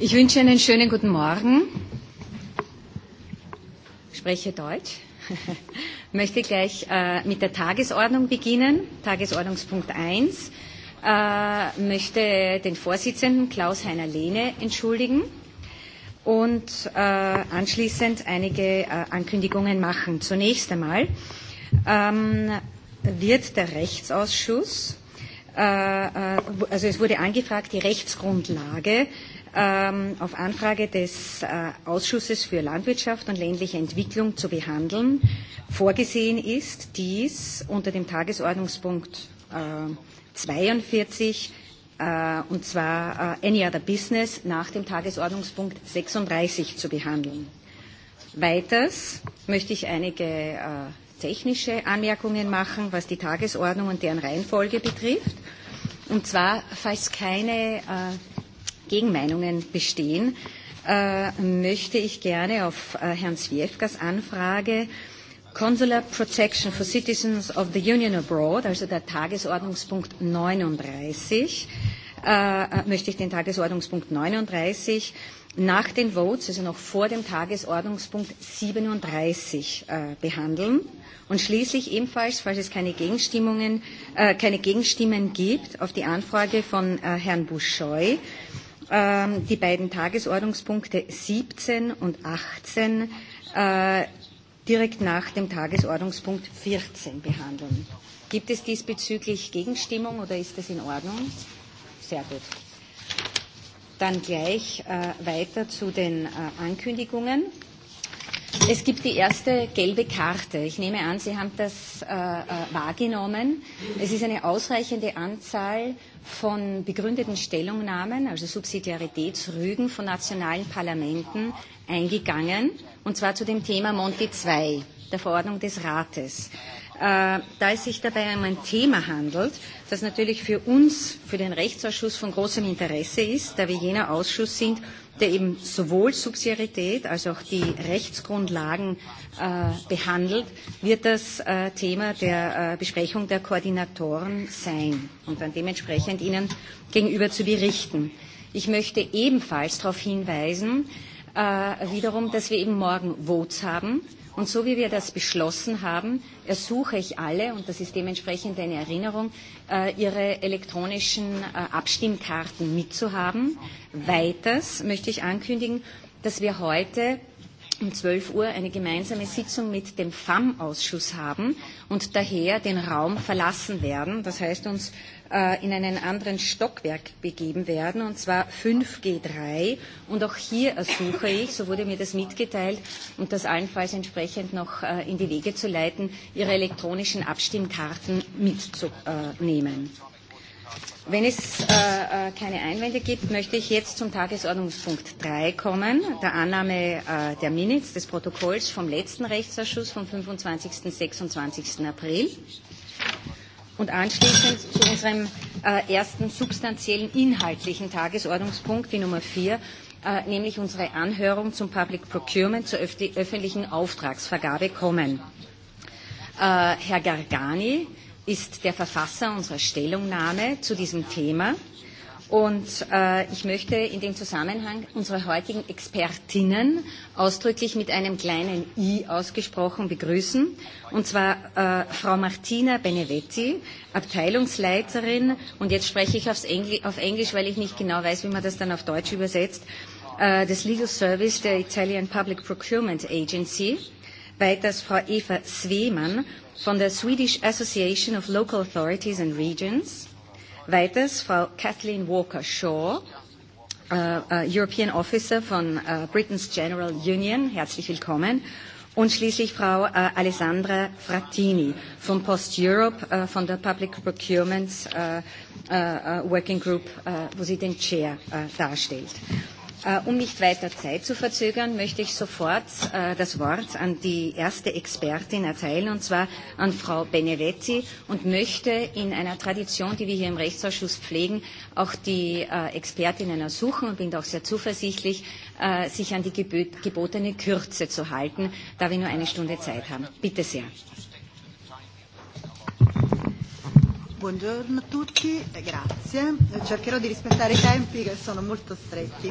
Ich wünsche einen schönen guten Morgen. Ich spreche Deutsch. Ich möchte gleich äh, mit der Tagesordnung beginnen. Tagesordnungspunkt 1. Ich äh, möchte den Vorsitzenden Klaus-Heiner Lehne entschuldigen und äh, anschließend einige Ankündigungen machen. Zunächst einmal ähm, wird der Rechtsausschuss, also es wurde angefragt, die Rechtsgrundlage ähm, auf Anfrage des äh, Ausschusses für Landwirtschaft und ländliche Entwicklung zu behandeln. Vorgesehen ist dies unter dem Tagesordnungspunkt äh, 42 äh, und zwar äh, Any Other Business nach dem Tagesordnungspunkt 36 zu behandeln. Weiters möchte ich einige äh, technische Anmerkungen machen, was die Tagesordnung und deren Reihenfolge betrifft. Und zwar, falls keine äh, Gegenmeinungen bestehen, äh, möchte ich gerne auf äh, Herrn Zwiefkas Anfrage Consular Protection for Citizens of the Union Abroad, also der Tagesordnungspunkt 39, äh, möchte ich den Tagesordnungspunkt 39 nach den Votes, also noch vor dem Tagesordnungspunkt 37 behandeln. Und schließlich ebenfalls, falls es keine, Gegenstimmungen, äh, keine Gegenstimmen gibt, auf die Anfrage von äh, Herrn Bouchoy ähm, die beiden Tagesordnungspunkte 17 und 18 äh, direkt nach dem Tagesordnungspunkt 14 behandeln. Gibt es diesbezüglich Gegenstimmung oder ist das in Ordnung? Sehr gut. Dann gleich äh, weiter zu den äh, Ankündigungen. Es gibt die erste gelbe Karte. Ich nehme an, Sie haben das äh, äh wahrgenommen. Es ist eine ausreichende Anzahl von begründeten Stellungnahmen, also Subsidiaritätsrügen von nationalen Parlamenten eingegangen, und zwar zu dem Thema Monti II, der Verordnung des Rates. Äh, da es sich dabei um ein Thema handelt, das natürlich für uns, für den Rechtsausschuss von großem Interesse ist, da wir jener Ausschuss sind, der eben sowohl Subsidiarität als auch die Rechtsgrundlagen äh, behandelt, wird das äh, Thema der äh, Besprechung der Koordinatoren sein und dann dementsprechend Ihnen gegenüber zu berichten. Ich möchte ebenfalls darauf hinweisen, äh, wiederum, dass wir eben morgen Votes haben Und so wie wir das beschlossen haben, ersuche ich alle, und das ist dementsprechend eine Erinnerung, äh, ihre elektronischen äh, Abstimmkarten mitzuhaben. Weiters möchte ich ankündigen, dass wir heute um 12 Uhr eine gemeinsame Sitzung mit dem FAM-Ausschuss haben und daher den Raum verlassen werden. Das heißt, uns Äh, in einen anderen Stockwerk begeben werden, und zwar 5G3. Und auch hier ersuche ich, so wurde mir das mitgeteilt, und das allenfalls entsprechend noch äh, in die Wege zu leiten, Ihre elektronischen Abstimmkarten mitzunehmen. Wenn es äh, äh keine Einwände gibt, möchte ich jetzt zum Tagesordnungspunkt 3 kommen, der Annahme äh, der Minutes des Protokolls vom letzten Rechtsausschuss vom 25. und 26. April. Und anschließend zu unserem äh, ersten substanziellen inhaltlichen Tagesordnungspunkt, die Nummer vier, äh, nämlich unsere Anhörung zum Public Procurement zur öf öffentlichen Auftragsvergabe kommen. Äh, Herr Gargani ist der Verfasser unserer Stellungnahme zu diesem Thema. Und äh, ich möchte in dem Zusammenhang unsere heutigen Expertinnen ausdrücklich mit einem kleinen i ausgesprochen begrüßen, und zwar äh, Frau Martina Benevetti, Abteilungsleiterin, und jetzt spreche ich aufs Engl auf Englisch, weil ich nicht genau weiß, wie man das dann auf Deutsch übersetzt, äh, des Legal Service der Italian Public Procurement Agency, weiters Frau Eva Svemann von der Swedish Association of Local Authorities and Regions, Weiters Frau Kathleen Walker-Shaw, uh, European Officer von uh, Britain's General Union, herzlich willkommen. Und schließlich Frau äh, Alessandra Frattini von Post Europe, äh, von der Public Procurement äh, äh, Working Group, äh, wo sie den Chair äh, darstellt. Äh, um nicht weiter Zeit zu verzögern, möchte ich sofort äh, das Wort an die erste Expertin erteilen, und zwar an Frau Benevetti, und möchte in einer Tradition, die wir hier im Rechtsausschuss pflegen, auch die äh, Expertinnen ersuchen und bin auch sehr zuversichtlich, sich an die gebotene Kürze zu halten, da wir nur eine Stunde Zeit haben. Bitte sehr. Buongiorno a tutti, e grazie. Cercherò di rispettare i tempi che sono molto stretti.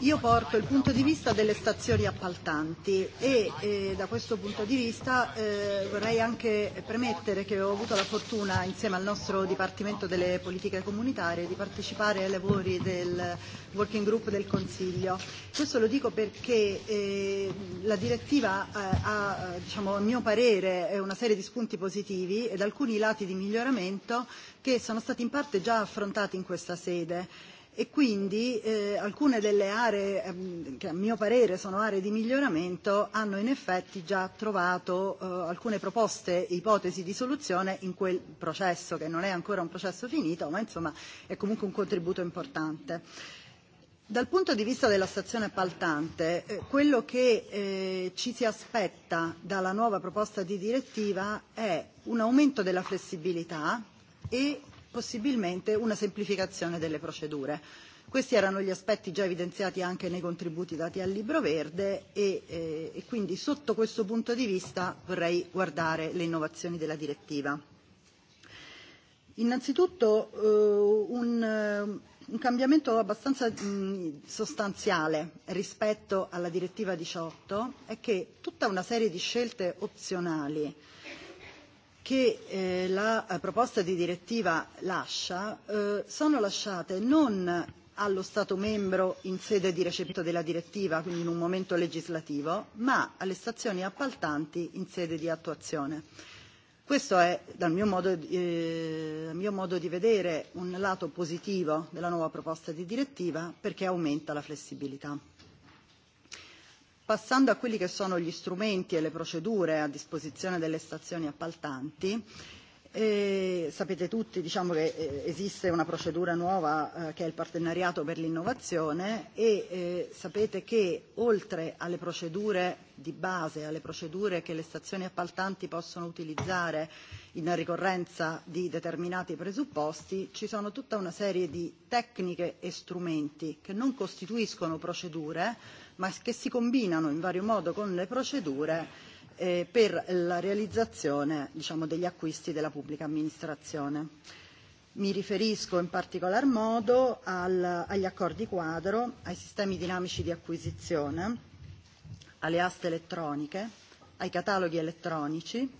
Io porto il punto di vista delle stazioni appaltanti e eh, da questo punto di vista eh, vorrei anche premettere che ho avuto la fortuna insieme al nostro Dipartimento delle politiche comunitarie di partecipare ai lavori del working group del Consiglio. Questo lo dico perché eh, la direttiva eh, ha, diciamo, a mio parere, una serie di spunti positivi ed alcuni lati di miglioramento che sono stati in parte già affrontati in questa sede e quindi eh, alcune delle aree ehm, che a mio parere sono aree di miglioramento hanno in effetti già trovato eh, alcune proposte e ipotesi di soluzione in quel processo che non è ancora un processo finito ma insomma è comunque un contributo importante. Dal punto di vista della stazione appaltante, eh, quello che eh, ci si aspetta dalla nuova proposta di direttiva è un aumento della flessibilità e possibilmente una semplificazione delle procedure. Questi erano gli aspetti già evidenziati anche nei contributi dati al Libro Verde e, eh, e quindi sotto questo punto di vista vorrei guardare le innovazioni della direttiva. Innanzitutto eh, un, eh, un cambiamento abbastanza mh, sostanziale rispetto alla direttiva 18 è che tutta una serie di scelte opzionali eh, che eh, la eh, proposta di direttiva lascia eh, sono lasciate non allo Stato membro in sede di recepimento della direttiva, quindi in un momento legislativo, ma alle stazioni appaltanti in sede di attuazione. Questo è, dal mio modo, eh, mio modo di vedere, un lato positivo della nuova proposta di direttiva perché aumenta la flessibilità. Passando a quelli che sono gli strumenti e le procedure a disposizione delle stazioni appaltanti, eh, sapete tutti diciamo, che eh, esiste una procedura nuova eh, che è il partenariato per l'innovazione e eh, sapete che oltre alle procedure di base, alle procedure che le stazioni appaltanti possono utilizzare in ricorrenza di determinati presupposti, ci sono tutta una serie di tecniche e strumenti che non costituiscono procedure ma che si combinano in vario modo con le procedure eh, per la realizzazione diciamo, degli acquisti della pubblica amministrazione. Mi riferisco in particolar modo al, agli accordi quadro, ai sistemi dinamici di acquisizione, alle aste elettroniche, ai cataloghi elettronici,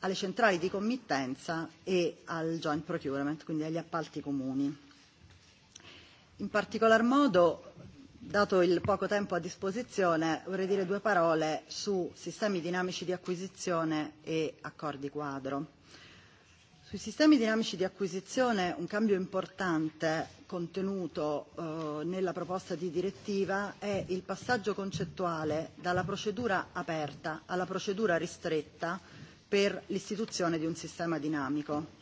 alle centrali di committenza e al joint procurement, quindi agli appalti comuni. In particolar modo dato il poco tempo a disposizione, vorrei dire due parole su sistemi dinamici di acquisizione e accordi quadro. Sui sistemi dinamici di acquisizione un cambio importante contenuto eh, nella proposta di direttiva è il passaggio concettuale dalla procedura aperta alla procedura ristretta per l'istituzione di un sistema dinamico.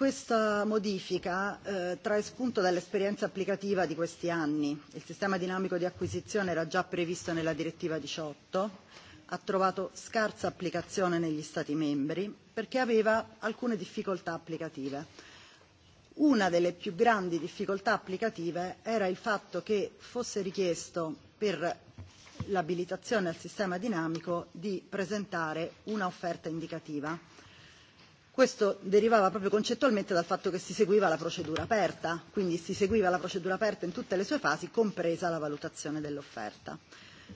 Questa modifica eh, trae spunto dall'esperienza applicativa di questi anni. Il sistema dinamico di acquisizione era già previsto nella direttiva 18, ha trovato scarsa applicazione negli Stati membri perché aveva alcune difficoltà applicative. Una delle più grandi difficoltà applicative era il fatto che fosse richiesto per l'abilitazione al sistema dinamico di presentare una offerta indicativa Questo derivava proprio concettualmente dal fatto che si seguiva la procedura aperta, quindi si seguiva la procedura aperta in tutte le sue fasi, compresa la valutazione dell'offerta.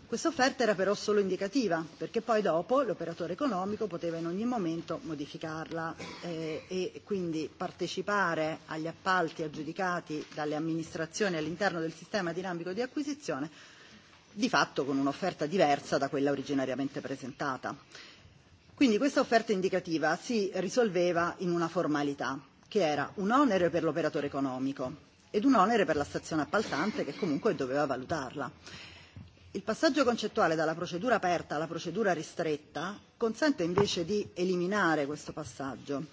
Questa offerta era però solo indicativa, perché poi dopo l'operatore economico poteva in ogni momento modificarla eh, e quindi partecipare agli appalti aggiudicati dalle amministrazioni all'interno del sistema dinamico di acquisizione, di fatto con un'offerta diversa da quella originariamente presentata. Quindi questa offerta indicativa si risolveva in una formalità, che era un onere per l'operatore economico ed un onere per la stazione appaltante che comunque doveva valutarla. Il passaggio concettuale dalla procedura aperta alla procedura ristretta consente invece di eliminare questo passaggio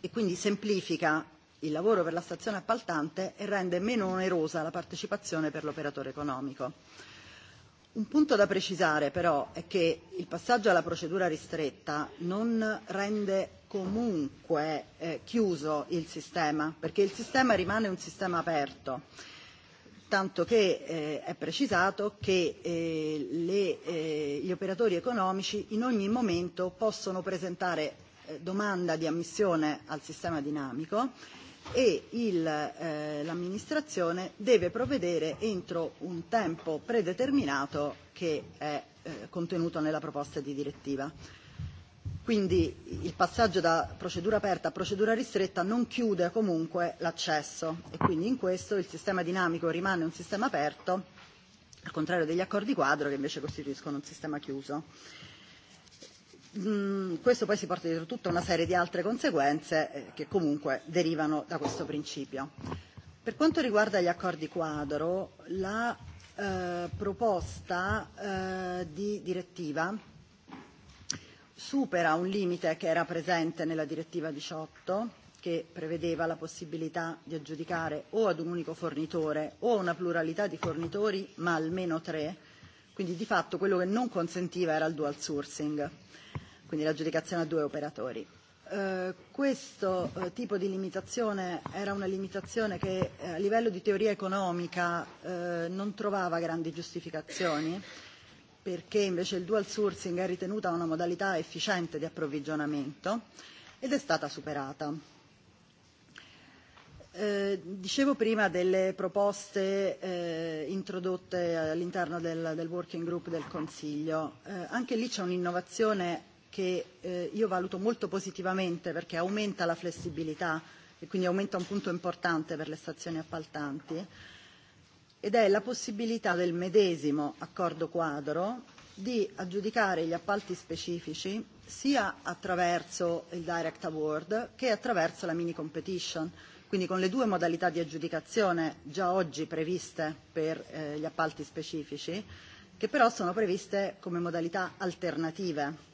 e quindi semplifica il lavoro per la stazione appaltante e rende meno onerosa la partecipazione per l'operatore economico. Un punto da precisare però è che il passaggio alla procedura ristretta non rende comunque eh, chiuso il sistema, perché il sistema rimane un sistema aperto, tanto che eh, è precisato che eh, le, eh, gli operatori economici in ogni momento possono presentare eh, domanda di ammissione al sistema dinamico e il, eh, l'amministrazione deve provvedere entro un tempo predeterminato che è eh, contenuto nella proposta di direttiva. Quindi il passaggio da procedura aperta a procedura ristretta non chiude comunque l'accesso e quindi in questo il sistema dinamico rimane un sistema aperto, al contrario degli accordi quadro che invece costituiscono un sistema chiuso. Mm questo poi si porta dietro tutta una serie di altre conseguenze eh, che comunque derivano da questo principio. Per quanto riguarda gli accordi quadro, la eh, proposta eh, di direttiva supera un limite che era presente nella direttiva 18 che prevedeva la possibilità di aggiudicare o ad un unico fornitore o a una pluralità di fornitori, ma almeno tre. Quindi di fatto quello che non consentiva era il dual sourcing quindi l'aggiudicazione a due operatori. Eh, questo eh, tipo di limitazione era una limitazione che eh, a livello di teoria economica eh, non trovava grandi giustificazioni perché invece il dual sourcing è ritenuta una modalità efficiente di approvvigionamento ed è stata superata. Eh, dicevo prima delle proposte eh, introdotte all'interno del, del working group del Consiglio. Eh, anche lì c'è un'innovazione che eh, io valuto molto positivamente perché aumenta la flessibilità e quindi aumenta un punto importante per le stazioni appaltanti, ed è la possibilità del medesimo accordo quadro di aggiudicare gli appalti specifici sia attraverso il Direct Award che attraverso la mini competition, quindi con le due modalità di aggiudicazione già oggi previste per eh, gli appalti specifici, che però sono previste come modalità alternative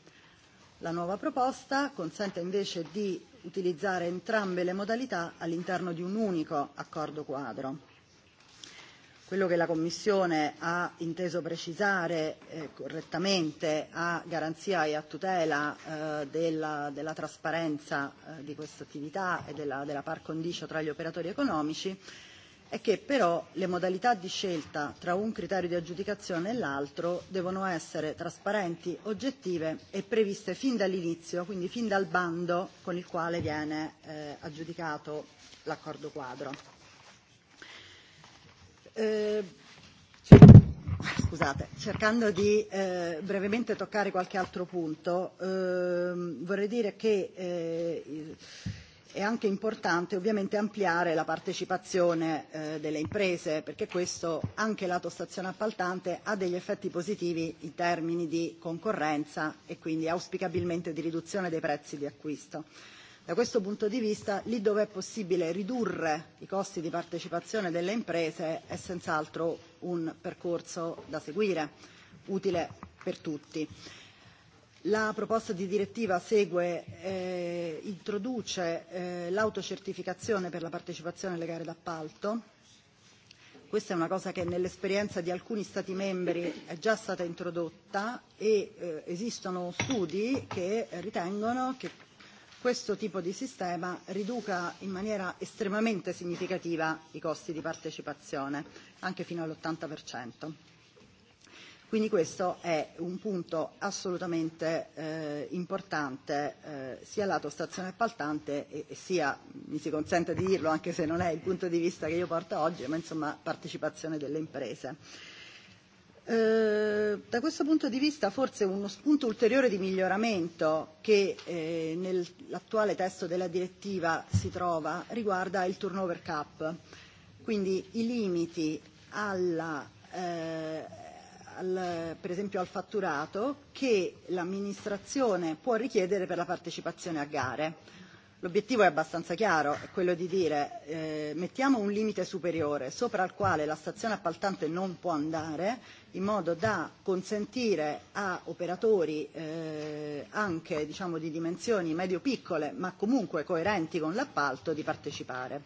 La nuova proposta consente invece di utilizzare entrambe le modalità all'interno di un unico accordo quadro. Quello che la Commissione ha inteso precisare eh, correttamente a garanzia e a tutela eh, della, della trasparenza eh, di questa attività e della, della par condicio tra gli operatori economici è che però le modalità di scelta tra un criterio di aggiudicazione e l'altro devono essere trasparenti, oggettive e previste fin dall'inizio, quindi fin dal bando con il quale viene eh, aggiudicato l'accordo quadro. Eh, Scusate, cercando di eh, brevemente toccare qualche altro punto, eh, vorrei dire che eh, È anche importante ovviamente ampliare la partecipazione eh, delle imprese perché questo anche lato stazione appaltante ha degli effetti positivi in termini di concorrenza e quindi auspicabilmente di riduzione dei prezzi di acquisto. Da questo punto di vista, lì dove è possibile ridurre i costi di partecipazione delle imprese è senz'altro un percorso da seguire, utile per tutti. La proposta di direttiva segue, eh, introduce eh, l'autocertificazione per la partecipazione alle gare d'appalto. Questa è una cosa che nell'esperienza di alcuni Stati membri è già stata introdotta e eh, esistono studi che ritengono che questo tipo di sistema riduca in maniera estremamente significativa i costi di partecipazione, anche fino all'80%. Quindi questo è un punto assolutamente eh, importante eh, sia lato stazione appaltante e, e sia, mi si consente di dirlo anche se non è il punto di vista che io porto oggi, ma insomma partecipazione delle imprese. Eh, da questo punto di vista forse uno spunto ulteriore di miglioramento che eh, nell'attuale testo della direttiva si trova riguarda il turnover cap, quindi i limiti alla eh, al, per esempio al fatturato che l'amministrazione può richiedere per la partecipazione a gare. L'obiettivo è abbastanza chiaro, è quello di dire eh, mettiamo un limite superiore sopra il quale la stazione appaltante non può andare in modo da consentire a operatori eh, anche diciamo, di dimensioni medio-piccole ma comunque coerenti con l'appalto di partecipare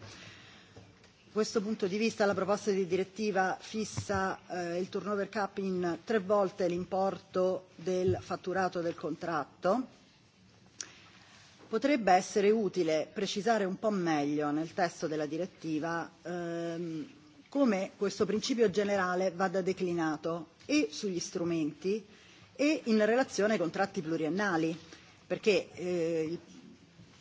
questo punto di vista la proposta di direttiva fissa eh, il turnover cap in tre volte l'importo del fatturato del contratto. Potrebbe essere utile precisare un po' meglio nel testo della direttiva ehm, come questo principio generale vada declinato e sugli strumenti e in relazione ai contratti pluriennali, perché eh,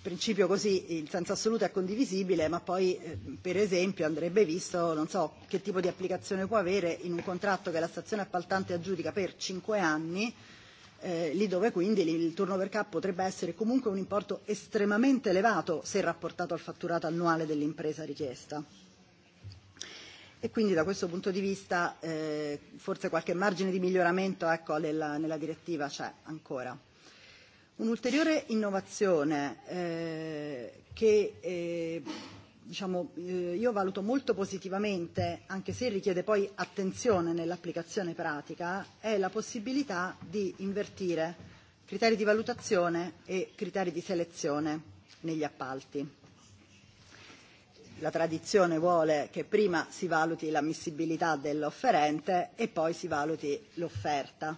principio così in senso assoluto è condivisibile, ma poi eh, per esempio andrebbe visto non so che tipo di applicazione può avere in un contratto che la stazione appaltante aggiudica per 5 anni, eh, lì dove quindi il turnover cap potrebbe essere comunque un importo estremamente elevato se rapportato al fatturato annuale dell'impresa richiesta. E quindi da questo punto di vista eh, forse qualche margine di miglioramento ecco, nella, nella direttiva c'è ancora. Un'ulteriore innovazione eh, che eh, diciamo, eh, io valuto molto positivamente, anche se richiede poi attenzione nell'applicazione pratica, è la possibilità di invertire criteri di valutazione e criteri di selezione negli appalti. La tradizione vuole che prima si valuti l'ammissibilità dell'offerente e poi si valuti l'offerta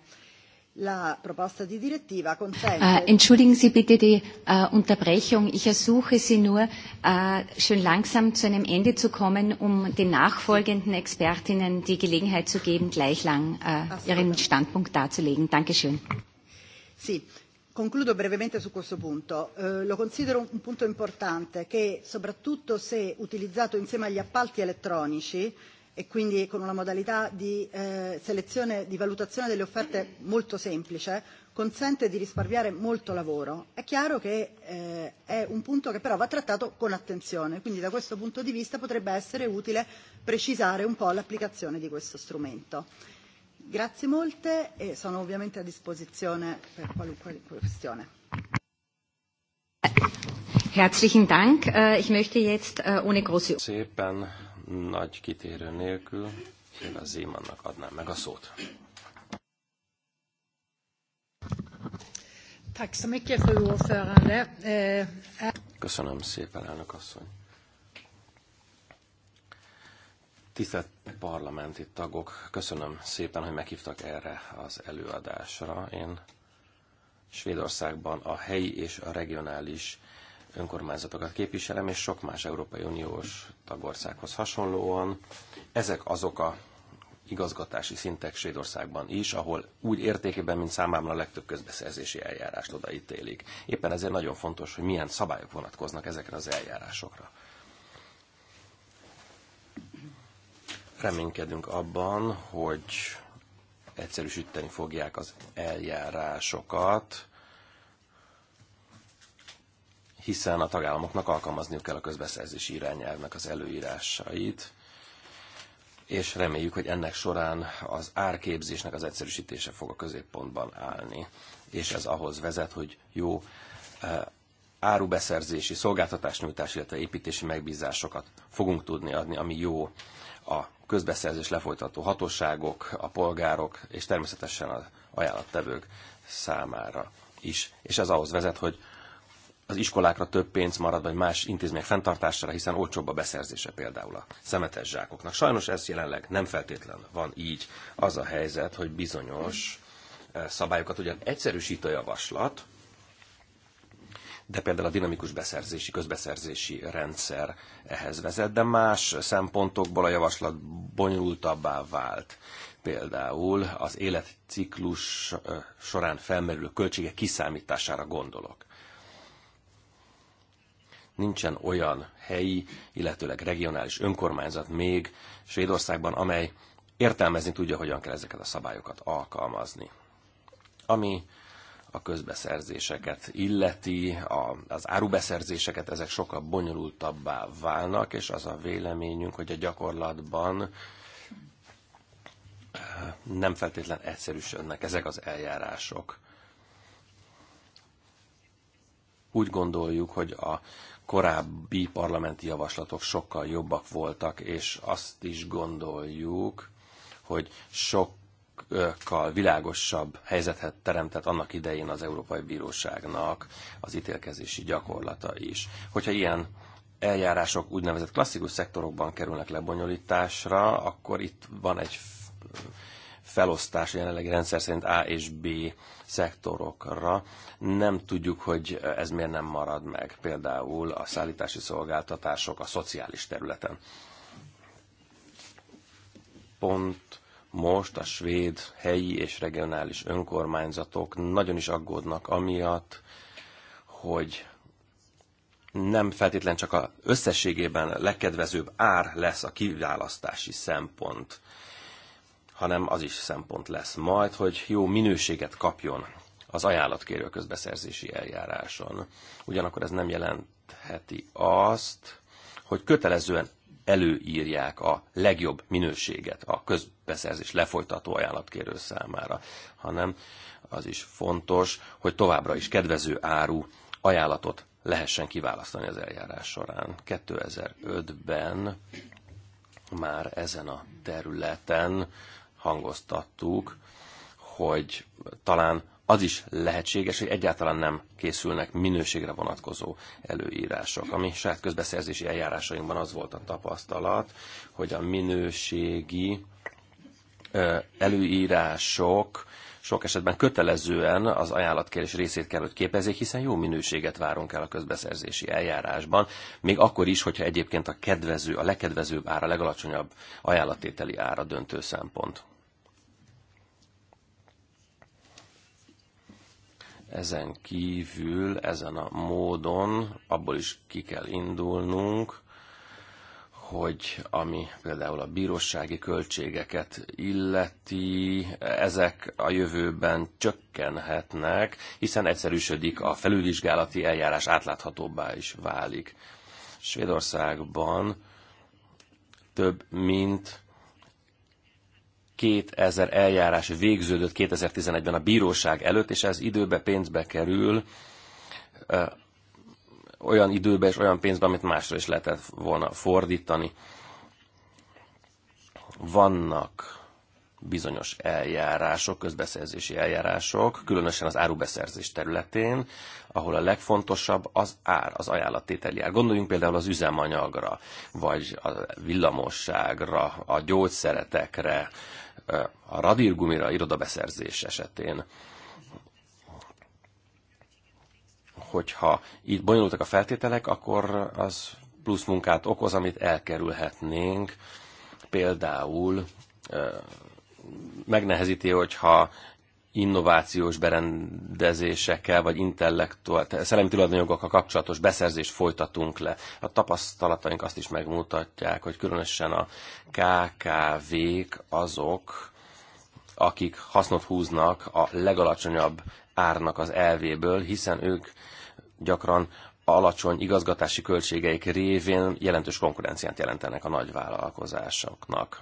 La proposta di direttiva consente... Äh, entschuldigen Sie bitte die äh, Unterbrechung. Ich ersuche Sie nur, äh, schön langsam zu einem Ende zu kommen, um den nachfolgenden Expertinnen die Gelegenheit zu geben, gleich lang äh, ihren Standpunkt darzulegen. Dankeschön. Sie. Concludo brevemente su questo punto. Eh, lo considero un punto importante che, soprattutto se utilizzato insieme agli appalti elettronici, e quindi con una modalità di eh, selezione, di valutazione delle offerte molto semplice, consente di risparmiare molto lavoro. È chiaro che eh, è un punto che però va trattato con attenzione, quindi da questo punto di vista potrebbe essere utile precisare un po' l'applicazione di questo strumento. Grazie molte e sono ovviamente a disposizione per qualunque questione. Herzlichen Dank. Uh, Ich möchte jetzt uh, ohne große Szépen nagy kitérő nélkül én a Zimannak adnám meg a szót. Eh, köszönöm szépen, elnök asszony. Tisztelt parlamenti tagok, köszönöm szépen, hogy meghívtak erre az előadásra. Én Svédországban a helyi és a regionális önkormányzatokat képviselem, és sok más Európai Uniós tagországhoz hasonlóan. Ezek azok a igazgatási szintek Svédországban is, ahol úgy értékében, mint számámra a legtöbb közbeszerzési eljárást odaítélik. Éppen ezért nagyon fontos, hogy milyen szabályok vonatkoznak ezekre az eljárásokra. Reménykedünk abban, hogy egyszerűsíteni fogják az eljárásokat, hiszen a tagállamoknak alkalmazniuk kell a közbeszerzési irányelvnek az előírásait, és reméljük, hogy ennek során az árképzésnek az egyszerűsítése fog a középpontban állni, és ez ahhoz vezet, hogy jó eh, árubeszerzési, szolgáltatásnyújtás, illetve építési megbízásokat fogunk tudni adni, ami jó a közbeszerzés lefolytató hatóságok, a polgárok és természetesen az ajánlattevők számára is. És ez ahhoz vezet, hogy az iskolákra több pénz marad, vagy más intézmények fenntartására, hiszen olcsóbb a beszerzése például a szemetes zsákoknak. Sajnos ez jelenleg nem feltétlen van így. Az a helyzet, hogy bizonyos eh, szabályokat ugyan egyszerűsít a javaslat, de például a dinamikus beszerzési, közbeszerzési rendszer ehhez vezet, de más szempontokból a javaslat bonyolultabbá vált. Például az életciklus eh, során felmerülő költségek kiszámítására gondolok nincsen olyan helyi, illetőleg regionális önkormányzat még Svédországban, amely értelmezni tudja, hogyan kell ezeket a szabályokat alkalmazni. Ami a közbeszerzéseket illeti, a, az árubeszerzéseket, ezek sokkal bonyolultabbá válnak, és az a véleményünk, hogy a gyakorlatban eh, nem feltétlen egyszerűsödnek ezek az eljárások. Úgy gondoljuk, hogy a korábbi parlamenti javaslatok sokkal jobbak voltak, és azt is gondoljuk, hogy sokkal világosabb helyzetet teremtett annak idején az Európai Bíróságnak az ítélkezési gyakorlata is. Hogyha ilyen eljárások úgynevezett klasszikus szektorokban kerülnek lebonyolításra, akkor itt van egy felosztás a jelenlegi rendszer szerint A és B szektorokra. Nem tudjuk, hogy ez miért nem marad meg, például a szállítási szolgáltatások a szociális területen. Pont most a svéd helyi és regionális önkormányzatok nagyon is aggódnak amiatt, hogy nem feltétlen csak a összességében legkedvezőbb ár lesz a kiválasztási szempont hanem az is szempont lesz majd, hogy jó minőséget kapjon az ajánlatkérő közbeszerzési eljáráson. Ugyanakkor ez nem jelentheti azt, hogy kötelezően előírják a legjobb minőséget a közbeszerzés lefolytató ajánlatkérő számára, hanem az is fontos, hogy továbbra is kedvező áru ajánlatot lehessen kiválasztani az eljárás során. 2005-ben már ezen a területen hangoztattuk, hogy talán az is lehetséges, hogy egyáltalán nem készülnek minőségre vonatkozó előírások. ami saját közbeszerzési eljárásainkban az volt a tapasztalat, hogy a minőségi előírások sok esetben kötelezően az ajánlatkérés részét kell, hogy képezzék, hiszen jó minőséget várunk el a közbeszerzési eljárásban, még akkor is, hogyha egyébként a kedvező, a legkedvezőbb ára, a legalacsonyabb ajánlatételi ára döntő szempont. Ezen kívül, ezen a módon abból is ki kell indulnunk, hogy ami például a bírósági költségeket illeti, ezek a jövőben csökkenhetnek, hiszen egyszerűsödik a felülvizsgálati eljárás átláthatóbbá is válik. Svédországban több mint 2000 eljárás végződött 2011-ben a bíróság előtt, és ez időbe pénzbe kerül olyan időbe és olyan pénzbe, amit másra is lehetett volna fordítani. Vannak bizonyos eljárások, közbeszerzési eljárások, különösen az árubeszerzés területén, ahol a legfontosabb az ár, az ajánlattételi ár. Gondoljunk például az üzemanyagra, vagy a villamosságra, a gyógyszeretekre, a radírgumira, irodabeszerzés esetén. hogyha így bonyolultak a feltételek, akkor az plusz munkát okoz, amit elkerülhetnénk. Például megnehezíti, hogyha innovációs berendezésekkel, vagy intellektuál, szellemi tulajdonjogokkal kapcsolatos beszerzést folytatunk le. A tapasztalataink azt is megmutatják, hogy különösen a KKV-k azok, akik hasznot húznak a legalacsonyabb árnak az elvéből, hiszen ők gyakran alacsony igazgatási költségeik révén jelentős konkurenciát jelentenek a nagyvállalkozásoknak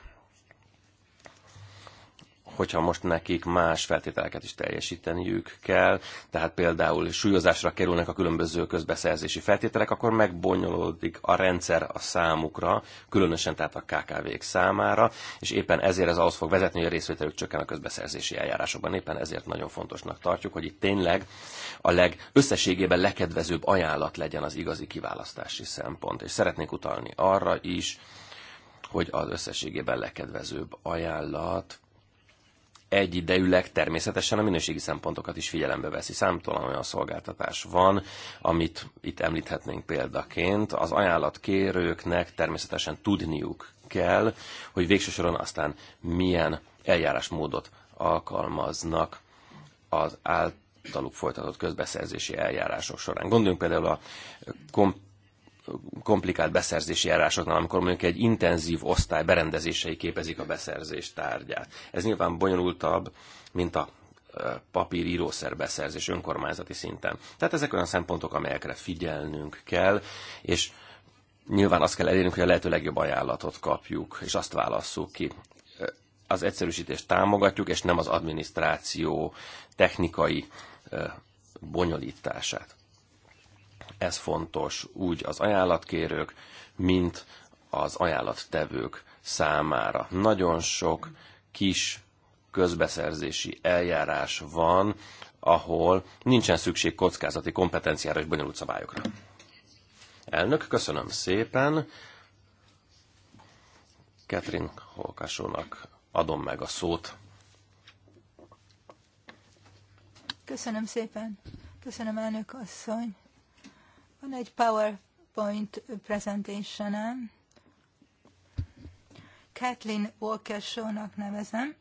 hogyha most nekik más feltételeket is teljesíteniük kell, tehát például súlyozásra kerülnek a különböző közbeszerzési feltételek, akkor megbonyolódik a rendszer a számukra, különösen tehát a KKV-k számára, és éppen ezért ez ahhoz fog vezetni, hogy a részvételük csökken a közbeszerzési eljárásokban. Éppen ezért nagyon fontosnak tartjuk, hogy itt tényleg a legösszességében legkedvezőbb ajánlat legyen az igazi kiválasztási szempont. És szeretnék utalni arra is, hogy az összességében legkedvezőbb ajánlat egyidejűleg természetesen a minőségi szempontokat is figyelembe veszi. Számtalan olyan szolgáltatás van, amit itt említhetnénk példaként. Az ajánlatkérőknek természetesen tudniuk kell, hogy végső soron aztán milyen eljárásmódot alkalmaznak az általuk folytatott közbeszerzési eljárások során. Gondoljunk például a komp- komplikált beszerzési járásoknál, amikor mondjuk egy intenzív osztály berendezései képezik a beszerzés tárgyát. Ez nyilván bonyolultabb, mint a papír írószer beszerzés önkormányzati szinten. Tehát ezek olyan szempontok, amelyekre figyelnünk kell, és nyilván azt kell elérnünk, hogy a lehető legjobb ajánlatot kapjuk, és azt válasszuk ki. Az egyszerűsítést támogatjuk, és nem az adminisztráció technikai bonyolítását. Ez fontos úgy az ajánlatkérők, mint az ajánlattevők számára. Nagyon sok kis közbeszerzési eljárás van, ahol nincsen szükség kockázati kompetenciára és bonyolult szabályokra. Elnök, köszönöm szépen. Ketrin Holkasónak adom meg a szót. Köszönöm szépen. Köszönöm, elnök asszony. Van egy PowerPoint presentation -e. Kathleen Walker nak nevezem,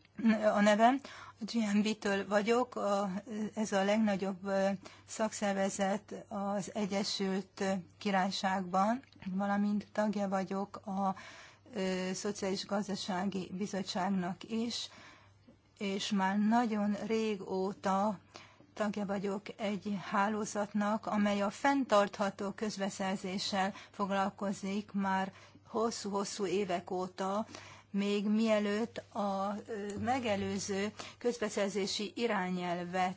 a nevem. A GMB-től vagyok, a, ez a legnagyobb szakszervezet az Egyesült Királyságban, valamint tagja vagyok a Szociális Gazdasági Bizottságnak is, és már nagyon régóta tagja vagyok egy hálózatnak, amely a fenntartható közbeszerzéssel foglalkozik már hosszú-hosszú évek óta még mielőtt a megelőző közbeszerzési irányelvet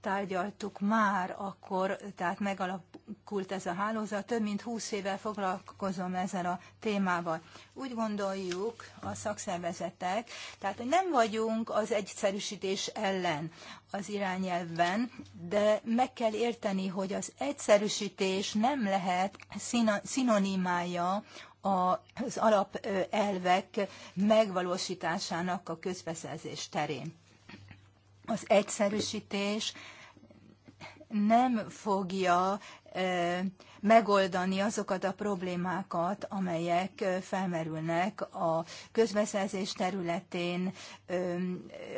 tárgyaltuk már akkor, tehát megalakult ez a hálózat, több mint húsz éve foglalkozom ezzel a témával. Úgy gondoljuk a szakszervezetek, tehát hogy nem vagyunk az egyszerűsítés ellen az irányelvben, de meg kell érteni, hogy az egyszerűsítés nem lehet szinonimája az alapelvek megvalósításának a közbeszerzés terén. Az egyszerűsítés nem fogja megoldani azokat a problémákat, amelyek felmerülnek a közbeszerzés területén,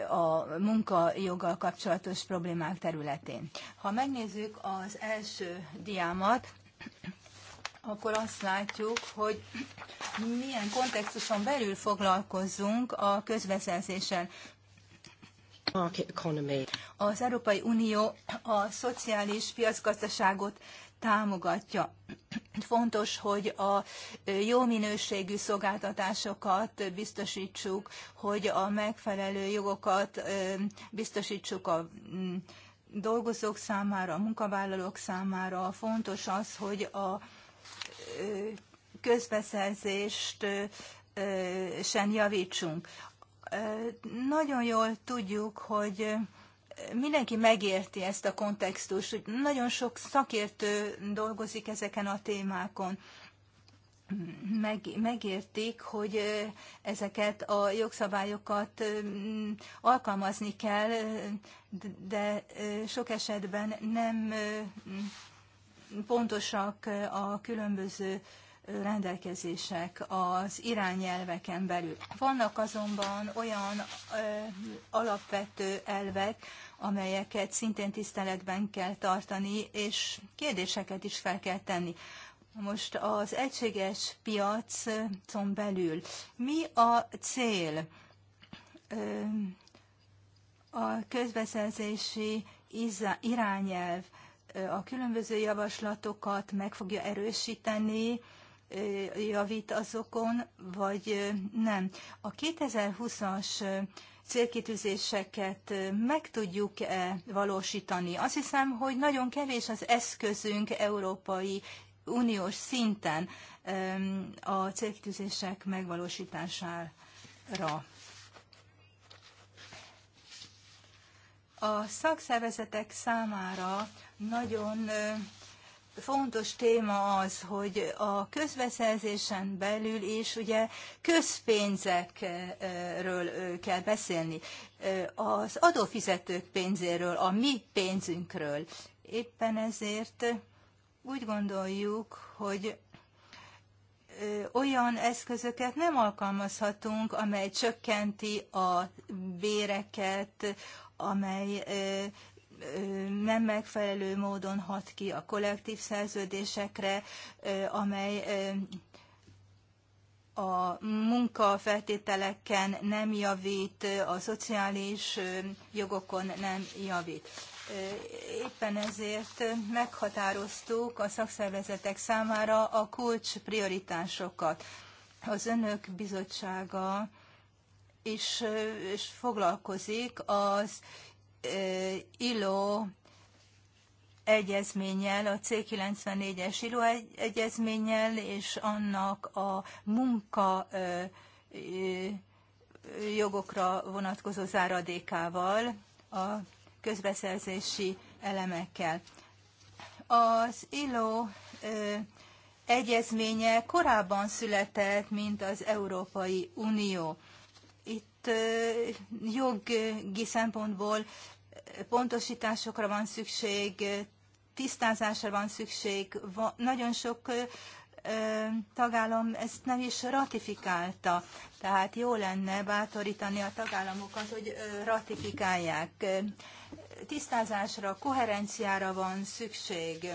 a munkajoggal kapcsolatos problémák területén. Ha megnézzük az első diámat, akkor azt látjuk, hogy milyen kontextuson belül foglalkozzunk a közbeszerzéssel. Az Európai Unió a szociális piacgazdaságot támogatja. Fontos, hogy a jó minőségű szolgáltatásokat biztosítsuk, hogy a megfelelő jogokat biztosítsuk a mm, dolgozók számára, a munkavállalók számára. Fontos az, hogy a közbeszerzést sem javítsunk. Nagyon jól tudjuk, hogy mindenki megérti ezt a kontextust, hogy nagyon sok szakértő dolgozik ezeken a témákon. Meg, megértik, hogy ezeket a jogszabályokat alkalmazni kell, de sok esetben nem pontosak a különböző rendelkezések az irányelveken belül. Vannak azonban olyan ö, alapvető elvek, amelyeket szintén tiszteletben kell tartani, és kérdéseket is fel kell tenni. Most az egységes piacon belül mi a cél? Ö, a közbeszerzési irányelv a különböző javaslatokat meg fogja erősíteni, javít azokon, vagy nem. A 2020-as célkitűzéseket meg tudjuk-e valósítani? Azt hiszem, hogy nagyon kevés az eszközünk európai uniós szinten a célkitűzések megvalósítására. A szakszervezetek számára nagyon fontos téma az, hogy a közbeszerzésen belül is ugye közpénzekről kell beszélni, az adófizetők pénzéről, a mi pénzünkről. Éppen ezért úgy gondoljuk, hogy olyan eszközöket nem alkalmazhatunk, amely csökkenti a béreket, amely nem megfelelő módon hat ki a kollektív szerződésekre, amely a munkafeltételeken nem javít, a szociális jogokon nem javít. Éppen ezért meghatároztuk a szakszervezetek számára a kulcs prioritásokat. Az önök bizottsága is, is foglalkozik az ILO egyezménnyel, a C94-es ILO egyezménnyel, és annak a munka jogokra vonatkozó záradékával, a közbeszerzési elemekkel. Az ILO egyezménye korábban született, mint az Európai Unió jogi szempontból pontosításokra van szükség, tisztázásra van szükség. Nagyon sok tagállam ezt nem is ratifikálta, tehát jó lenne bátorítani a tagállamokat, hogy ratifikálják. Tisztázásra, koherenciára van szükség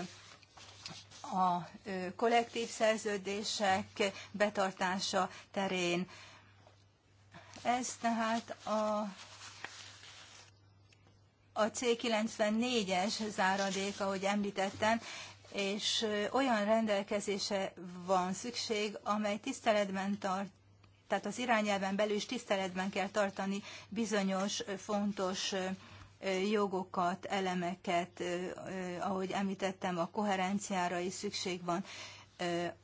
a kollektív szerződések betartása terén ez tehát a a C94-es záradék, ahogy említettem, és olyan rendelkezése van szükség, amely tiszteletben tart, tehát az irányelven belül is tiszteletben kell tartani bizonyos fontos jogokat, elemeket, ahogy említettem, a koherenciára is szükség van.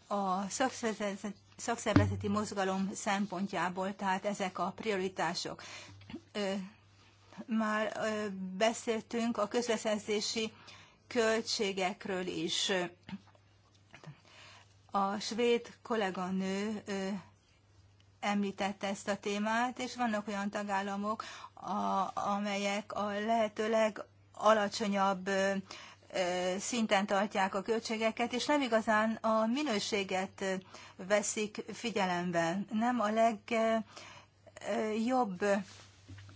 A szakszervezet szakszervezeti mozgalom szempontjából, tehát ezek a prioritások. Már beszéltünk a közbeszerzési költségekről is. A svéd kolléganő említette ezt a témát, és vannak olyan tagállamok, a, amelyek a lehető legalacsonyabb szinten tartják a költségeket, és nem igazán a minőséget veszik figyelembe. Nem a legjobb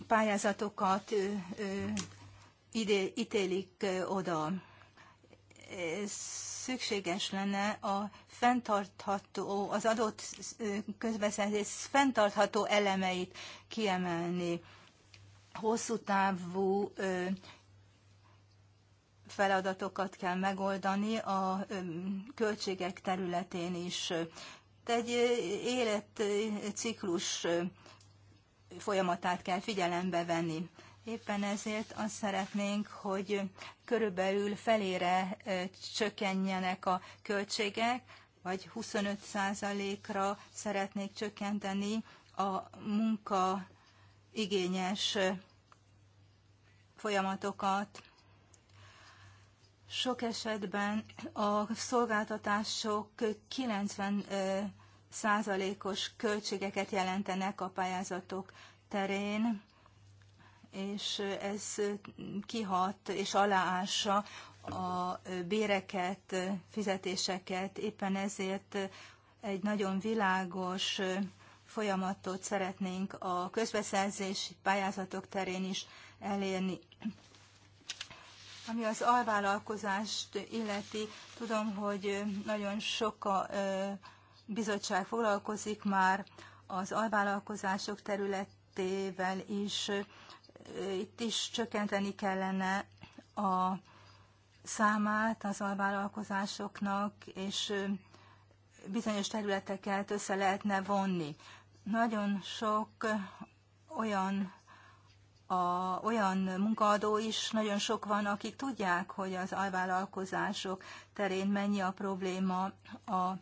pályázatokat ítélik oda. Szükséges lenne a fenntartható, az adott közbeszerzés fenntartható elemeit kiemelni hosszú távú feladatokat kell megoldani a költségek területén is. Egy életciklus folyamatát kell figyelembe venni. Éppen ezért azt szeretnénk, hogy körülbelül felére csökkenjenek a költségek, vagy 25%-ra szeretnék csökkenteni a munka igényes folyamatokat. Sok esetben a szolgáltatások 90 százalékos költségeket jelentenek a pályázatok terén, és ez kihat és aláássa a béreket, fizetéseket. Éppen ezért egy nagyon világos folyamatot szeretnénk a közbeszerzési pályázatok terén is elérni. Ami az alvállalkozást illeti, tudom, hogy nagyon sok a bizottság foglalkozik már az alvállalkozások területével is. Itt is csökkenteni kellene a számát az alvállalkozásoknak, és bizonyos területeket össze lehetne vonni. Nagyon sok olyan a, olyan munkaadó is nagyon sok van, akik tudják, hogy az alvállalkozások terén mennyi a probléma. A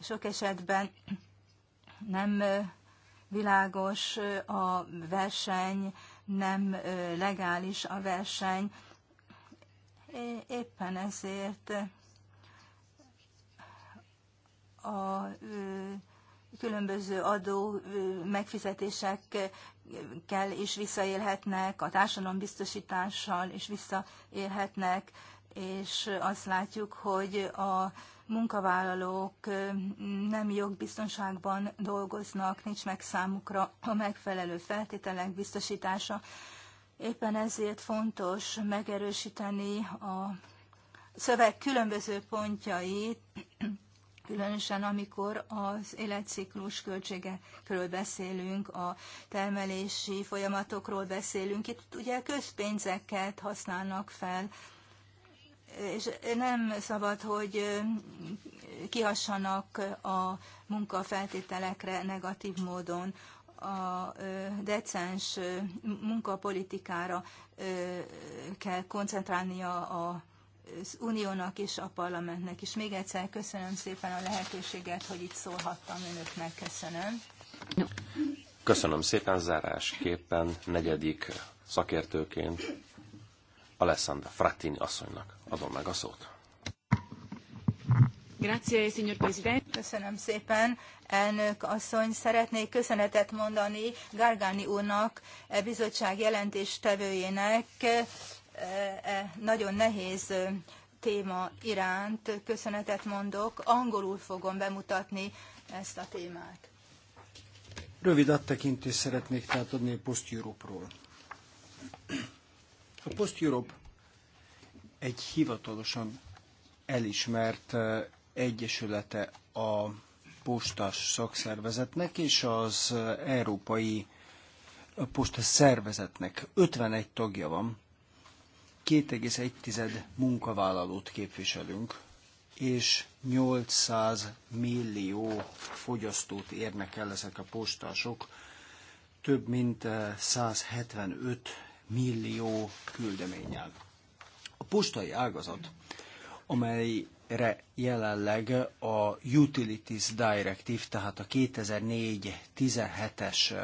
sok esetben nem világos a verseny, nem legális a verseny. Éppen ezért a különböző adó megfizetések kell és visszaélhetnek, a biztosítással is visszaélhetnek, és azt látjuk, hogy a munkavállalók nem jogbiztonságban dolgoznak, nincs meg számukra a megfelelő feltételek biztosítása. Éppen ezért fontos megerősíteni a szöveg különböző pontjait, különösen amikor az életciklus költségekről beszélünk, a termelési folyamatokról beszélünk. Itt ugye közpénzeket használnak fel, és nem szabad, hogy kihassanak a munkafeltételekre negatív módon a decens munkapolitikára kell koncentrálnia a az uniónak és a parlamentnek is. Még egyszer köszönöm szépen a lehetőséget, hogy itt szólhattam önöknek. Köszönöm. Köszönöm szépen zárásképpen negyedik szakértőként Alessandra Frattini asszonynak adom meg a szót. Grazie, signor Presidente. Köszönöm szépen. Elnök asszony, szeretnék köszönetet mondani Gargani úrnak, e bizottság jelentéstevőjének, E, e, nagyon nehéz téma iránt köszönetet mondok. Angolul fogom bemutatni ezt a témát. Rövid áttekintést szeretnék tehát adni a Post Europe-ról. A Post Europe egy hivatalosan elismert egyesülete a postás szakszervezetnek és az európai postás szervezetnek. 51 tagja van, 2,1 munkavállalót képviselünk, és 800 millió fogyasztót érnek el ezek a postások, több mint 175 eh, millió küldeménnyel. A postai ágazat, amelyre jelenleg a Utilities Directive, tehát a 2004-17-es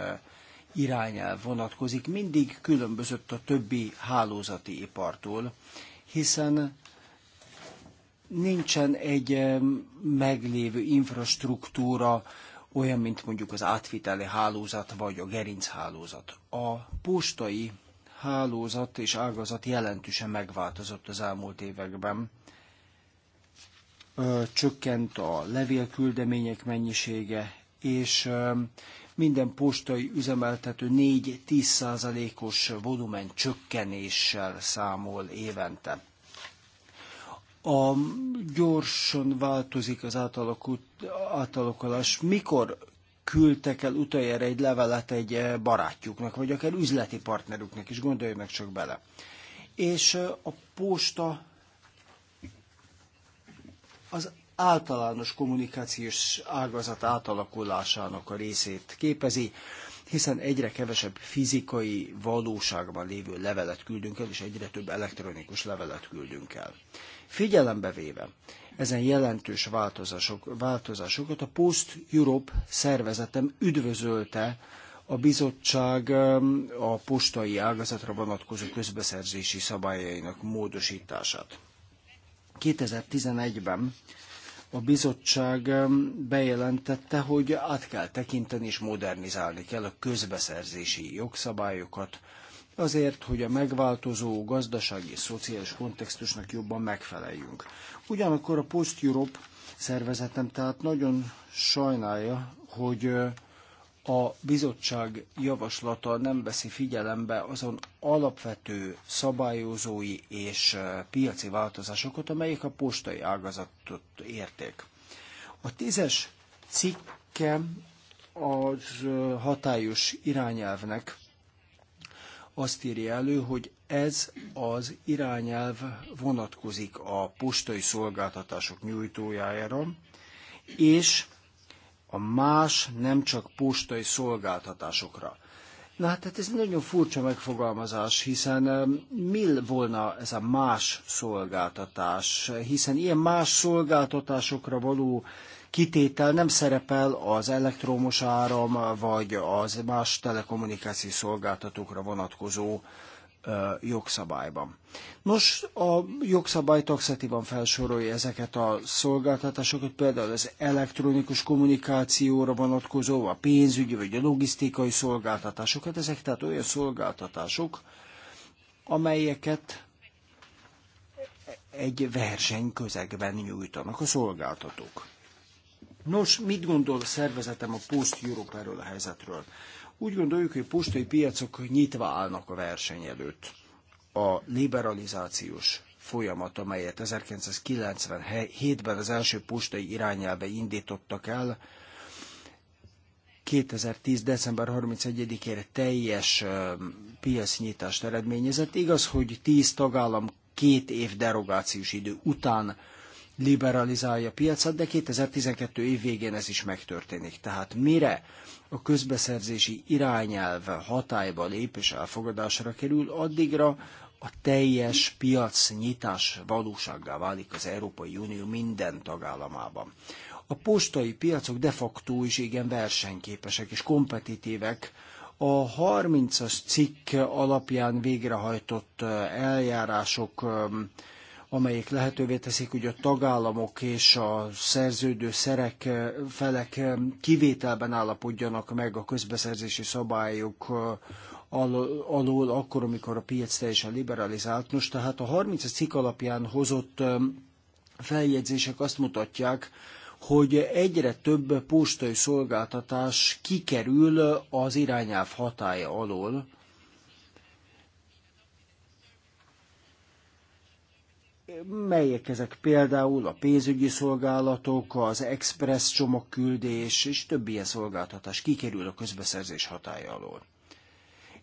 irányelv vonatkozik, mindig különbözött a többi hálózati ipartól, hiszen nincsen egy meglévő infrastruktúra, olyan, mint mondjuk az átviteli hálózat vagy a gerinchálózat. A postai hálózat és ágazat jelentősen megváltozott az elmúlt években. Csökkent a levélküldemények mennyisége, és minden postai üzemeltető 4-10%-os volumen csökkenéssel számol évente. A gyorsan változik az átalakulás. Mikor küldtek el utoljára egy levelet egy eh, barátjuknak, vagy akár üzleti partnerüknek is, gondolj meg csak bele. És eh, a posta az általános kommunikációs ágazat átalakulásának a részét képezi, hiszen egyre kevesebb fizikai valóságban lévő levelet küldünk el, és egyre több elektronikus levelet küldünk el. Figyelembe véve ezen jelentős változások, változásokat a Post Europe szervezetem üdvözölte a bizottság a postai ágazatra vonatkozó közbeszerzési szabályainak módosítását. 2011-ben a bizottság bejelentette, hogy át kell tekinteni és modernizálni kell a közbeszerzési jogszabályokat, azért, hogy a megváltozó gazdasági és szociális kontextusnak jobban megfeleljünk. Ugyanakkor a Post Europe szervezetem tehát nagyon sajnálja, hogy a bizottság javaslata nem veszi figyelembe azon alapvető szabályozói és piaci változásokat, amelyek a postai ágazatot érték. A tízes cikke az hatályos irányelvnek azt írja elő, hogy ez az irányelv vonatkozik a postai szolgáltatások nyújtójára, és a más nem csak postai szolgáltatásokra. Na hát, hát ez nagyon furcsa megfogalmazás, hiszen mi volna ez a más szolgáltatás, hiszen ilyen más szolgáltatásokra való kitétel nem szerepel az elektromos áram, vagy az más telekommunikációs szolgáltatókra vonatkozó jogszabályban. Nos, a jogszabály taxatívan felsorolja ezeket a szolgáltatásokat, például az elektronikus kommunikációra vonatkozó, a pénzügyi vagy a logisztikai szolgáltatásokat, ezek tehát olyan szolgáltatások, amelyeket egy versenyközegben nyújtanak a szolgáltatók. Nos, mit gondol a szervezetem a Post Europe erről a helyzetről? Úgy gondoljuk, hogy a postai piacok nyitva állnak a verseny előtt. A liberalizációs folyamat, amelyet 1997-ben az első postai irányába indítottak el, 2010. december 31-ére teljes piacnyitást eredményezett. Igaz, hogy 10 tagállam két év derogációs idő után liberalizálja a piacot, de 2012 év végén ez is megtörténik. Tehát mire a közbeszerzési irányelv hatályba lép és elfogadásra kerül, addigra a teljes piac nyitás valósággá válik az Európai Unió minden tagállamában. A postai piacok de facto is igen versenyképesek és kompetitívek. A 30-as cikk alapján végrehajtott eh, eljárások eh, amelyek lehetővé teszik, hogy a tagállamok és a szerződő szerek, eh, felek eh, kivételben állapodjanak meg a közbeszerzési szabályok eh, alól, alól akkor, amikor a piac teljesen liberalizált. Nos, tehát a 30 cikk alapján hozott feljegyzések azt mutatják, hogy egyre több postai szolgáltatás kikerül az irányelv hatája alól, melyek ezek például a pénzügyi szolgálatok, az express csomagküldés és több ilyen szolgáltatás kikerül a közbeszerzés hatája alól.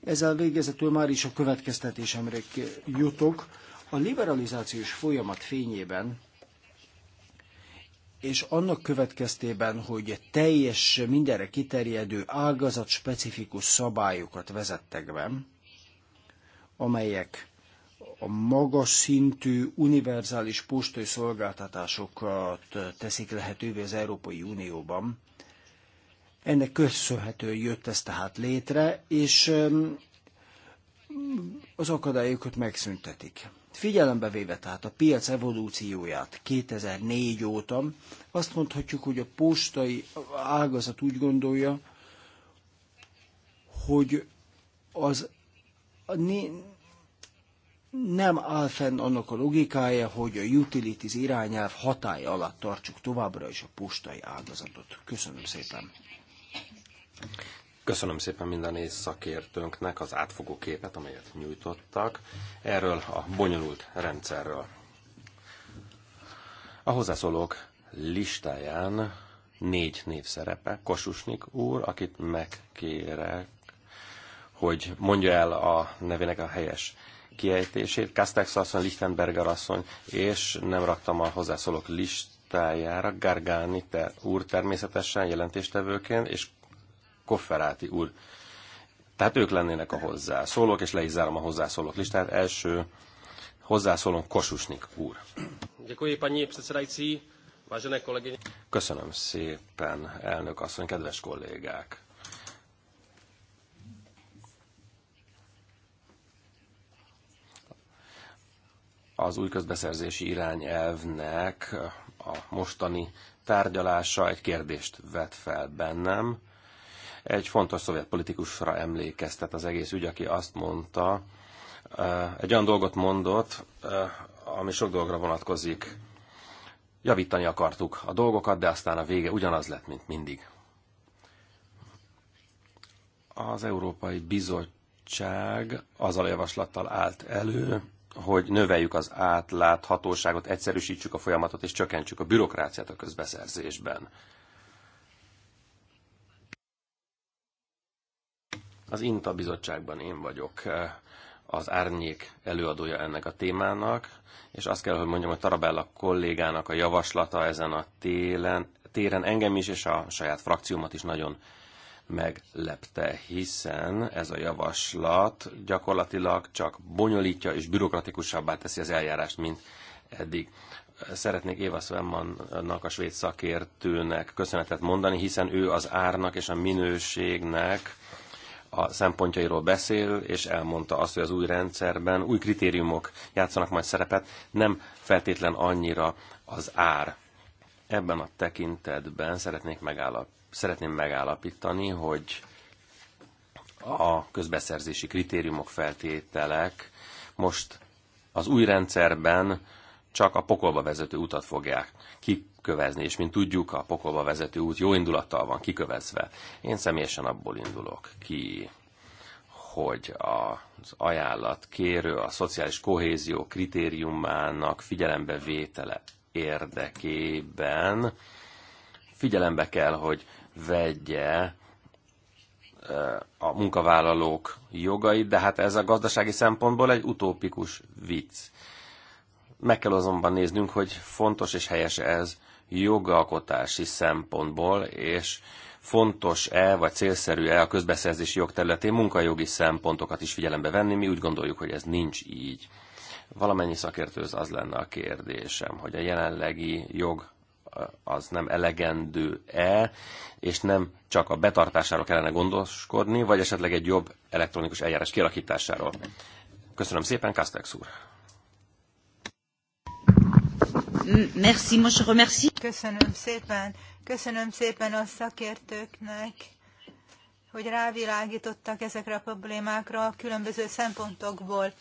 Ezzel végezetül már is a következtetésemre jutok. A liberalizációs folyamat fényében és annak következtében, hogy teljes, mindenre kiterjedő ágazat specifikus szabályokat vezettek be, amelyek a magas szintű univerzális postai szolgáltatásokat teszik lehetővé az Európai Unióban. Ennek köszönhetően jött ez tehát létre, és az akadályokat megszüntetik. Figyelembe véve tehát a piac evolúcióját 2004 óta, azt mondhatjuk, hogy a postai ágazat úgy gondolja, hogy az nem áll fenn annak a logikája, hogy a utilities irányelv hatály alatt tartsuk továbbra is a postai ágazatot. Köszönöm szépen! Köszönöm szépen minden szakértőnknek az átfogó képet, amelyet nyújtottak erről a bonyolult rendszerről. A hozzászólók listáján négy név szerepe. Kosusnik úr, akit megkérek, hogy mondja el a nevének a helyes kiejtését, Kastex asszony, Lichtenberger asszony, és nem raktam a hozzászólók listájára, Gargani te úr természetesen jelentéstevőként, és Kofferáti úr. Tehát ők lennének a hozzászólók, és le is zárom a hozzászólók listát. Első hozzászólónk Kosusnik úr. Köszönöm szépen, elnök asszony, kedves kollégák. az új közbeszerzési irányelvnek a mostani tárgyalása egy kérdést vet fel bennem. Egy fontos szovjet politikusra emlékeztet az egész ügy, aki azt mondta, egy olyan dolgot mondott, ami sok dologra vonatkozik. Javítani akartuk a dolgokat, de aztán a vége ugyanaz lett, mint mindig. Az Európai Bizottság azzal a javaslattal állt elő, hogy növeljük az átláthatóságot, egyszerűsítsük a folyamatot és csökkentsük a bürokráciát a közbeszerzésben. Az INTA bizottságban én vagyok eh, az árnyék előadója ennek a témának, és azt kell, hogy mondjam, hogy Tarabella kollégának a javaslata ezen a télen, téren engem is és a saját frakciómat is nagyon meglepte, hiszen ez a javaslat gyakorlatilag csak bonyolítja és bürokratikusabbá teszi az eljárást, mint eddig. Szeretnék Éva Svenmannak, a svéd szakértőnek köszönetet mondani, hiszen ő az árnak és a minőségnek a szempontjairól beszél, és elmondta azt, hogy az új rendszerben új kritériumok játszanak majd szerepet, nem feltétlen annyira az ár. Ebben a tekintetben szeretnék megállapítani szeretném megállapítani, hogy a közbeszerzési kritériumok, feltételek most az új rendszerben csak a pokolba vezető utat fogják kikövezni, és mint tudjuk, a pokolba vezető út jó indulattal van kikövezve. Én személyesen abból indulok ki, hogy az ajánlat kérő a szociális kohézió kritériumának figyelembe vétele érdekében figyelembe kell, hogy vegye a munkavállalók jogait, de hát ez a gazdasági szempontból egy utópikus vicc. Meg kell azonban néznünk, hogy fontos és helyes ez jogalkotási szempontból, és fontos-e vagy célszerű-e a közbeszerzési jog területén munkajogi szempontokat is figyelembe venni. Mi úgy gondoljuk, hogy ez nincs így. Valamennyi szakértőz az lenne a kérdésem, hogy a jelenlegi jog az nem elegendő-e, és nem csak a betartásáról kellene gondoskodni, vagy esetleg egy jobb elektronikus eljárás kialakításáról. Köszönöm szépen, Kastex úr! Merci, moi Köszönöm szépen, köszönöm szépen a szakértőknek, hogy rávilágítottak ezekre a problémákra a különböző szempontokból.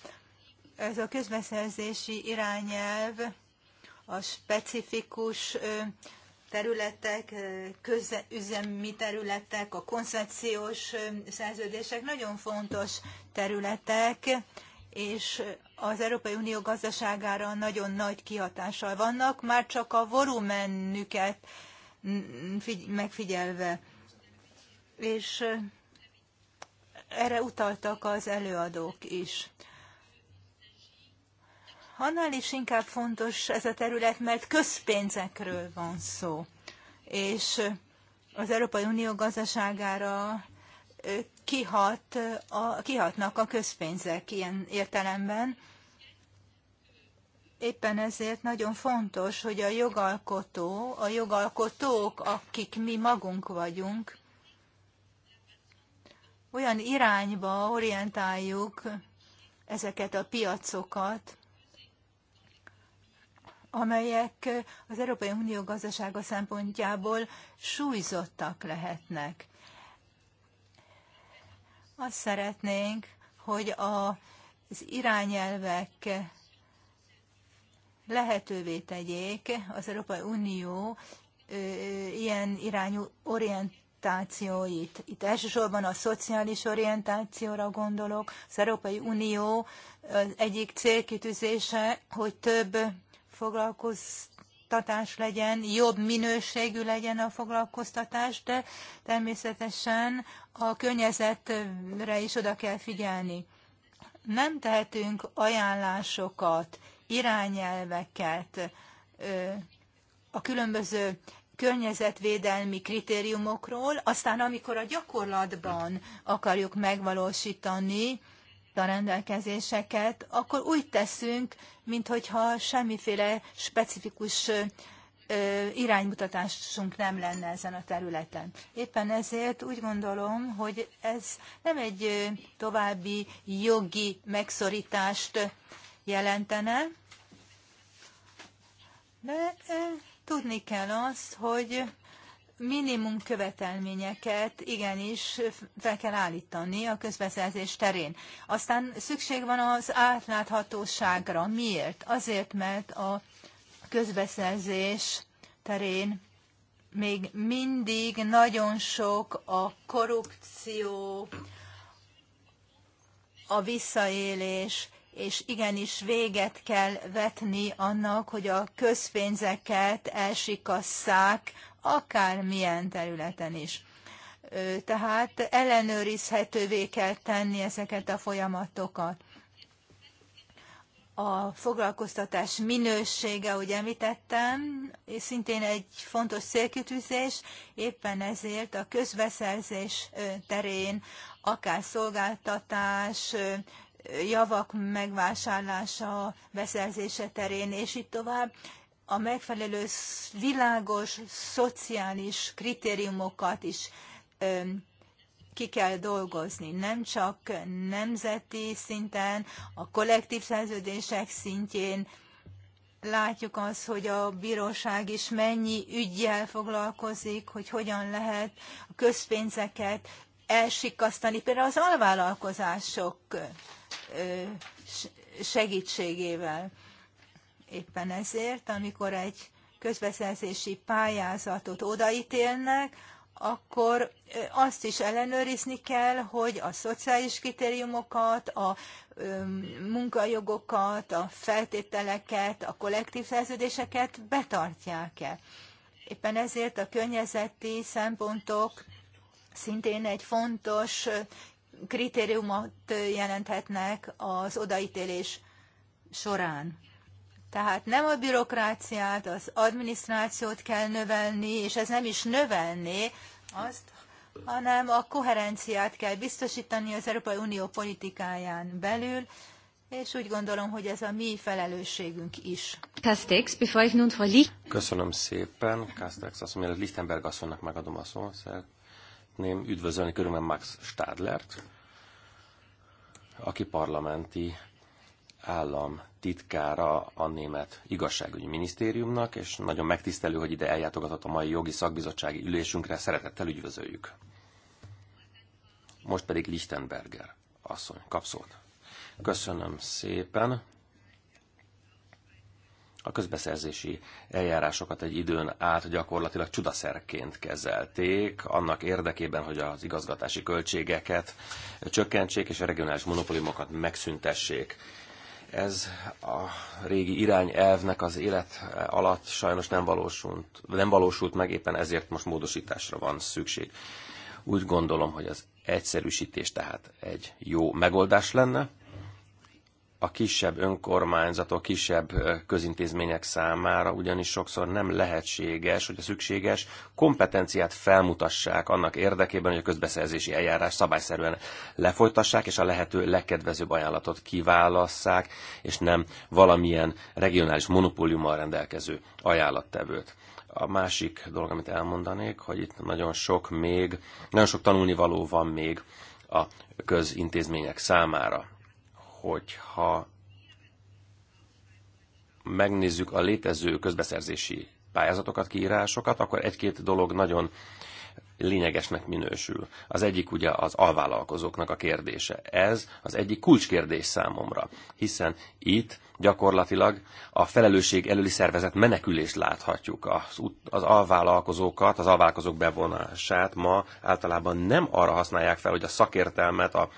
Ez a közbeszerzési irányelv a specifikus területek, közüzemi területek, a koncepciós szerződések nagyon fontos területek, és az Európai Unió gazdaságára nagyon nagy kihatással vannak, már csak a volumenüket megfigyelve. És erre utaltak az előadók is. Annál is inkább fontos ez a terület, mert közpénzekről van szó, és az Európai Unió gazdaságára kihat a, kihatnak a közpénzek ilyen értelemben. Éppen ezért nagyon fontos, hogy a jogalkotó, a jogalkotók, akik mi magunk vagyunk, olyan irányba orientáljuk ezeket a piacokat, amelyek az Európai Unió gazdasága szempontjából súlyzottak lehetnek. Azt szeretnénk, hogy az irányelvek lehetővé tegyék az Európai Unió ilyen irányú orientációit. Itt elsősorban a szociális orientációra gondolok. Az Európai Unió egyik célkitűzése, hogy több foglalkoztatás legyen, jobb minőségű legyen a foglalkoztatás, de természetesen a környezetre is oda kell figyelni. Nem tehetünk ajánlásokat, irányelveket a különböző környezetvédelmi kritériumokról, aztán amikor a gyakorlatban akarjuk megvalósítani a rendelkezéseket, akkor úgy teszünk, mintha semmiféle specifikus iránymutatásunk nem lenne ezen a területen. Éppen ezért úgy gondolom, hogy ez nem egy további jogi megszorítást jelentene, de tudni kell azt, hogy minimum követelményeket igenis fel kell állítani a közbeszerzés terén. Aztán szükség van az átláthatóságra. Miért? Azért, mert a közbeszerzés terén még mindig nagyon sok a korrupció, a visszaélés, és igenis véget kell vetni annak, hogy a közpénzeket elsikasszák akármilyen területen is. Tehát ellenőrizhetővé kell tenni ezeket a folyamatokat. A foglalkoztatás minősége, ugye említettem, és szintén egy fontos célkitűzés, éppen ezért a közbeszerzés terén, akár szolgáltatás, javak megvásárlása, beszerzése terén, és itt tovább a megfelelő világos szociális kritériumokat is ki kell dolgozni, nem csak nemzeti szinten, a kollektív szerződések szintjén. Látjuk azt, hogy a bíróság is mennyi ügyjel foglalkozik, hogy hogyan lehet a közpénzeket elsikasztani, például az alvállalkozások segítségével. Éppen ezért, amikor egy közbeszerzési pályázatot odaítélnek, akkor azt is ellenőrizni kell, hogy a szociális kritériumokat, a munkajogokat, a feltételeket, a kollektív szerződéseket betartják-e. Éppen ezért a környezeti szempontok szintén egy fontos kritériumot jelenthetnek az odaítélés során. Tehát nem a bürokráciát, az adminisztrációt kell növelni, és ez nem is növelné azt, hanem a koherenciát kell biztosítani az Európai Unió politikáján belül, és úgy gondolom, hogy ez a mi felelősségünk is. Kastex, bevor ich nun Köszönöm szépen, Kastex, azt mondja, Lichtenberg asszonynak megadom a szót, szeretném üdvözölni körülbelül Max Stadlert, aki parlamenti állam titkára a német igazságügyi minisztériumnak, és nagyon megtisztelő, hogy ide eljátogatott a mai jogi szakbizottsági ülésünkre. Szeretettel üdvözöljük. Most pedig Lichtenberger asszony kap szót. Köszönöm szépen. A közbeszerzési eljárásokat egy időn át gyakorlatilag csudaszerként kezelték, annak érdekében, hogy az igazgatási költségeket csökkentsék és a regionális monopóliumokat megszüntessék. Ez a régi irányelvnek az élet alatt sajnos nem valósult, nem valósult meg, éppen ezért most módosításra van szükség. Úgy gondolom, hogy az egyszerűsítés tehát egy jó megoldás lenne, a kisebb önkormányzatok, kisebb közintézmények számára ugyanis sokszor nem lehetséges, hogy a szükséges kompetenciát felmutassák annak érdekében, hogy a közbeszerzési eljárás szabályszerűen lefolytassák, és a lehető legkedvezőbb ajánlatot kiválasszák, és nem valamilyen regionális monopóliummal rendelkező ajánlattevőt. A másik dolog, amit elmondanék, hogy itt nagyon sok még, nagyon sok tanulnivaló van még a közintézmények számára hogyha megnézzük a létező közbeszerzési pályázatokat, kiírásokat, akkor egy-két dolog nagyon lényegesnek minősül. Az egyik ugye az alvállalkozóknak a kérdése. Ez az egyik kulcskérdés számomra, hiszen itt gyakorlatilag a felelősség előli szervezet menekülést láthatjuk. Az, az alvállalkozókat, az alvállalkozók bevonását ma általában nem arra használják fel, hogy a szakértelmet, a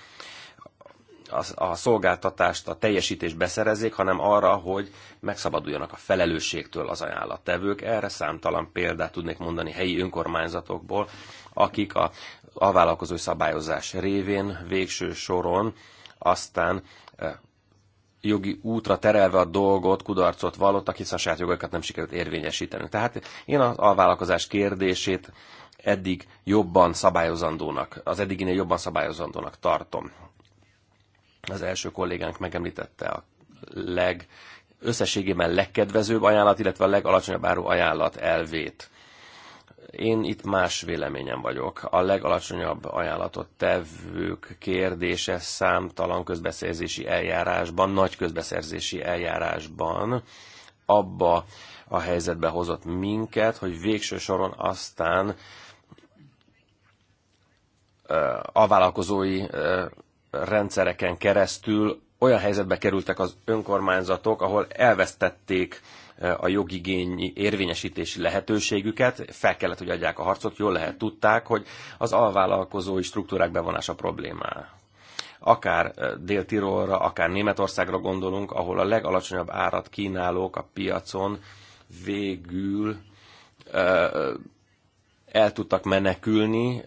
a, a szolgáltatást, a teljesítést beszerezzék, hanem arra, hogy megszabaduljanak a felelősségtől az ajánlattevők. Erre számtalan példát tudnék mondani helyi önkormányzatokból, akik a vállalkozói szabályozás révén végső soron aztán e, jogi útra terelve a dolgot, kudarcot vallottak, hiszen a saját jogokat nem sikerült érvényesíteni. Tehát én az alvállalkozás kérdését eddig jobban szabályozandónak, az eddiginél jobban szabályozandónak tartom. Az első kollégánk megemlítette a leg összességében legkedvezőbb ajánlat, illetve a legalacsonyabb áru ajánlat elvét. Én itt más véleményem vagyok. A legalacsonyabb ajánlatot tevők kérdése számtalan közbeszerzési eljárásban, nagy közbeszerzési eljárásban abba a helyzetbe hozott minket, hogy végső soron aztán a vállalkozói rendszereken keresztül olyan helyzetbe kerültek az önkormányzatok, ahol elvesztették e, a jogigény érvényesítési lehetőségüket, fel kellett, hogy adják a harcot, jól lehet tudták, hogy az alvállalkozói struktúrák bevonása problémá. Akár e, Dél-Tirolra, akár Németországra gondolunk, ahol a legalacsonyabb árat kínálók a piacon végül e, el tudtak menekülni,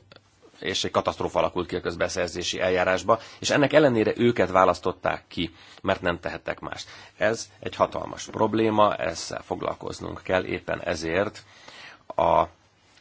és egy katasztrófa alakult ki a közbeszerzési eljárásba, és ennek ellenére őket választották ki, mert nem tehettek más. Ez egy hatalmas probléma, ezzel foglalkoznunk kell, éppen ezért a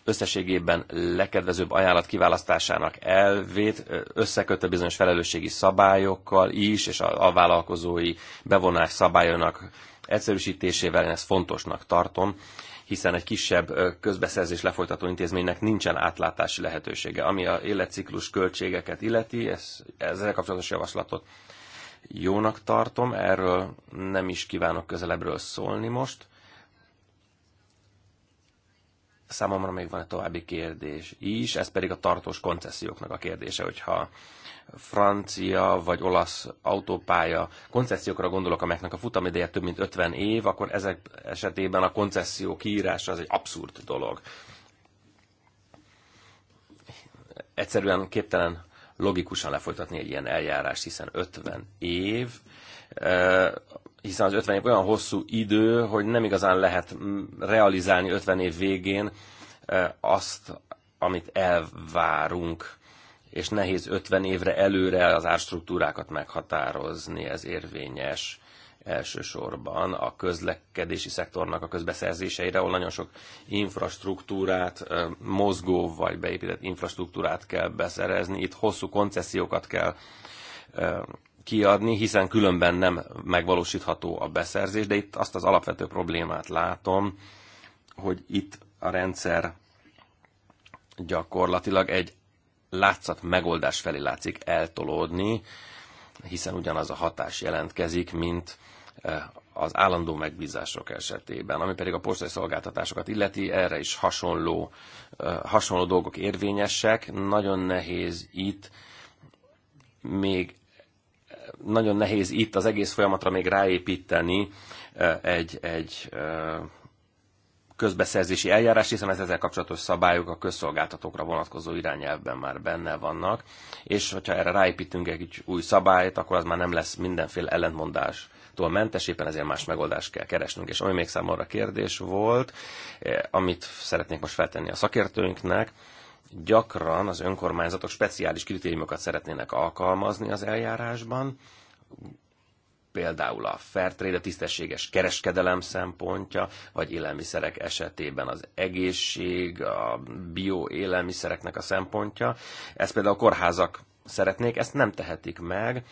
összességében legkedvezőbb ajánlat kiválasztásának elvét összekötte bizonyos felelősségi szabályokkal is, és a, a vállalkozói bevonás szabályonak egyszerűsítésével, én ezt fontosnak tartom, hiszen egy kisebb közbeszerzés lefolytató intézménynek nincsen átlátási lehetősége. Ami a életciklus költségeket illeti, ez, ezzel kapcsolatos javaslatot jónak tartom, erről nem is kívánok közelebbről szólni most. Számomra még van egy további kérdés is, ez pedig a tartós koncesszióknak a kérdése, hogyha francia vagy olasz autópálya koncesziókra gondolok, amelyeknek a futamideje több mint 50 év, akkor ezek esetében a koncesszió kiírása az egy abszurd dolog. Egyszerűen képtelen logikusan lefolytatni egy ilyen eljárást, hiszen 50 év, e, hiszen az 50 év olyan hosszú idő, hogy nem igazán lehet realizálni 50 év végén e, azt, amit elvárunk és nehéz 50 évre előre az árstruktúrákat meghatározni, ez érvényes elsősorban a közlekedési szektornak a közbeszerzéseire, ahol nagyon sok infrastruktúrát, mozgó vagy beépített infrastruktúrát kell beszerezni, itt hosszú koncesziókat kell kiadni, hiszen különben nem megvalósítható a beszerzés, de itt azt az alapvető problémát látom, hogy itt a rendszer gyakorlatilag egy látszat megoldás felé látszik eltolódni, hiszen ugyanaz a hatás jelentkezik, mint eh, az állandó megbízások esetében, ami pedig a postai szolgáltatásokat illeti, erre is hasonló, eh, hasonló dolgok érvényesek. Nagyon nehéz itt még eh, nagyon nehéz itt az egész folyamatra még ráépíteni egy, egy közbeszerzési eljárás, hiszen az ezzel kapcsolatos szabályok a közszolgáltatókra vonatkozó irányelvben már benne vannak, és hogyha erre ráépítünk egy új szabályt, akkor az már nem lesz mindenféle ellentmondás túl mentes, éppen ezért más megoldást kell keresnünk. És ami még számomra kérdés volt, eh, amit szeretnék most feltenni a szakértőinknek, gyakran az önkormányzatok speciális kritériumokat szeretnének alkalmazni az eljárásban, például a fair trade, a tisztességes kereskedelem szempontja, vagy élelmiszerek esetében az egészség, a bio élelmiszereknek a szempontja. Ezt például a kórházak szeretnék, ezt nem tehetik meg,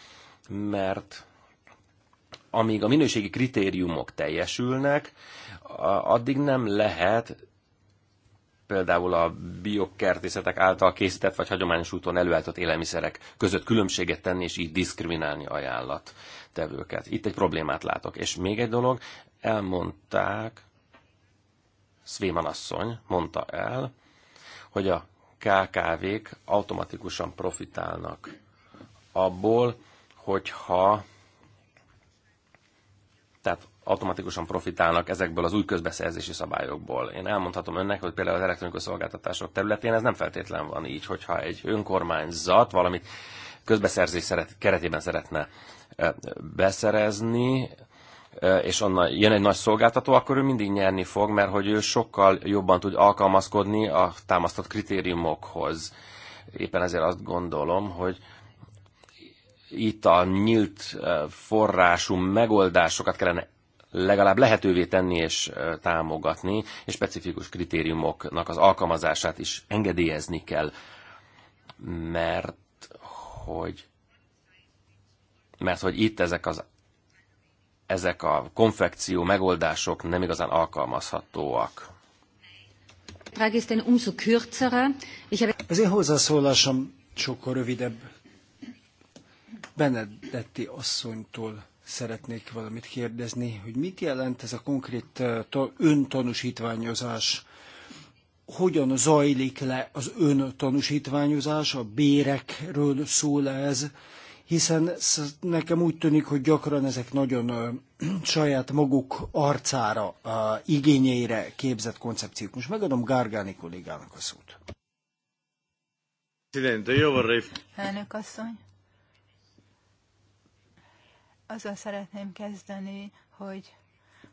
mert amíg a minőségi kritériumok teljesülnek, addig nem lehet például a biokertészetek által készített vagy hagyományos úton előállított élelmiszerek között különbséget tenni és így diszkriminálni ajánlat tevőket. Itt egy problémát látok. És még egy dolog, elmondták, Szvéman asszony mondta el, hogy a KKV-k automatikusan profitálnak abból, hogyha tehát automatikusan profitálnak ezekből az új közbeszerzési szabályokból. Én elmondhatom önnek, hogy például az elektronikus szolgáltatások területén ez nem feltétlen van így, hogyha egy önkormányzat valamit közbeszerzés szeret, keretében szeretne beszerezni, és onnan jön egy nagy szolgáltató, akkor ő mindig nyerni fog, mert hogy ő sokkal jobban tud alkalmazkodni a támasztott kritériumokhoz. Éppen ezért azt gondolom, hogy itt a nyílt forrású megoldásokat kellene legalább lehetővé tenni és támogatni, és specifikus kritériumoknak az alkalmazását is engedélyezni kell, mert hogy mert hogy itt ezek az ezek a konfekció megoldások nem igazán alkalmazhatóak. Az én hozzászólásom sokkal rövidebb. Benedetti asszonytól szeretnék valamit kérdezni, hogy mit jelent ez a konkrét eh, öntanúsítványozás hogyan zajlik le az ön tanúsítványozás, a bérekről szól -e ez, hiszen nekem úgy tűnik, hogy gyakran ezek nagyon saját maguk arcára, igényeire képzett koncepciók. Most megadom Gárgáni kollégának a szót. Elnök asszony, azzal szeretném kezdeni, hogy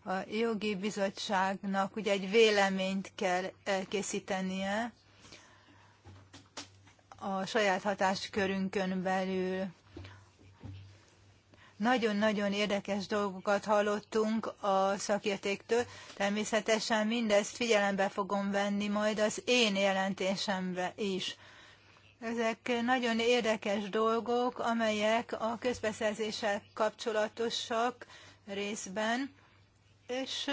a jogi bizottságnak ugye egy véleményt kell készítenie a saját hatáskörünkön belül. Nagyon-nagyon érdekes dolgokat hallottunk a szakértéktől. Természetesen mindezt figyelembe fogom venni majd az én jelentésembe is. Ezek nagyon érdekes dolgok, amelyek a közbeszerzések kapcsolatosak részben és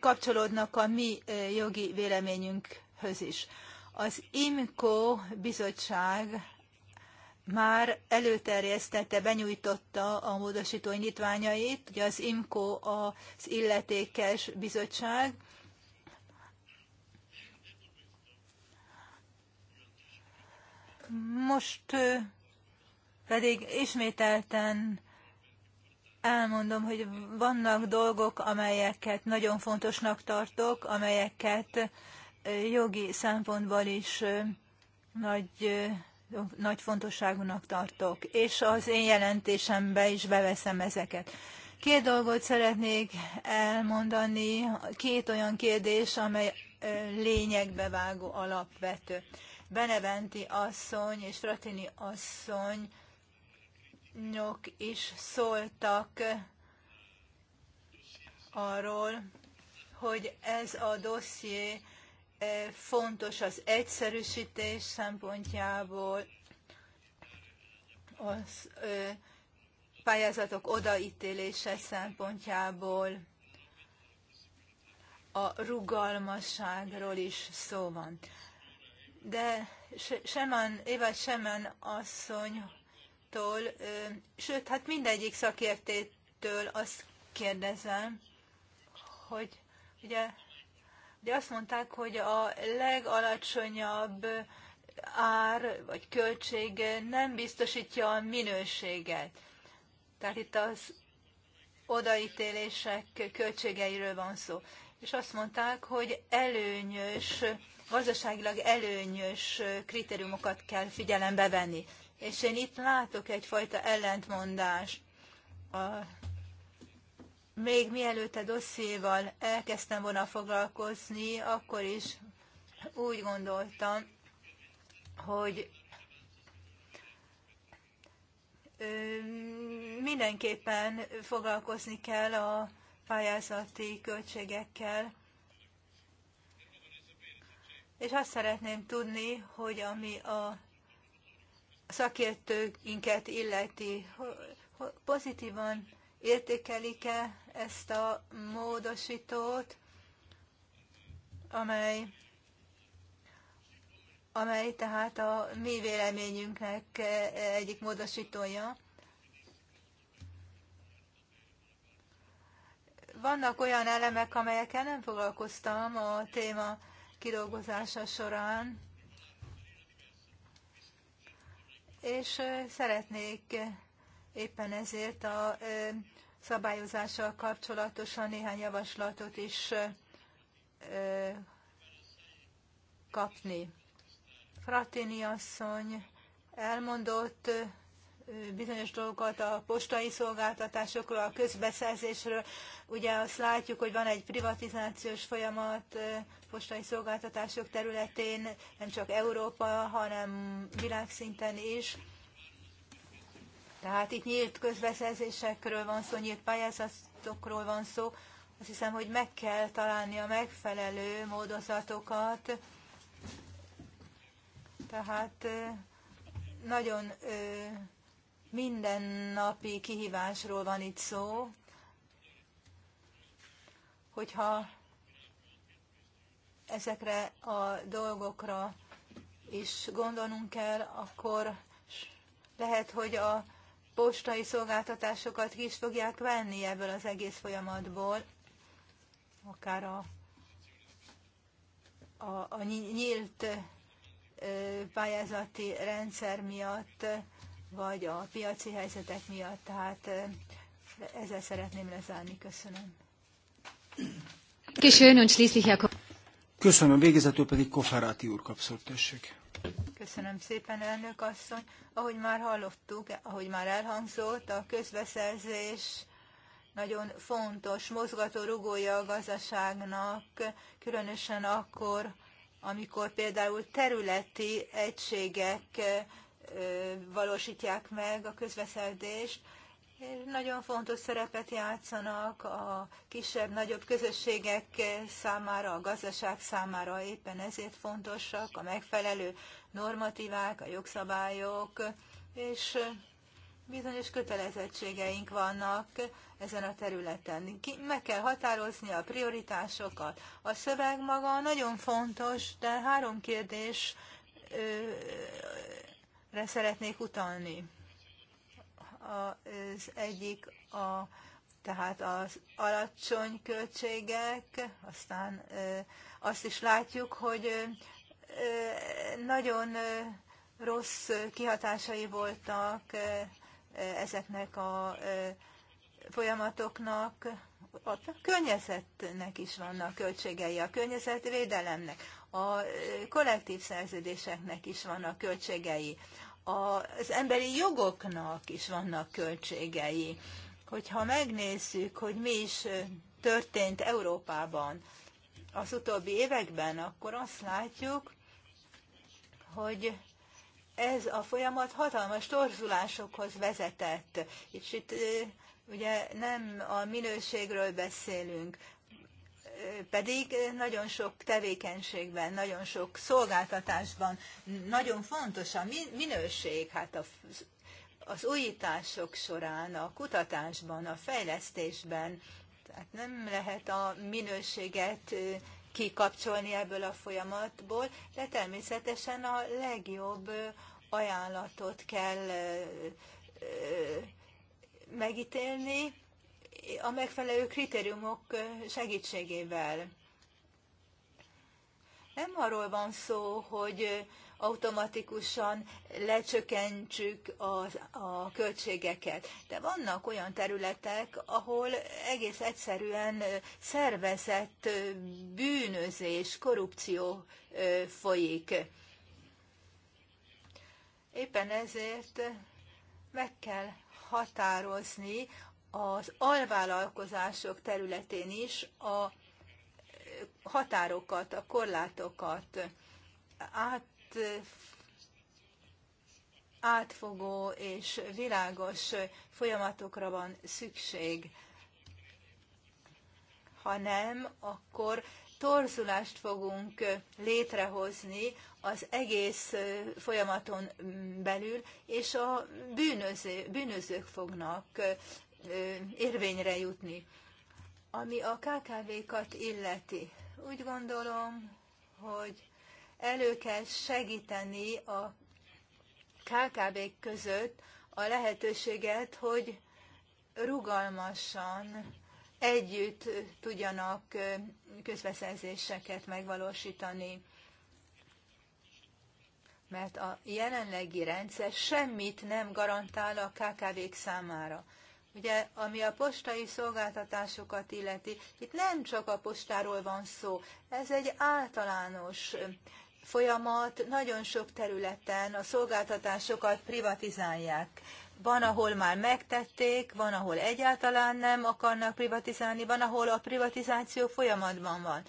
kapcsolódnak a mi jogi véleményünkhöz is. Az IMCO bizottság már előterjesztette, benyújtotta a módosító nyitványait, ugye az IMCO az illetékes bizottság, Most pedig ismételten elmondom, hogy vannak dolgok, amelyeket nagyon fontosnak tartok, amelyeket jogi szempontból is nagy, nagy fontosságúnak tartok, és az én jelentésembe is beveszem ezeket. Két dolgot szeretnék elmondani, két olyan kérdés, amely lényegbe vágó alapvető. Beneventi asszony és Fratini asszony kormányok is szóltak arról, hogy ez a dosszié eh, fontos az egyszerűsítés szempontjából, az pályázatok odaítélése szempontjából, a rugalmasságról is szó van. De Seman, Éva Semen asszony szakértőtől, sőt, hát mindegyik szakértőtől azt kérdezem, hogy ugye, ugye azt mondták, hogy a legalacsonyabb ár vagy költség nem biztosítja a minőséget. Tehát itt az odaítélések költségeiről van szó. És azt mondták, hogy előnyös, gazdaságilag előnyös kritériumokat kell figyelembe venni és én itt látok egyfajta ellentmondást. A, még mielőtt a dosszéval elkezdtem volna foglalkozni, akkor is úgy gondoltam, hogy mindenképpen foglalkozni kell a pályázati költségekkel, és azt szeretném tudni, hogy ami a szakértőinket illeti, pozitívan értékelik-e ezt a módosítót, amely, amely tehát a mi véleményünknek e, egyik módosítója. Vannak olyan elemek, amelyekkel nem foglalkoztam a téma kidolgozása során, és szeretnék éppen ezért a szabályozással kapcsolatosan néhány javaslatot is kapni. Fratini asszony elmondott bizonyos dolgokat a postai szolgáltatásokról, a közbeszerzésről. Ugye azt látjuk, hogy van egy privatizációs folyamat postai szolgáltatások területén, nem csak Európa, hanem világszinten is. Tehát itt nyílt közbeszerzésekről van szó, nyílt pályázatokról van szó. Azt hiszem, hogy meg kell találni a megfelelő módozatokat. Tehát nagyon mindennapi kihívásról van itt szó, hogyha ezekre a dolgokra is gondolnunk kell, akkor lehet, hogy a postai szolgáltatásokat ki is fogják venni ebből az egész folyamatból, akár a, a, a nyílt pályázati rendszer miatt vagy a piaci helyzetek miatt, tehát ezzel szeretném lezárni. Köszönöm. Köszönöm, végezetül pedig Koferáti úr kapszott, tessék. Köszönöm szépen, elnök asszony. Ahogy már hallottuk, ahogy már elhangzott, a közbeszerzés nagyon fontos mozgató rugója a gazdaságnak, különösen akkor, amikor például területi egységek valósítják meg a közbeszerzést, nagyon fontos szerepet játszanak a kisebb-nagyobb közösségek számára, a gazdaság számára. Éppen ezért fontosak a megfelelő normatívák, a jogszabályok, és bizonyos kötelezettségeink vannak ezen a területen. meg kell határozni a prioritásokat. A szöveg maga nagyon fontos, de három kérdés szeretnék utalni. Az egyik a, tehát az alacsony költségek, aztán azt is látjuk, hogy nagyon rossz kihatásai voltak ezeknek a folyamatoknak, a környezetnek is vannak költségei, a környezetvédelemnek, a kollektív szerződéseknek is vannak költségei az emberi jogoknak is vannak költségei. Hogyha megnézzük, hogy mi is történt Európában az utóbbi években, akkor azt látjuk, hogy ez a folyamat hatalmas torzulásokhoz vezetett. És itt ugye nem a minőségről beszélünk, pedig nagyon sok tevékenységben, nagyon sok szolgáltatásban nagyon fontos a minőség, hát a, az újítások során, a kutatásban, a fejlesztésben, tehát nem lehet a minőséget kikapcsolni ebből a folyamatból, de természetesen a legjobb ajánlatot kell megítélni, a megfelelő kritériumok segítségével. Nem arról van szó, hogy automatikusan lecsökkentsük a, a költségeket. De vannak olyan területek, ahol egész egyszerűen szervezett bűnözés, korrupció folyik. Éppen ezért meg kell határozni az alvállalkozások területén is a határokat, a korlátokat át, átfogó és világos folyamatokra van szükség. Ha nem, akkor torzulást fogunk létrehozni az egész folyamaton belül, és a bűnöző, bűnözők fognak érvényre jutni. Ami a KKV-kat illeti, úgy gondolom, hogy elő kell segíteni a KKV-k között a lehetőséget, hogy rugalmasan együtt tudjanak közbeszerzéseket megvalósítani. Mert a jelenlegi rendszer semmit nem garantál a KKV-k számára. Ugye, ami a postai szolgáltatásokat illeti, itt nem csak a postáról van szó, ez egy általános folyamat, nagyon sok területen a szolgáltatásokat privatizálják. Van, ahol már megtették, van, ahol egyáltalán nem akarnak privatizálni, van, ahol a privatizáció folyamatban van.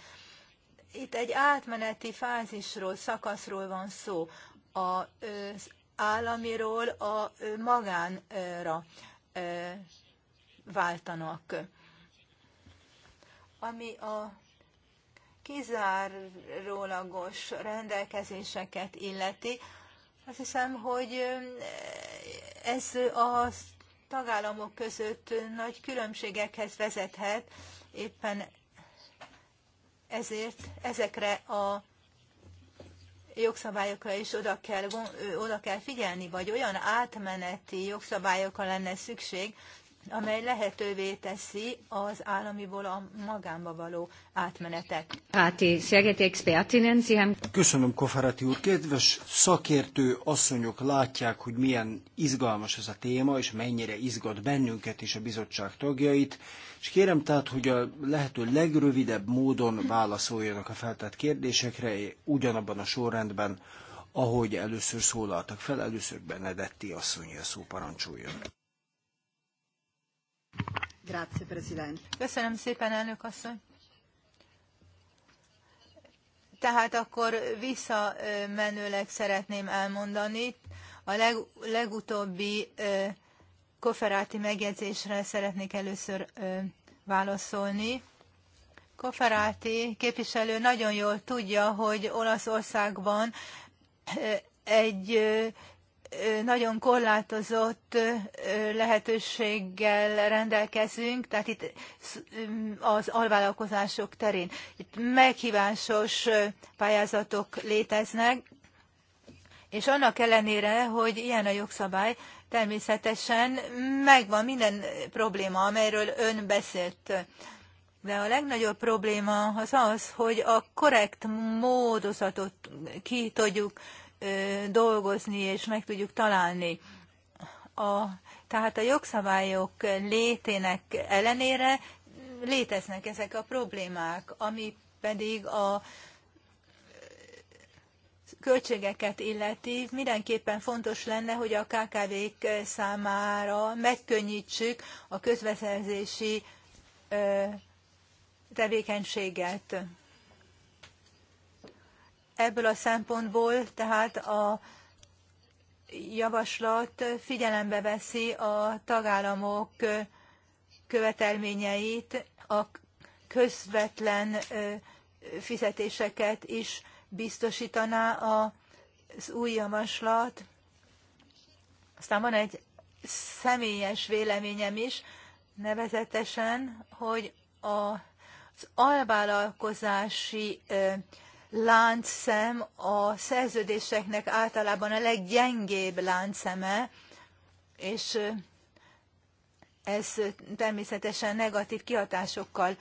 Itt egy átmeneti fázisról, szakaszról van szó, az államiról a magánra váltanak. Ami a kizárólagos rendelkezéseket illeti, azt hiszem, hogy ez a tagállamok között nagy különbségekhez vezethet, éppen ezért ezekre a jogszabályokra is oda kell, oda kell figyelni, vagy olyan átmeneti jogszabályokra lenne szükség, amely lehetővé teszi az államiból a magánba való átmenetet. Köszönöm, Koferati úr. Kedves szakértő asszonyok látják, hogy milyen izgalmas ez a téma, és mennyire izgat bennünket és a bizottság tagjait. És kérem tehát, hogy a lehető legrövidebb módon válaszoljanak a feltett kérdésekre, ugyanabban a sorrendben, ahogy először szólaltak fel, először Benedetti asszonyi a szó parancsoljon. Köszönöm szépen, elnök asszony. Tehát akkor visszamenőleg szeretném elmondani, a leg, legutóbbi ö, koferáti megjegyzésre szeretnék először ö, válaszolni. Koferáti képviselő nagyon jól tudja, hogy Olaszországban ö, egy nagyon korlátozott lehetőséggel rendelkezünk, tehát itt az alvállalkozások terén. Itt meghívásos pályázatok léteznek, és annak ellenére, hogy ilyen a jogszabály, természetesen megvan minden probléma, amelyről ön beszélt. De a legnagyobb probléma az az, hogy a korrekt módozatot ki tudjuk dolgozni, és meg tudjuk találni. A, tehát a jogszabályok létének ellenére léteznek ezek a problémák, ami pedig a költségeket illeti, mindenképpen fontos lenne, hogy a KKV-k számára megkönnyítsük a közbeszerzési tevékenységet. Ebből a szempontból tehát a javaslat figyelembe veszi a tagállamok követelményeit, a közvetlen fizetéseket is biztosítaná az új javaslat. Aztán van egy személyes véleményem is, nevezetesen, hogy az alvállalkozási láncszem a szerződéseknek általában a leggyengébb láncszeme, és ez természetesen negatív kihatásokkal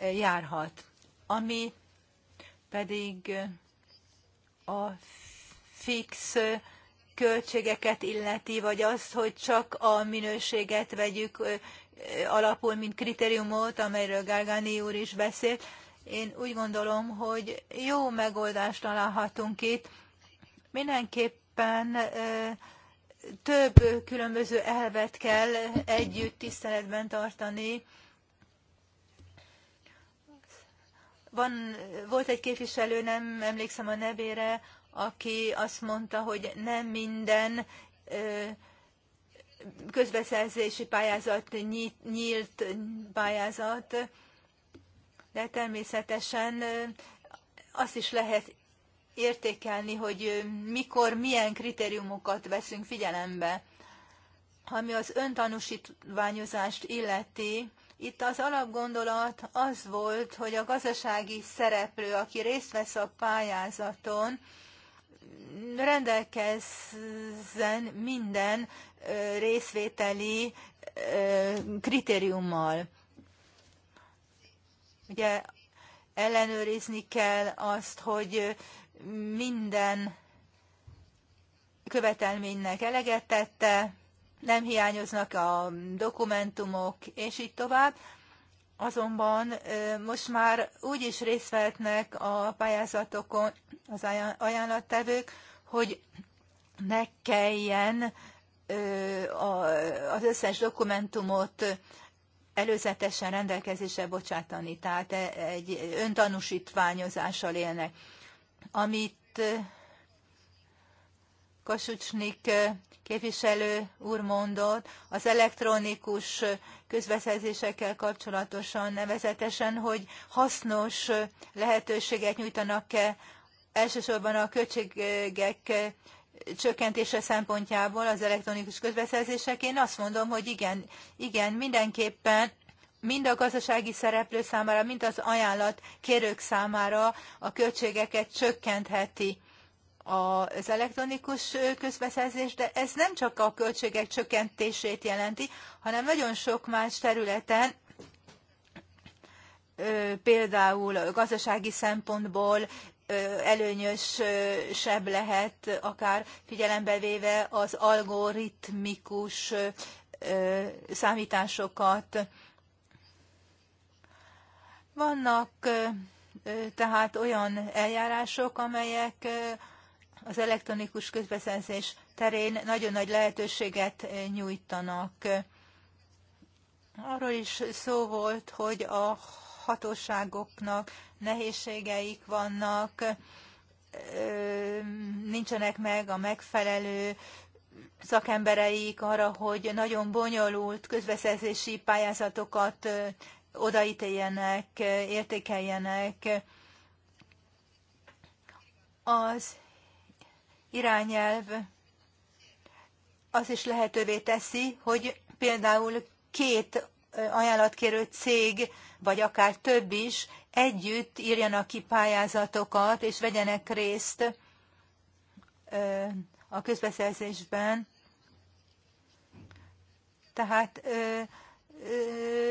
járhat. Ami pedig a fix költségeket illeti, vagy azt, hogy csak a minőséget vegyük alapul, mint kritériumot, amelyről Gárgáni úr is beszélt. Én úgy gondolom, hogy jó megoldást találhatunk itt. Mindenképpen több különböző elvet kell együtt tiszteletben tartani. Van, volt egy képviselő, nem emlékszem a nevére, aki azt mondta, hogy nem minden közbeszerzési pályázat nyílt pályázat de természetesen azt is lehet értékelni, hogy mikor milyen kritériumokat veszünk figyelembe. Ami az öntanúsítványozást illeti, itt az alapgondolat az volt, hogy a gazdasági szereplő, aki részt vesz a pályázaton, rendelkezzen minden részvételi kritériummal. Ugye ellenőrizni kell azt, hogy minden követelménynek eleget tette, nem hiányoznak a dokumentumok, és így tovább. Azonban most már úgy is részt vehetnek a pályázatokon az ajánlattevők, hogy ne kelljen az összes dokumentumot előzetesen rendelkezésre bocsátani, tehát e, egy öntanúsítványozással élnek. Amit e, Kasucsnik e, képviselő úr mondott, az elektronikus közbeszerzésekkel kapcsolatosan nevezetesen, hogy hasznos lehetőséget nyújtanak-e elsősorban a költségek csökkentése szempontjából az elektronikus közbeszerzések, én azt mondom, hogy igen, igen, mindenképpen mind a gazdasági szereplő számára, mind az ajánlat kérők számára a költségeket csökkentheti az elektronikus közbeszerzés, de ez nem csak a költségek csökkentését jelenti, hanem nagyon sok más területen, például gazdasági szempontból előnyösebb lehet, akár figyelembe véve az algoritmikus számításokat. Vannak tehát olyan eljárások, amelyek az elektronikus közbeszerzés terén nagyon nagy lehetőséget nyújtanak. Arról is szó volt, hogy a hatóságoknak nehézségeik vannak, nincsenek meg a megfelelő szakembereik arra, hogy nagyon bonyolult közbeszerzési pályázatokat odaítéljenek, értékeljenek. Az irányelv az is lehetővé teszi, hogy például két ajánlatkérő cég vagy akár több is együtt írjanak ki pályázatokat, és vegyenek részt a közbeszerzésben. Tehát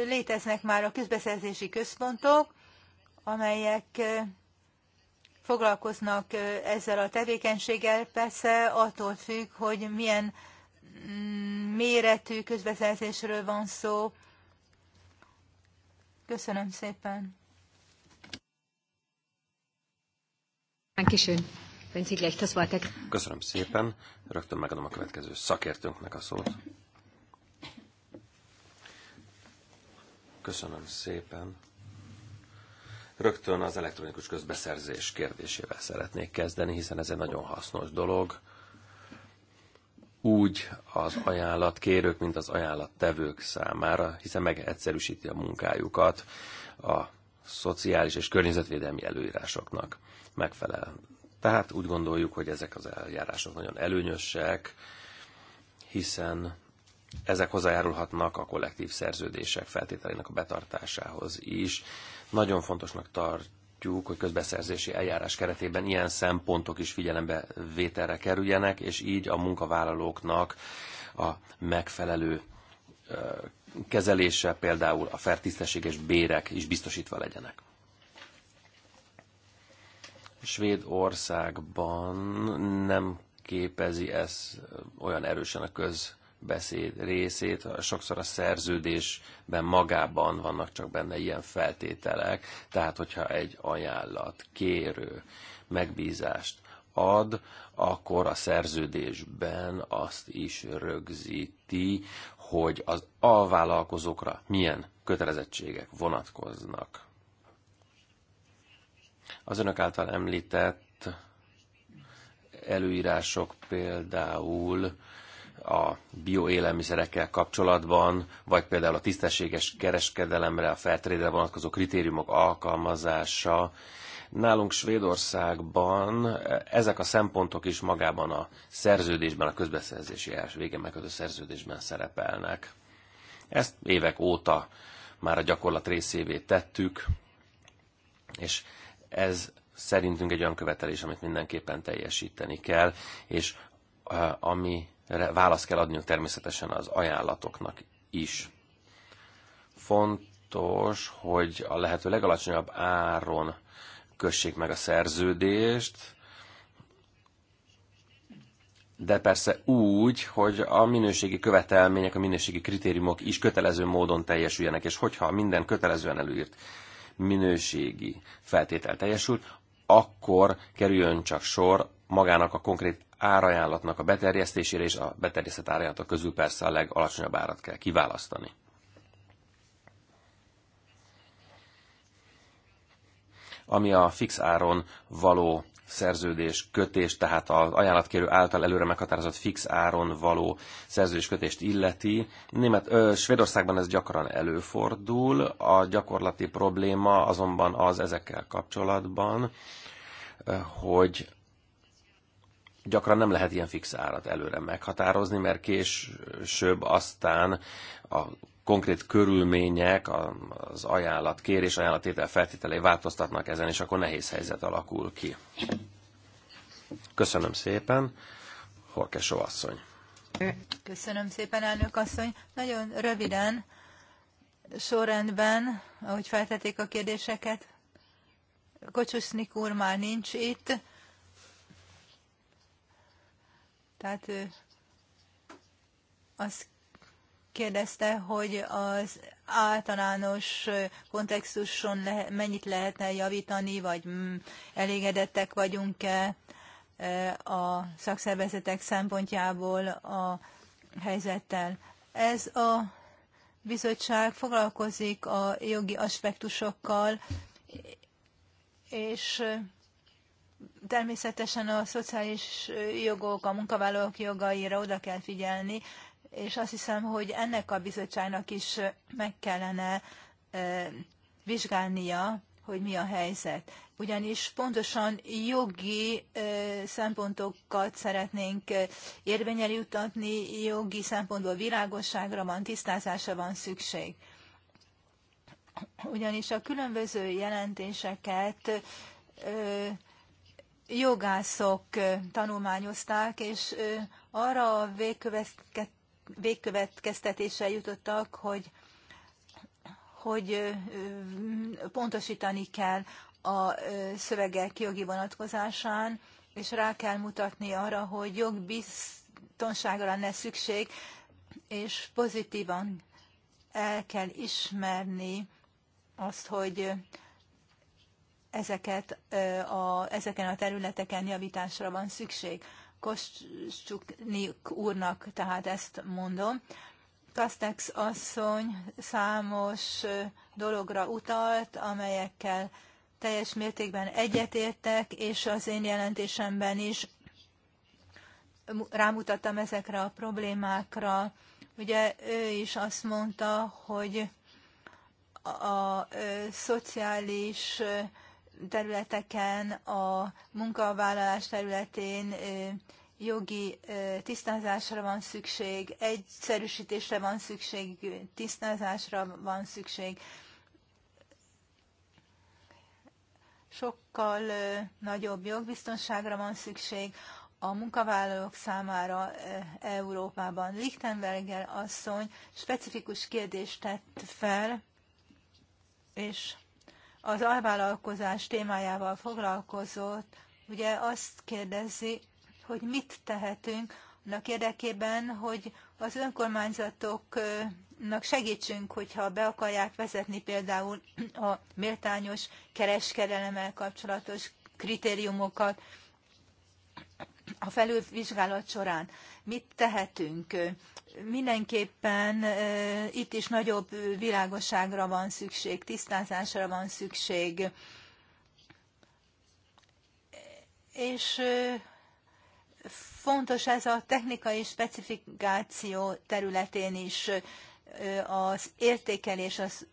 léteznek már a közbeszerzési központok, amelyek foglalkoznak ezzel a tevékenységgel, persze attól függ, hogy milyen mm, méretű közbeszerzésről van szó, Köszönöm szépen. Köszönöm szépen. Rögtön megadom a következő szakértőnknek a szót. Köszönöm szépen. Rögtön az elektronikus közbeszerzés kérdésével szeretnék kezdeni, hiszen ez egy nagyon hasznos dolog úgy az ajánlatkérők, mint az ajánlattevők számára, hiszen megegyszerűsíti a munkájukat a szociális és környezetvédelmi előírásoknak megfelel. Tehát úgy gondoljuk, hogy ezek az eljárások nagyon előnyösek, hiszen ezek hozzájárulhatnak a kollektív szerződések feltételének a betartásához is. Nagyon fontosnak tart látjuk, hogy közbeszerzési eljárás keretében ilyen szempontok is figyelembe vételre kerüljenek, és így a munkavállalóknak a megfelelő kezelése, például a fertisztességes bérek is biztosítva legyenek. Svédországban nem képezi ez olyan erősen a köz beszéd részét, sokszor a szerződésben magában vannak csak benne ilyen feltételek, tehát hogyha egy ajánlat, kérő, megbízást ad, akkor a szerződésben azt is rögzíti, hogy az alvállalkozókra milyen kötelezettségek vonatkoznak. Az önök által említett előírások például a bioélelmiszerekkel kapcsolatban, vagy például a tisztességes kereskedelemre, a fairtrade vonatkozó kritériumok alkalmazása. Nálunk Svédországban ezek a szempontok is magában a szerződésben, a közbeszerzési els végén megkötő szerződésben szerepelnek. Ezt évek óta már a gyakorlat részévé tettük, és ez szerintünk egy olyan követelés, amit mindenképpen teljesíteni kell, és ami választ kell adniuk természetesen az ajánlatoknak is. Fontos, hogy a lehető legalacsonyabb áron kössék meg a szerződést, de persze úgy, hogy a minőségi követelmények, a minőségi kritériumok is kötelező módon teljesüljenek, és hogyha minden kötelezően előírt minőségi feltétel teljesül, akkor kerüljön csak sor magának a konkrét árajánlatnak a beterjesztésére, és a beterjesztett árajánlatok közül persze a legalacsonyabb árat kell kiválasztani. Ami a fix áron való szerződés kötés, tehát az ajánlatkérő által előre meghatározott fix áron való szerződés kötést illeti. Német, ö, Svédországban ez gyakran előfordul, a gyakorlati probléma azonban az ezekkel kapcsolatban, hogy gyakran nem lehet ilyen fix árat előre meghatározni, mert később aztán a konkrét körülmények, az ajánlat, kérés, ajánlatétel feltételei változtatnak ezen, és akkor nehéz helyzet alakul ki. Köszönöm szépen, Horkesó asszony. Köszönöm szépen, elnök asszony. Nagyon röviden, sorrendben, ahogy feltették a kérdéseket. Kocsusznik úr már nincs itt tehát azt kérdezte, hogy az általános kontextuson le, mennyit lehetne javítani, vagy mm, elégedettek vagyunk-e a szakszervezetek szempontjából a helyzettel. Ez a bizottság foglalkozik a jogi aspektusokkal, és Természetesen a szociális jogok, a munkavállalók jogaira oda kell figyelni, és azt hiszem, hogy ennek a bizottságnak is meg kellene vizsgálnia, hogy mi a helyzet. Ugyanis pontosan jogi szempontokat szeretnénk érvényel jutatni, jogi szempontból világosságra van, tisztázásra van szükség. Ugyanis a különböző jelentéseket jogászok tanulmányozták, és arra a végkövetkeztetésre jutottak, hogy, hogy pontosítani kell a szövegek jogi vonatkozásán, és rá kell mutatni arra, hogy jogbiztonságra lenne szükség, és pozitívan el kell ismerni azt, hogy ezeket a, ezeken a területeken javításra van szükség. Kostsuknik úrnak tehát ezt mondom. Kastex asszony számos dologra utalt, amelyekkel teljes mértékben egyetértek, és az én jelentésemben is rámutattam ezekre a problémákra. Ugye ő is azt mondta, hogy a, a, a szociális területeken, a munkavállalás területén jogi tisztázásra van szükség, egyszerűsítésre van szükség, tisztázásra van szükség. Sokkal nagyobb jogbiztonságra van szükség a munkavállalók számára Európában. Lichtenberger asszony specifikus kérdést tett fel, és az alvállalkozás témájával foglalkozott, ugye azt kérdezi, hogy mit tehetünk annak érdekében, hogy az önkormányzatoknak segítsünk, hogyha be akarják vezetni például a méltányos kereskedelemmel kapcsolatos kritériumokat, a felülvizsgálat során mit tehetünk. Mindenképpen itt is nagyobb világosságra van szükség, tisztázásra van szükség. És fontos ez a technikai specifikáció területén is az értékelés, az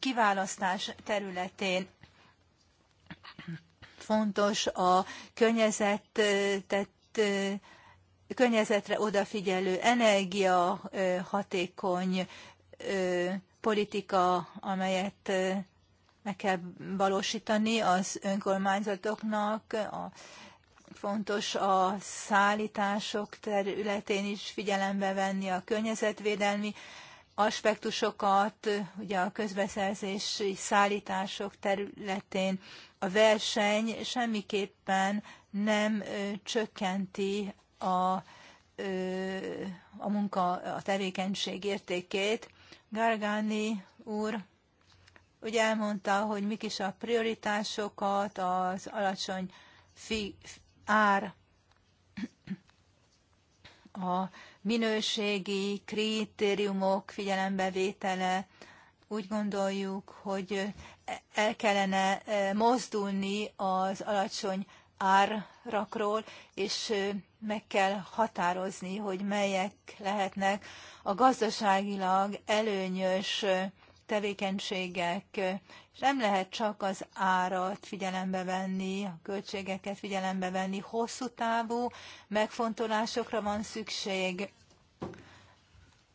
kiválasztás területén fontos a környezetet környezetre odafigyelő, energia hatékony politika, amelyet meg kell valósítani az önkormányzatoknak, a, fontos a szállítások területén is figyelembe venni a környezetvédelmi aspektusokat, ugye a közbeszerzési szállítások területén a verseny semmiképpen nem csökkenti a, a munka, a tevékenység értékét. Gargani úr ugye elmondta, hogy mik is a prioritásokat, az alacsony fi, ár, a minőségi kritériumok figyelembevétele. Úgy gondoljuk, hogy el kellene mozdulni az alacsony árakról, és meg kell határozni, hogy melyek lehetnek a gazdaságilag előnyös tevékenységek, és nem lehet csak az árat figyelembe venni, a költségeket figyelembe venni, hosszú távú megfontolásokra van szükség,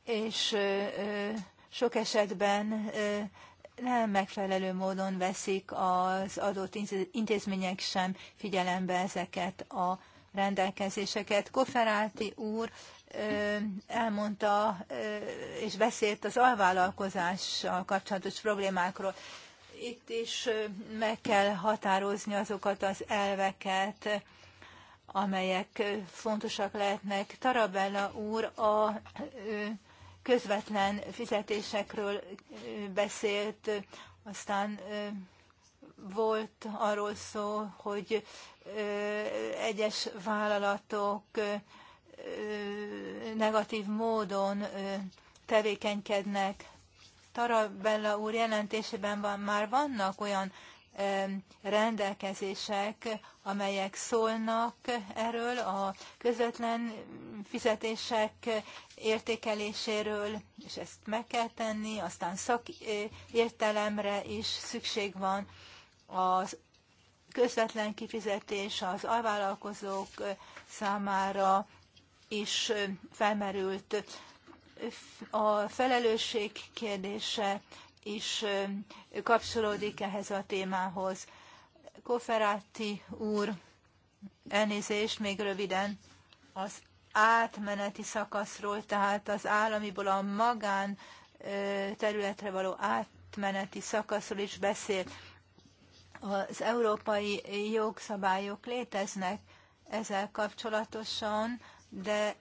és sok esetben nem megfelelő módon veszik az adott intézmények sem figyelembe ezeket a rendelkezéseket. Koferáti úr elmondta és beszélt az alvállalkozással kapcsolatos problémákról. Itt is meg kell határozni azokat az elveket, amelyek fontosak lehetnek. Tarabella úr a közvetlen fizetésekről beszélt, aztán volt arról szó, hogy egyes vállalatok negatív módon tevékenykednek. Tarabella úr jelentésében van, már vannak olyan rendelkezések, amelyek szólnak erről, a közvetlen fizetések értékeléséről, és ezt meg kell tenni, aztán szakértelemre is szükség van az közvetlen kifizetés az alvállalkozók számára is felmerült a felelősség kérdése, is kapcsolódik ehhez a témához. Koferáti úr, elnézést még röviden az átmeneti szakaszról, tehát az államiból a magán területre való átmeneti szakaszról is beszélt. Az európai jogszabályok léteznek ezzel kapcsolatosan, de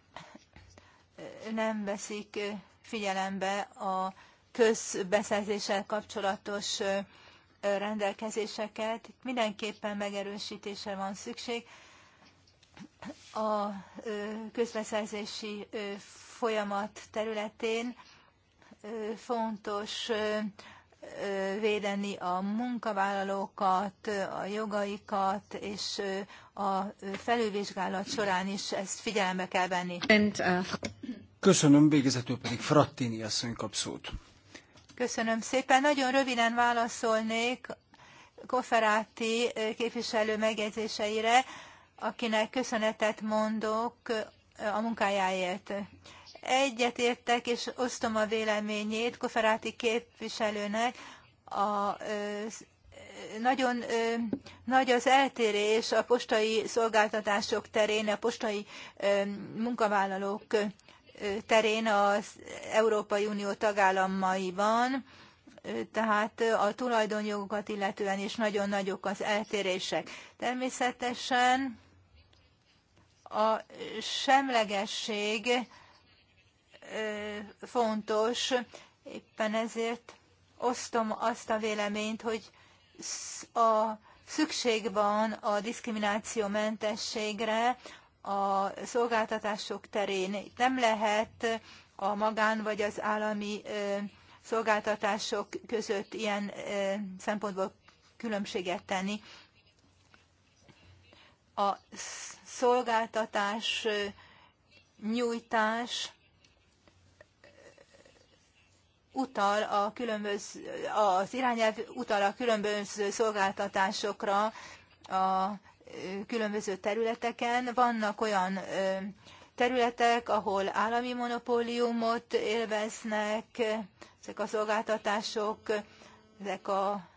nem veszik figyelembe a közbeszerzéssel kapcsolatos rendelkezéseket. Itt mindenképpen megerősítése van szükség. A közbeszerzési folyamat területén fontos védeni a munkavállalókat, a jogaikat, és a felülvizsgálat során is ezt figyelembe kell venni. Uh, Köszönöm, végezetül pedig Frattini asszony kap szót. Köszönöm szépen. Nagyon röviden válaszolnék Koferáti eh, képviselő megjegyzéseire, akinek köszönetet mondok eh, a munkájáért. értek, és osztom a véleményét Koferáti képviselőnek a eh, nagyon nagy az eltérés a postai szolgáltatások terén, a postai munkavállalók terén az Európai Unió tagállamaiban, tehát a tulajdonjogokat illetően is nagyon nagyok az eltérések. Természetesen a semlegesség fontos, éppen ezért osztom azt a véleményt, hogy a szükség van a diszkriminációmentességre, mentességre a szolgáltatások terén. Itt nem lehet a magán vagy az állami szolgáltatások között ilyen szempontból különbséget tenni. A szolgáltatás nyújtás utal a különböző, az irányelv utal a különböző szolgáltatásokra, a különböző területeken. Vannak olyan területek, ahol állami monopóliumot élveznek, ezek a szolgáltatások, ezek a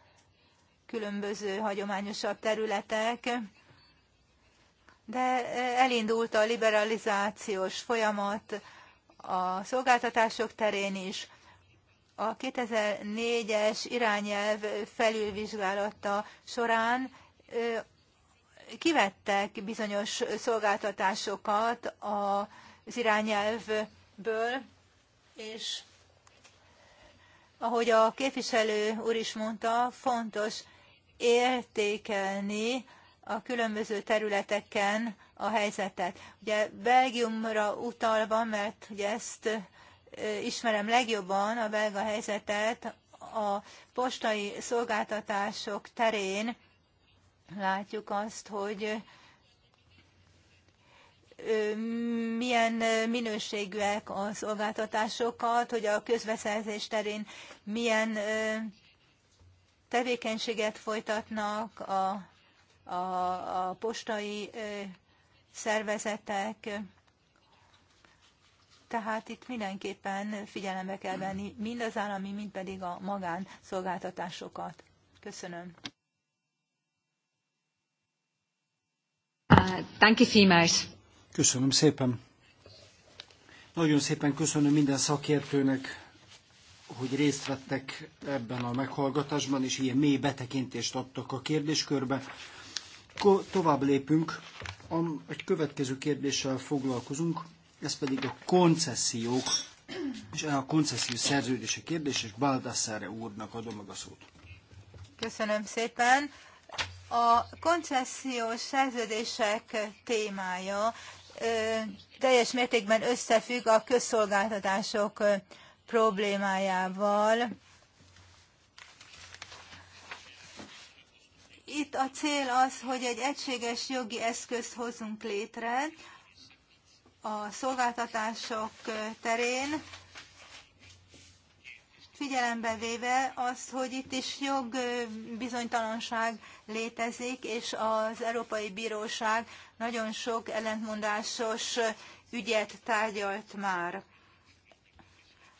különböző hagyományosabb területek, de elindult a liberalizációs folyamat a szolgáltatások terén is. A 2004-es irányelv felülvizsgálata során kivettek bizonyos szolgáltatásokat az irányelvből, és ahogy a képviselő úr is mondta, fontos értékelni a különböző területeken a helyzetet. Ugye Belgiumra utalva, mert ugye ezt ismerem legjobban a belga helyzetet, a postai szolgáltatások terén látjuk azt, hogy milyen minőségűek a szolgáltatásokat, hogy a közbeszerzés terén milyen tevékenységet folytatnak a, a, a postai szervezetek. Tehát itt mindenképpen figyelembe kell venni mind az állami, mind pedig a magánszolgáltatásokat. Köszönöm. Danke vielmals. Köszönöm szépen. Nagyon szépen köszönöm minden szakértőnek, hogy részt vettek ebben a meghallgatásban, és ilyen mély betekintést adtak a kérdéskörbe. Ko- tovább lépünk, egy következő kérdéssel foglalkozunk, ez pedig a koncesziók, és a koncesszió szerződése kérdés, és Baldassare úrnak adom meg a szót. Köszönöm szépen. A koncesziós szerződések témája teljes mértékben összefügg a közszolgáltatások problémájával. Itt a cél az, hogy egy egységes jogi eszközt hozunk létre a szolgáltatások terén, figyelembe véve azt, hogy itt is jogbizonytalanság létezik, és az Európai Bíróság nagyon sok ellentmondásos ügyet tárgyalt már.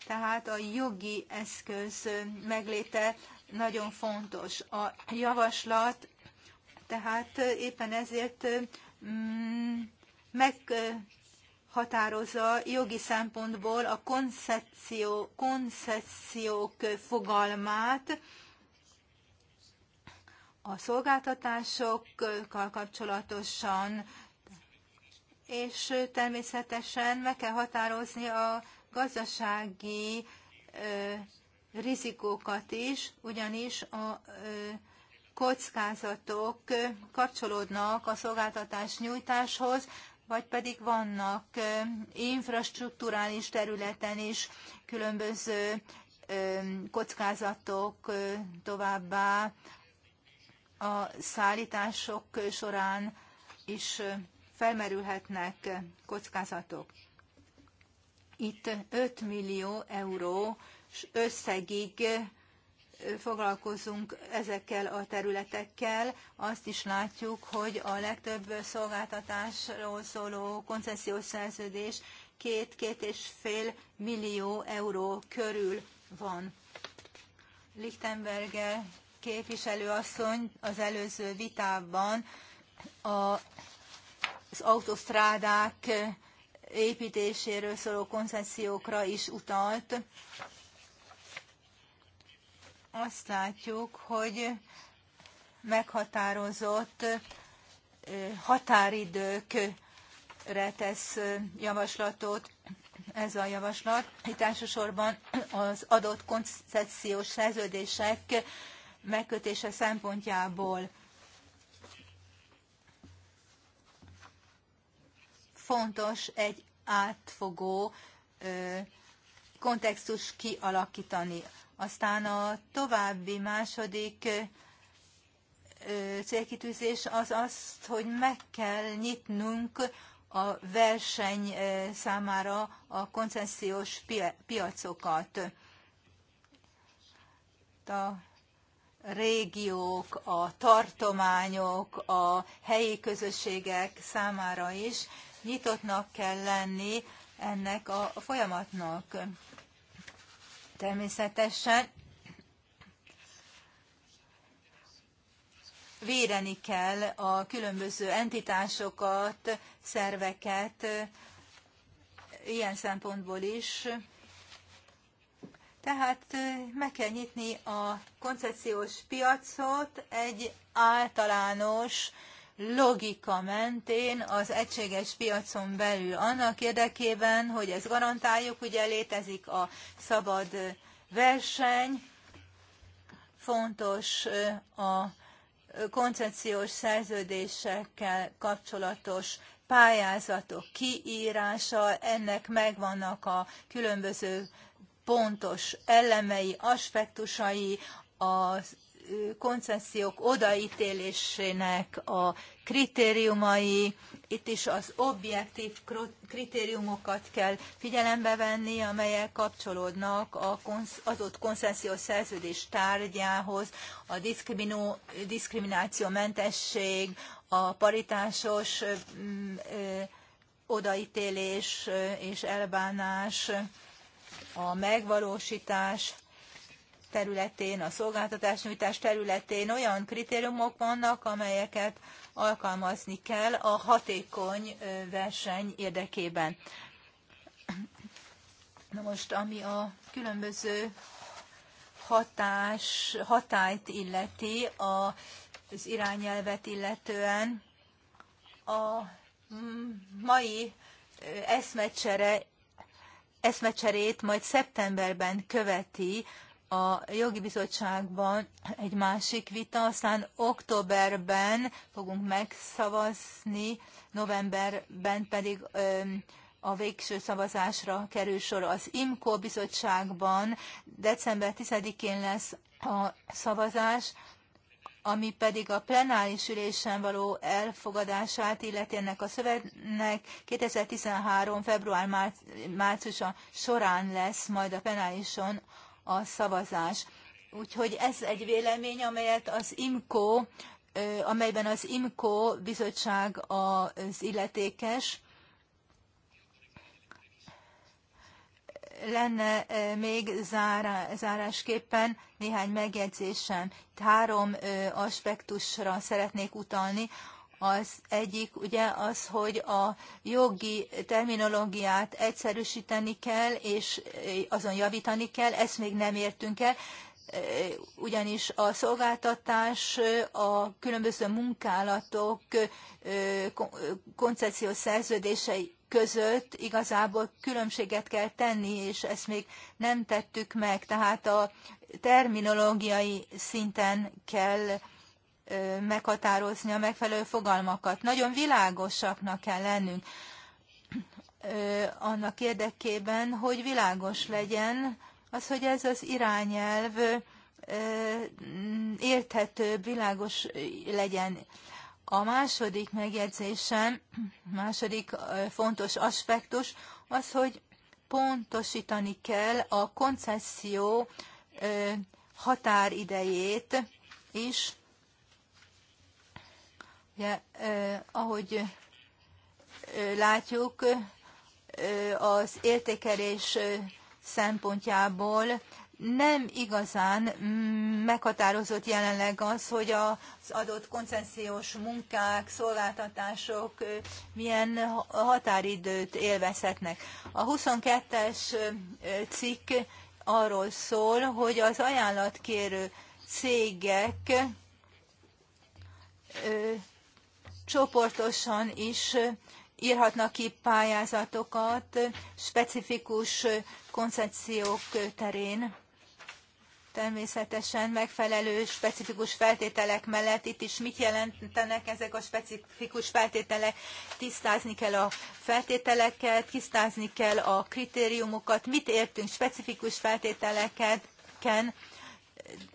Tehát a jogi eszköz megléte nagyon fontos. A javaslat tehát éppen ezért meg meghatározza jogi szempontból a koncepció, koncepciók fogalmát, a szolgáltatásokkal kapcsolatosan, és természetesen meg kell határozni a gazdasági ö, rizikókat is, ugyanis a ö, kockázatok kapcsolódnak a szolgáltatás nyújtáshoz, vagy pedig vannak infrastruktúrális területen is különböző kockázatok továbbá a szállítások során is felmerülhetnek kockázatok. Itt 5 millió euró összegig foglalkozunk ezekkel a területekkel, azt is látjuk, hogy a legtöbb szolgáltatásról szóló koncesziós szerződés két-két és fél millió euró körül van. Lichtenberger képviselőasszony az előző vitában a, az autosztrádák építéséről szóló koncesziókra is utalt azt látjuk, hogy meghatározott határidőkre tesz javaslatot ez a javaslat. Itt elsősorban az adott koncepciós szerződések megkötése szempontjából fontos egy átfogó kontextus kialakítani. Aztán a további második célkitűzés az az, hogy meg kell nyitnunk a verseny számára a koncesziós piacokat. A régiók, a tartományok, a helyi közösségek számára is nyitottnak kell lenni ennek a folyamatnak. Természetesen védeni kell a különböző entitásokat, szerveket, ilyen szempontból is. Tehát meg kell nyitni a koncepciós piacot egy általános logika mentén az egységes piacon belül. Annak érdekében, hogy ezt garantáljuk, ugye létezik a szabad verseny, fontos a koncepciós szerződésekkel kapcsolatos pályázatok kiírása, ennek megvannak a különböző pontos elemei, aspektusai, az koncesziók odaítélésének a kritériumai, itt is az objektív kritériumokat kell figyelembe venni, amelyek kapcsolódnak az adott koncesziós szerződés tárgyához, a diszkriminó, diszkriminációmentesség, a paritásos mm, odaítélés és elbánás, a megvalósítás, területén, a szolgáltatásnyújtás területén olyan kritériumok vannak, amelyeket alkalmazni kell a hatékony verseny érdekében. Na most, ami a különböző hatás, hatályt illeti, a, az irányelvet illetően, a mai eszmecsere, eszmecserét majd szeptemberben követi a jogi bizottságban egy másik vita, aztán októberben fogunk megszavazni, novemberben pedig a végső szavazásra kerül sor az IMCO bizottságban. December 10-én lesz a szavazás, ami pedig a plenáris ülésen való elfogadását illeti ennek a szövegnek 2013. február márciusa során lesz majd a plenárison a szavazás. Úgyhogy ez egy vélemény, amelyet az IMCO, amelyben az IMCO bizottság az illetékes, lenne még zárásképpen néhány megjegyzésem. Három aspektusra szeretnék utalni, az egyik ugye az, hogy a jogi terminológiát egyszerűsíteni kell, és azon javítani kell, ezt még nem értünk el, ugyanis a szolgáltatás a különböző munkálatok koncepciós szerződései között igazából különbséget kell tenni, és ezt még nem tettük meg, tehát a terminológiai szinten kell meghatározni a megfelelő fogalmakat. Nagyon világosaknak kell lennünk annak érdekében, hogy világos legyen az, hogy ez az irányelv érthető, világos legyen. A második megjegyzésem, második fontos aspektus az, hogy pontosítani kell a koncesszió határidejét is, Ugye, ahogy látjuk, az értékelés szempontjából nem igazán mm, meghatározott jelenleg az, hogy az adott koncesziós munkák, szolgáltatások milyen határidőt élvezhetnek. A 22-es cikk arról szól, hogy az ajánlatkérő cégek csoportosan is írhatnak ki pályázatokat specifikus koncepciók terén. Természetesen megfelelő specifikus feltételek mellett itt is mit jelentenek ezek a specifikus feltételek? Tisztázni kell a feltételeket, tisztázni kell a kritériumokat, mit értünk specifikus feltételeken.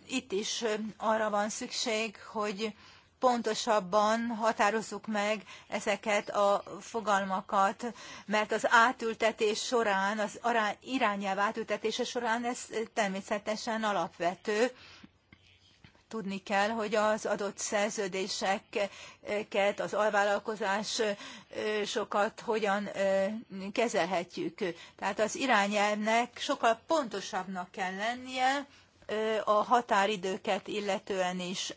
Itt is arra van szükség, hogy pontosabban határozzuk meg ezeket a fogalmakat, mert az átültetés során, az irányelv átültetése során ez természetesen alapvető. Tudni kell, hogy az adott szerződéseket, az alvállalkozásokat hogyan kezelhetjük. Tehát az irányelvnek sokkal pontosabbnak kell lennie a határidőket illetően is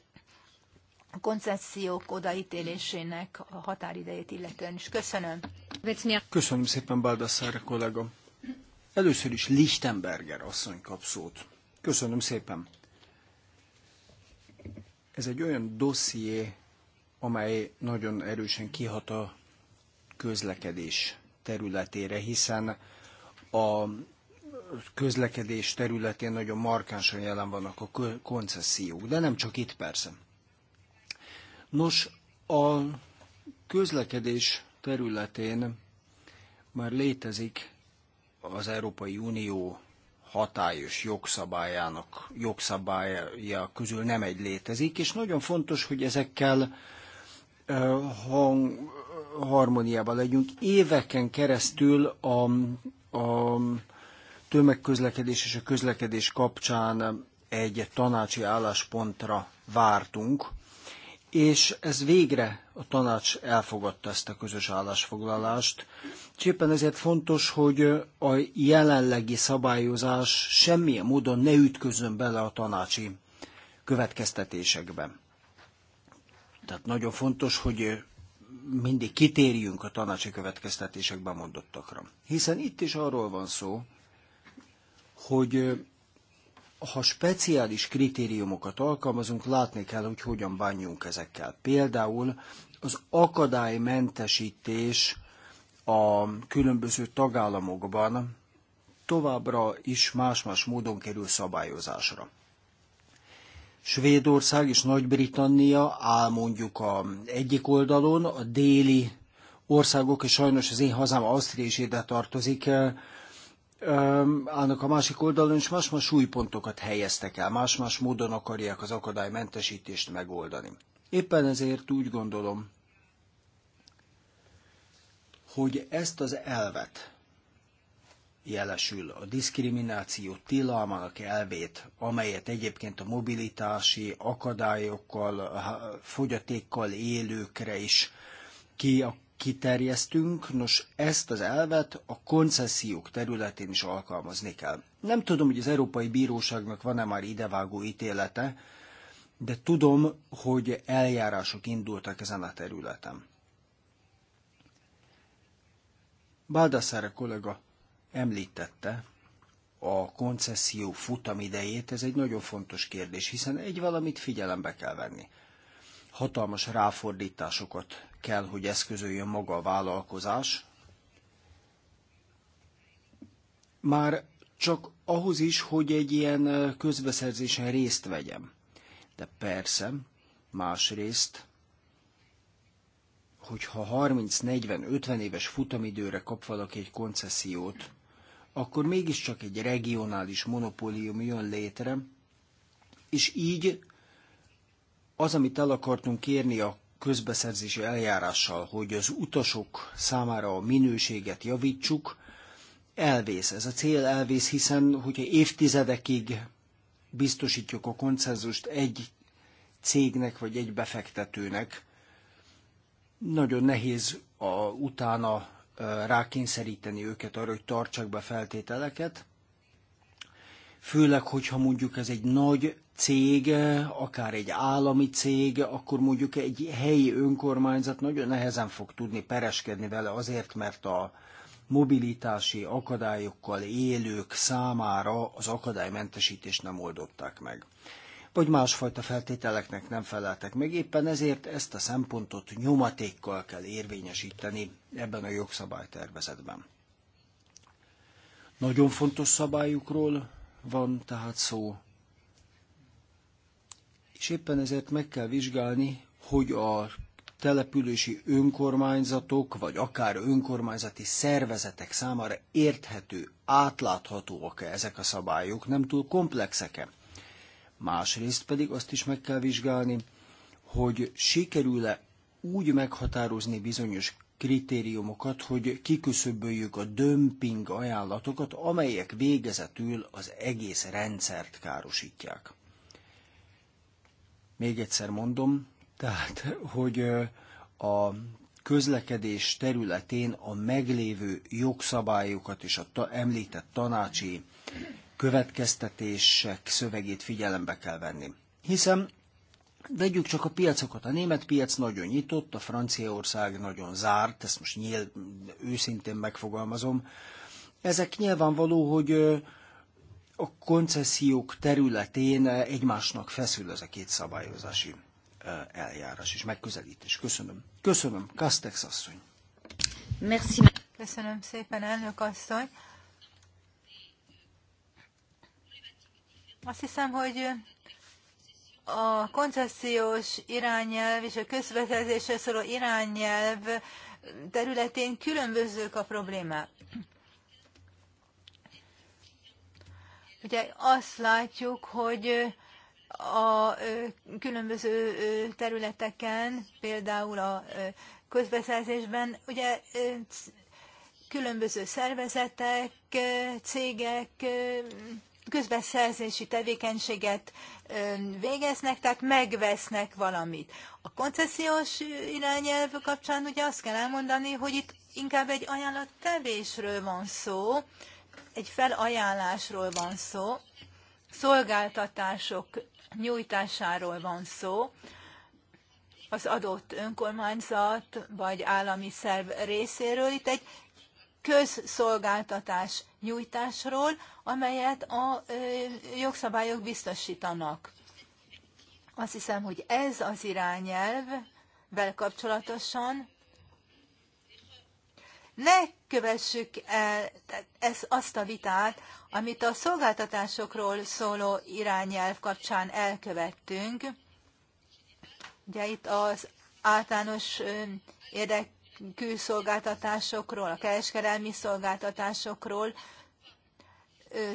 a koncesziók odaítélésének a határidejét illetően is. Köszönöm. Köszönöm szépen, Baldassare kollega. Először is Lichtenberger asszony kap szót. Köszönöm szépen. Ez egy olyan dosszié, amely nagyon erősen kihat a közlekedés területére, hiszen a közlekedés területén nagyon markánsan jelen vannak a koncesziók, de nem csak itt persze. Nos, a közlekedés területén már létezik az Európai Unió hatályos jogszabályának, jogszabálya közül nem egy létezik, és nagyon fontos, hogy ezekkel hang, harmóniában legyünk. Éveken keresztül a, a tömegközlekedés és a közlekedés kapcsán egy tanácsi álláspontra vártunk, és ez végre a tanács elfogadta ezt a közös állásfoglalást. És éppen ezért fontos, hogy a jelenlegi szabályozás semmilyen módon ne ütközön bele a tanácsi következtetésekbe. Tehát nagyon fontos, hogy mindig kitérjünk a tanácsi következtetésekben mondottakra. Hiszen itt is arról van szó, hogy ha speciális kritériumokat alkalmazunk, látni kell, hogy hogyan bánjunk ezekkel. Például az akadálymentesítés a különböző tagállamokban továbbra is más-más módon kerül szabályozásra. Svédország és Nagy-Britannia áll mondjuk a egyik oldalon, a déli országok, és sajnos az én hazám Ausztria is ide tartozik, állnak a másik oldalon, és más-más súlypontokat helyeztek el, más-más módon akarják az akadálymentesítést megoldani. Éppen ezért úgy gondolom, hogy ezt az elvet, jelesül a diszkrimináció tilalmának elvét, amelyet egyébként a mobilitási akadályokkal, fogyatékkal élőkre is ki kiterjesztünk, nos ezt az elvet a koncesziók területén is alkalmazni kell. Nem tudom, hogy az Európai Bíróságnak van-e már idevágó ítélete, de tudom, hogy eljárások indultak ezen a területen. Baldassare kollega említette a koncesszió futamidejét, ez egy nagyon fontos kérdés, hiszen egy valamit figyelembe kell venni. Hatalmas ráfordításokat kell, hogy eszközöljön maga a vállalkozás. Már csak ahhoz is, hogy egy ilyen közbeszerzésen részt vegyem. De persze, másrészt, hogyha 30-40-50 éves futamidőre kap valaki egy koncesziót, akkor mégiscsak egy regionális monopólium jön létre, és így az, amit el akartunk kérni a közbeszerzési eljárással, hogy az utasok számára a minőséget javítsuk, elvész. Ez a cél elvész, hiszen hogyha évtizedekig biztosítjuk a konszenzust egy cégnek vagy egy befektetőnek, nagyon nehéz a, utána rákényszeríteni őket arra, hogy tartsák be feltételeket főleg, hogyha mondjuk ez egy nagy cég, akár egy állami cég, akkor mondjuk egy helyi önkormányzat nagyon nehezen fog tudni pereskedni vele azért, mert a mobilitási akadályokkal élők számára az akadálymentesítést nem oldották meg vagy másfajta feltételeknek nem feleltek meg. Éppen ezért ezt a szempontot nyomatékkal kell érvényesíteni ebben a jogszabálytervezetben. Nagyon fontos szabályukról van tehát szó. És éppen ezért meg kell vizsgálni, hogy a települési önkormányzatok, vagy akár önkormányzati szervezetek számára érthető, átláthatóak-e ezek a szabályok, nem túl komplexek-e. Másrészt pedig azt is meg kell vizsgálni, hogy sikerül-e úgy meghatározni bizonyos kritériumokat, hogy kiküszöböljük a dömping ajánlatokat, amelyek végezetül az egész rendszert károsítják. Még egyszer mondom, tehát, hogy a közlekedés területén a meglévő jogszabályokat és a ta- említett tanácsi következtetések szövegét figyelembe kell venni. Hiszen Vegyük csak a piacokat. A német piac nagyon nyitott, a Franciaország nagyon zárt, ezt most nyíl, őszintén megfogalmazom. Ezek nyilvánvaló, hogy a koncesziók területén egymásnak feszül ez a két szabályozási eljárás és megközelítés. Köszönöm. Köszönöm, Kastex asszony. Merci. Köszönöm szépen, elnök asszony. Azt hiszem, hogy a koncesziós irányelv és a közvetezésre szóló irányelv területén különbözők a problémák. Ugye azt látjuk, hogy a különböző területeken, például a közbeszerzésben, ugye különböző szervezetek, cégek közbeszerzési tevékenységet végeznek, tehát megvesznek valamit. A koncesziós irányelv kapcsán ugye azt kell elmondani, hogy itt inkább egy ajánlat tevésről van szó, egy felajánlásról van szó, szolgáltatások nyújtásáról van szó, az adott önkormányzat vagy állami szerv részéről. Itt egy közszolgáltatás nyújtásról, amelyet a jogszabályok biztosítanak. Azt hiszem, hogy ez az irányelv kapcsolatosan ne kövessük el ez, azt a vitát, amit a szolgáltatásokról szóló irányelv kapcsán elkövettünk. Ugye itt az általános érdek külszolgáltatásokról, a kereskedelmi szolgáltatásokról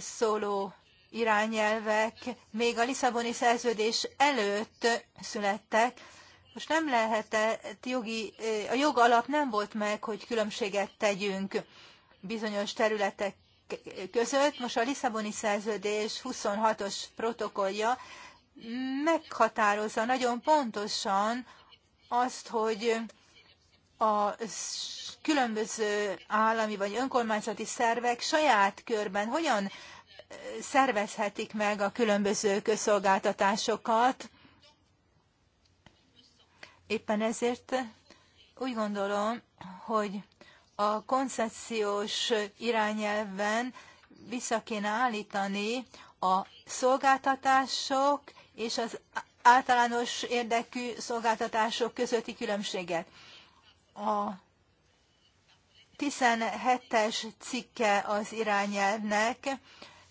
szóló irányelvek még a Lisszaboni szerződés előtt születtek. Most nem lehetett jogi, a jog alap nem volt meg, hogy különbséget tegyünk bizonyos területek között. Most a Lisszaboni szerződés 26-os protokollja meghatározza nagyon pontosan azt, hogy a különböző állami vagy önkormányzati szervek saját körben hogyan eh, szervezhetik meg a különböző közszolgáltatásokat. Éppen ezért úgy gondolom, hogy a koncepciós irányelven vissza kéne állítani a szolgáltatások és az általános érdekű szolgáltatások közötti különbséget a 17-es cikke az irányelvnek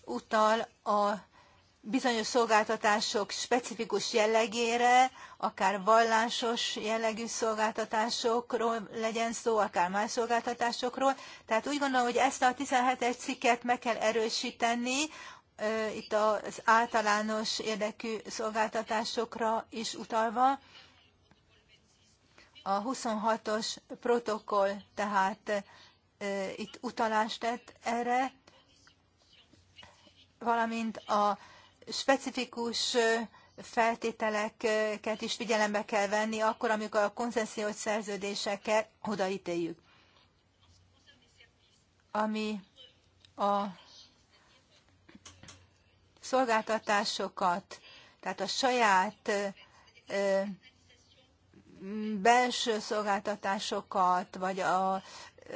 utal a bizonyos szolgáltatások specifikus jellegére, akár vallásos jellegű szolgáltatásokról legyen szó, akár más szolgáltatásokról. Tehát úgy gondolom, hogy ezt a 17-es cikket meg kell erősíteni, itt az általános érdekű szolgáltatásokra is utalva. A 26-os protokoll tehát itt utalást tett erre, valamint a specifikus feltételeket is figyelembe kell venni, akkor, amikor a koncesziós szerződéseket odaítéljük. Ami a szolgáltatásokat, tehát a saját belső szolgáltatásokat, vagy a,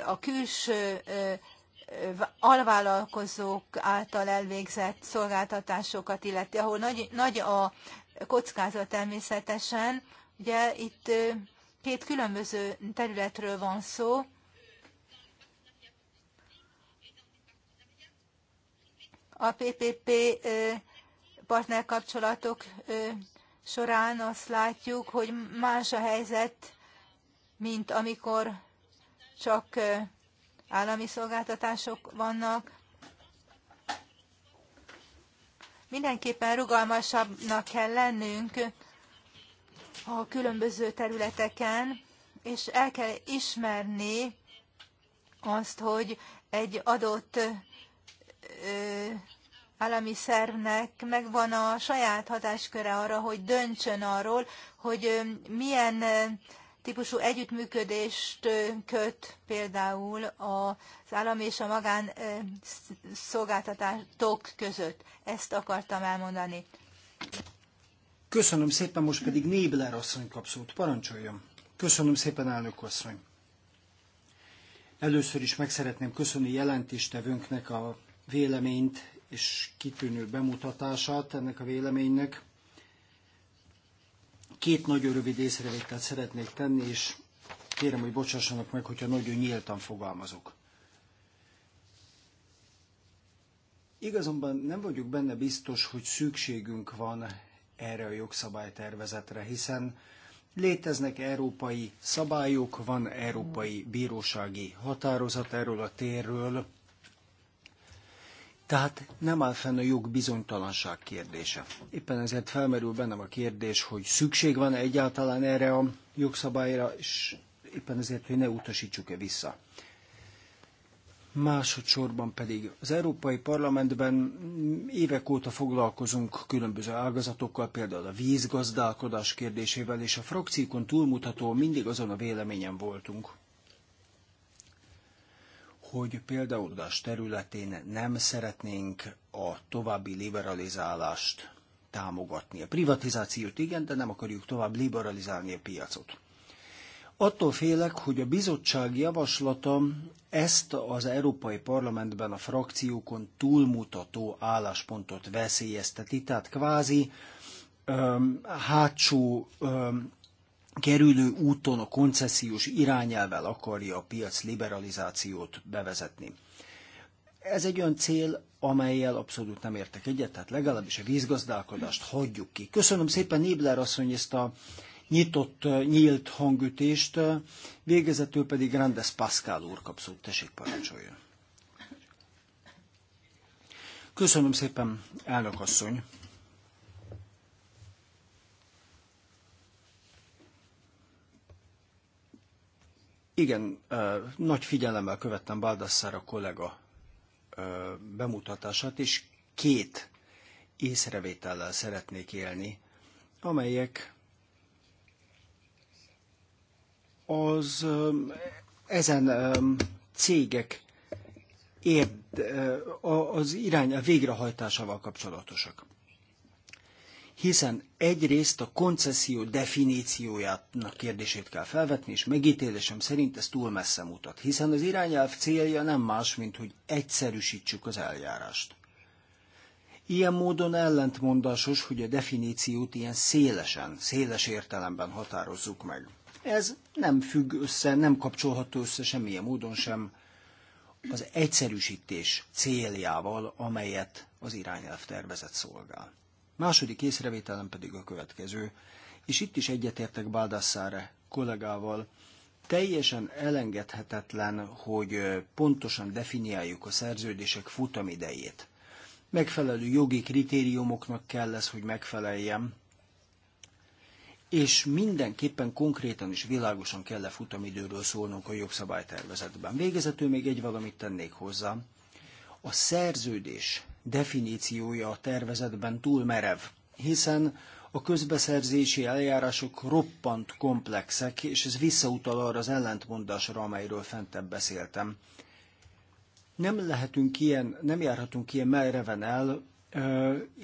a külső alvállalkozók által elvégzett szolgáltatásokat illeti, ahol nagy, nagy a kockázat természetesen. Ugye itt két különböző területről van szó. A PPP partnerkapcsolatok során azt látjuk, hogy más a helyzet, mint amikor csak állami szolgáltatások vannak. Mindenképpen rugalmasabbnak kell lennünk a különböző területeken, és el kell ismerni azt, hogy egy adott állami szervnek megvan a saját hatásköre arra, hogy döntsön arról, hogy milyen típusú együttműködést köt például az állami és a magán szolgáltatók között. Ezt akartam elmondani. Köszönöm szépen, most pedig Nébler asszony kap szót. Parancsoljon. Köszönöm szépen, elnök asszony. Először is meg szeretném köszönni jelentéstevőnknek a véleményt, és kitűnő bemutatását ennek a véleménynek. Két nagyon rövid észrevételt szeretnék tenni, és kérem, hogy bocsássanak meg, hogyha nagyon nyíltan fogalmazok. Igazonban nem vagyok benne biztos, hogy szükségünk van erre a jogszabálytervezetre, hiszen léteznek európai szabályok, van európai bírósági határozat erről a térről, tehát nem áll fenn a jog bizonytalanság kérdése. Éppen ezért felmerül bennem a kérdés, hogy szükség van -e egyáltalán erre a jogszabályra, és éppen ezért, hogy ne utasítsuk-e vissza. Másodszorban pedig az Európai Parlamentben évek óta foglalkozunk különböző ágazatokkal, például a vízgazdálkodás kérdésével, és a frakciókon túlmutató mindig azon a véleményen voltunk, hogy például a területén nem szeretnénk a további liberalizálást támogatni. A privatizációt igen, de nem akarjuk tovább liberalizálni a piacot. Attól félek, hogy a bizottság javaslata ezt az Európai Parlamentben a frakciókon túlmutató álláspontot veszélyezteti, tehát kvázi öm, hátsó öm, kerülő úton a koncesziós irányelvel akarja a piac liberalizációt bevezetni. Ez egy olyan cél, amelyel abszolút nem értek egyet, tehát legalábbis a vízgazdálkodást hagyjuk ki. Köszönöm szépen Nébler asszony ezt a nyitott, nyílt hangütést, végezetül pedig Grandes Pascal úr kapszót, tessék parancsoljon. Köszönöm szépen, elnök asszony. Igen, nagy figyelemmel követtem Baldassar a kollega bemutatását, és két észrevétellel szeretnék élni, amelyek az ezen cégek érd, az irány a végrehajtásával kapcsolatosak hiszen egyrészt a koncesszió definíciójának kérdését kell felvetni, és megítélésem szerint ez túl messze mutat, hiszen az irányelv célja nem más, mint hogy egyszerűsítsük az eljárást. Ilyen módon ellentmondásos, hogy a definíciót ilyen szélesen, széles értelemben határozzuk meg. Ez nem függ össze, nem kapcsolható össze semmilyen módon sem az egyszerűsítés céljával, amelyet az irányelv tervezet szolgál. Második észrevételem pedig a következő, és itt is egyetértek Baldassare kollégával, teljesen elengedhetetlen, hogy pontosan definiáljuk a szerződések futamidejét. Megfelelő jogi kritériumoknak kell lesz, hogy megfeleljem, és mindenképpen konkrétan és világosan kell-e futamidőről szólnunk a jogszabálytervezetben. Végezetül még egy valamit tennék hozzá. A szerződés definíciója a tervezetben túl merev, hiszen a közbeszerzési eljárások roppant komplexek, és ez visszautal arra az ellentmondásra, amelyről fentebb beszéltem. Nem lehetünk ilyen, nem járhatunk ilyen mereven el,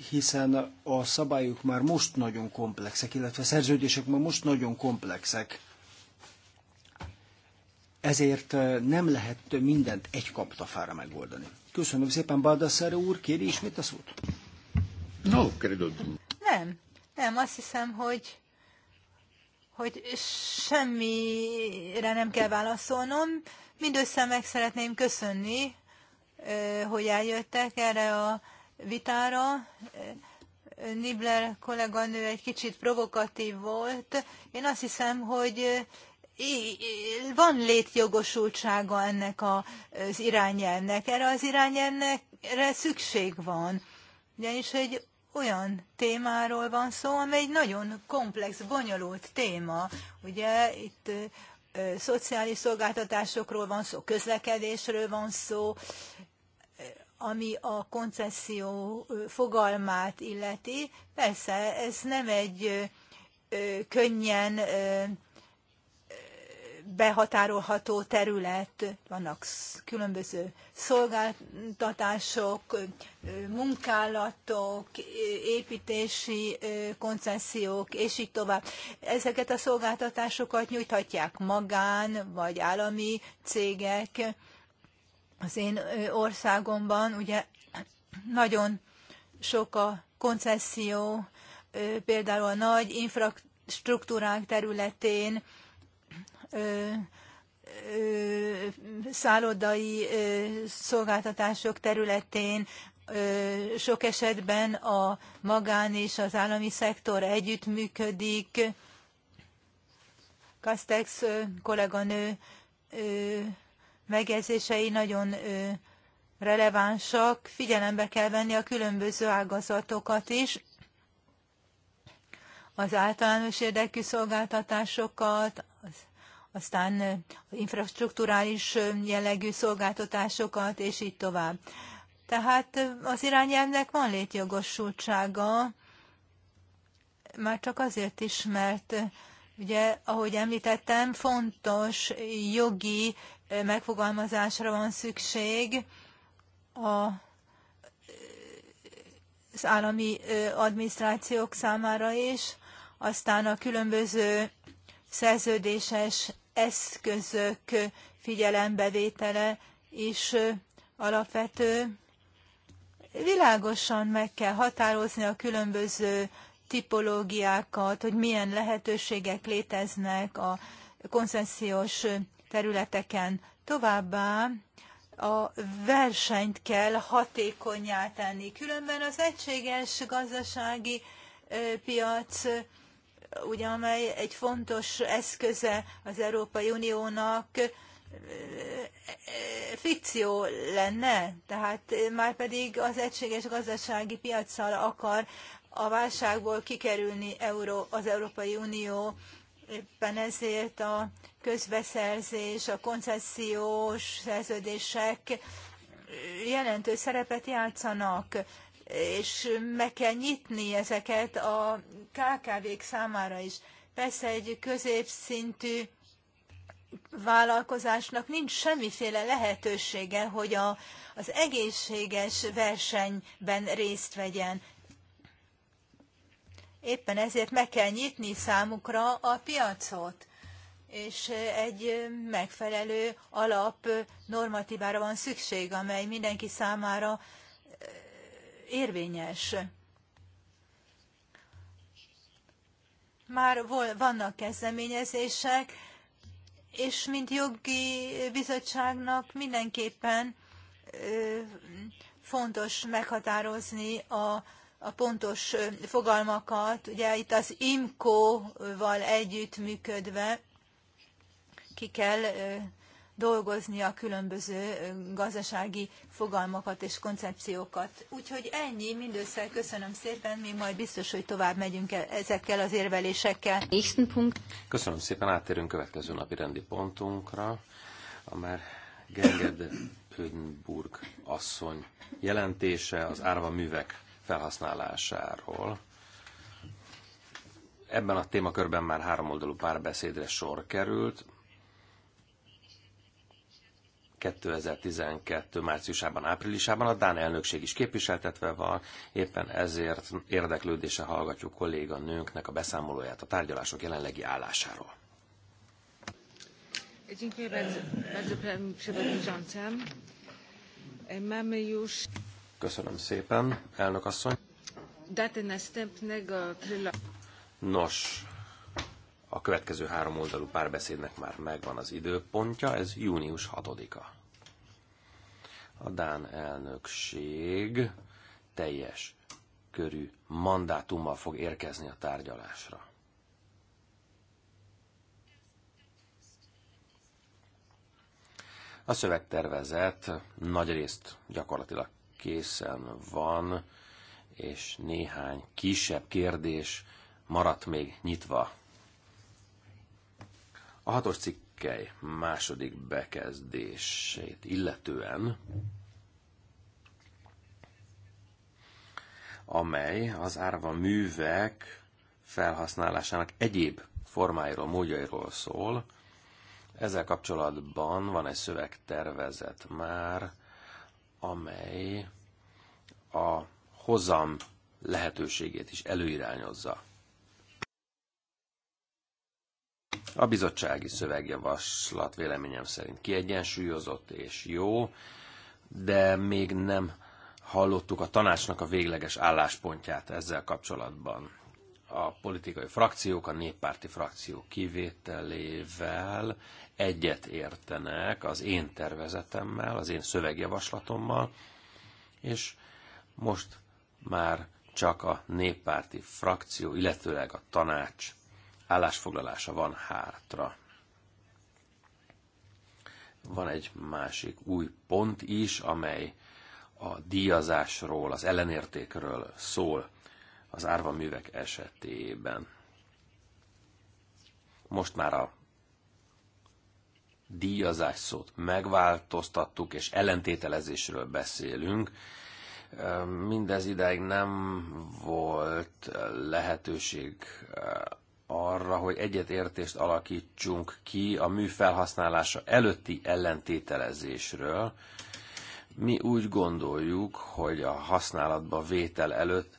hiszen a szabályok már most nagyon komplexek, illetve a szerződések már most nagyon komplexek. Ezért nem lehet mindent egy kaptafára megoldani. Köszönöm szépen, Baldassare úr, kéri ismét a szót? No, kérdőd. Nem, nem, azt hiszem, hogy hogy semmire nem kell válaszolnom. Mindössze meg szeretném köszönni, hogy eljöttek erre a vitára. Nibler kolléganő egy kicsit provokatív volt. Én azt hiszem, hogy van létjogosultsága ennek az irányelvnek. Erre az irányelvnek erre szükség van. Ugyanis egy olyan témáról van szó, amely egy nagyon komplex, bonyolult téma. Ugye itt ö, szociális szolgáltatásokról van szó, közlekedésről van szó, ami a koncesszió fogalmát illeti. Persze ez nem egy ö, könnyen ö, behatárolható terület, vannak különböző szolgáltatások, munkálatok, építési koncesziók, és így tovább. Ezeket a szolgáltatásokat nyújthatják magán vagy állami cégek. Az én országomban ugye nagyon sok a koncesszió, például a nagy infrastruktúrák területén, szállodai szolgáltatások területén sok esetben a magán és az állami szektor együttműködik. Kastex kolléganő megjegyzései nagyon relevánsak, figyelembe kell venni a különböző ágazatokat is, az általános érdekű szolgáltatásokat, az aztán infrastruktúrális jellegű szolgáltatásokat, és így tovább. Tehát az irányelvnek van létjogosultsága, már csak azért is, mert ugye, ahogy említettem, fontos jogi megfogalmazásra van szükség a, az állami adminisztrációk számára is, aztán a különböző szerződéses eszközök figyelembevétele is alapvető. Világosan meg kell határozni a különböző tipológiákat, hogy milyen lehetőségek léteznek a konszenziós területeken. Továbbá a versenyt kell hatékonyá tenni, különben az egységes gazdasági piac ugye, amely egy fontos eszköze az Európai Uniónak, fikció lenne, tehát már pedig az egységes gazdasági piacsal akar a válságból kikerülni Euró, az Európai Unió, éppen ezért a közbeszerzés, a koncessziós szerződések jelentős szerepet játszanak és meg kell nyitni ezeket a KKV-k számára is. Persze egy középszintű vállalkozásnak nincs semmiféle lehetősége, hogy a, az egészséges versenyben részt vegyen. Éppen ezért meg kell nyitni számukra a piacot, és egy megfelelő alap normatívára van szükség, amely mindenki számára érvényes. Már vannak kezdeményezések, és mint jogi bizottságnak mindenképpen fontos meghatározni a, a pontos fogalmakat, ugye itt az IMCO-val együttműködve ki kell dolgozni a különböző gazdasági fogalmakat és koncepciókat. Úgyhogy ennyi, mindössze köszönöm szépen, mi majd biztos, hogy tovább megyünk e, ezekkel az érvelésekkel. Köszönöm szépen, áttérünk következő napi rendi pontunkra, a már Genged Ödenburg asszony jelentése az árva művek felhasználásáról. Ebben a témakörben már három oldalú párbeszédre sor került. 2012. márciusában, áprilisában a Dán elnökség is képviseltetve van, éppen ezért érdeklődése hallgatjuk nőnknek a beszámolóját a tárgyalások jelenlegi állásáról. Dziękuję bardzo, bardzo pani przewodnicząca. Mamy już... Köszönöm szépen, elnök asszony. Datę następnego trylogu. Nos, a következő három oldalú párbeszédnek már megvan az időpontja, ez június 6-a. A Dán elnökség teljes körű mandátummal fog érkezni a tárgyalásra. A szövegtervezet nagy részt gyakorlatilag készen van, és néhány kisebb kérdés maradt még nyitva. A hatos cikkely második bekezdését illetően, amely az árva művek felhasználásának egyéb formáiról, módjairól szól. Ezzel kapcsolatban van egy szövegtervezet már, amely a hozam lehetőségét is előirányozza. A bizottsági szövegjavaslat véleményem szerint kiegyensúlyozott és jó, de még nem hallottuk a tanácsnak a végleges álláspontját ezzel kapcsolatban. A politikai frakciók, a néppárti frakció kivételével egyet értenek az én tervezetemmel, az én szövegjavaslatommal, és most már csak a néppárti frakció, illetőleg a tanács állásfoglalása van hátra. Van egy másik új pont is, amely a díjazásról, az ellenértékről szól az árva művek esetében. Most már a díjazás szót megváltoztattuk, és ellentételezésről beszélünk. Mindez ideig nem volt lehetőség arra, hogy egyetértést alakítsunk ki a mű felhasználása előtti ellentételezésről. Mi úgy gondoljuk, hogy a használatba vétel előtt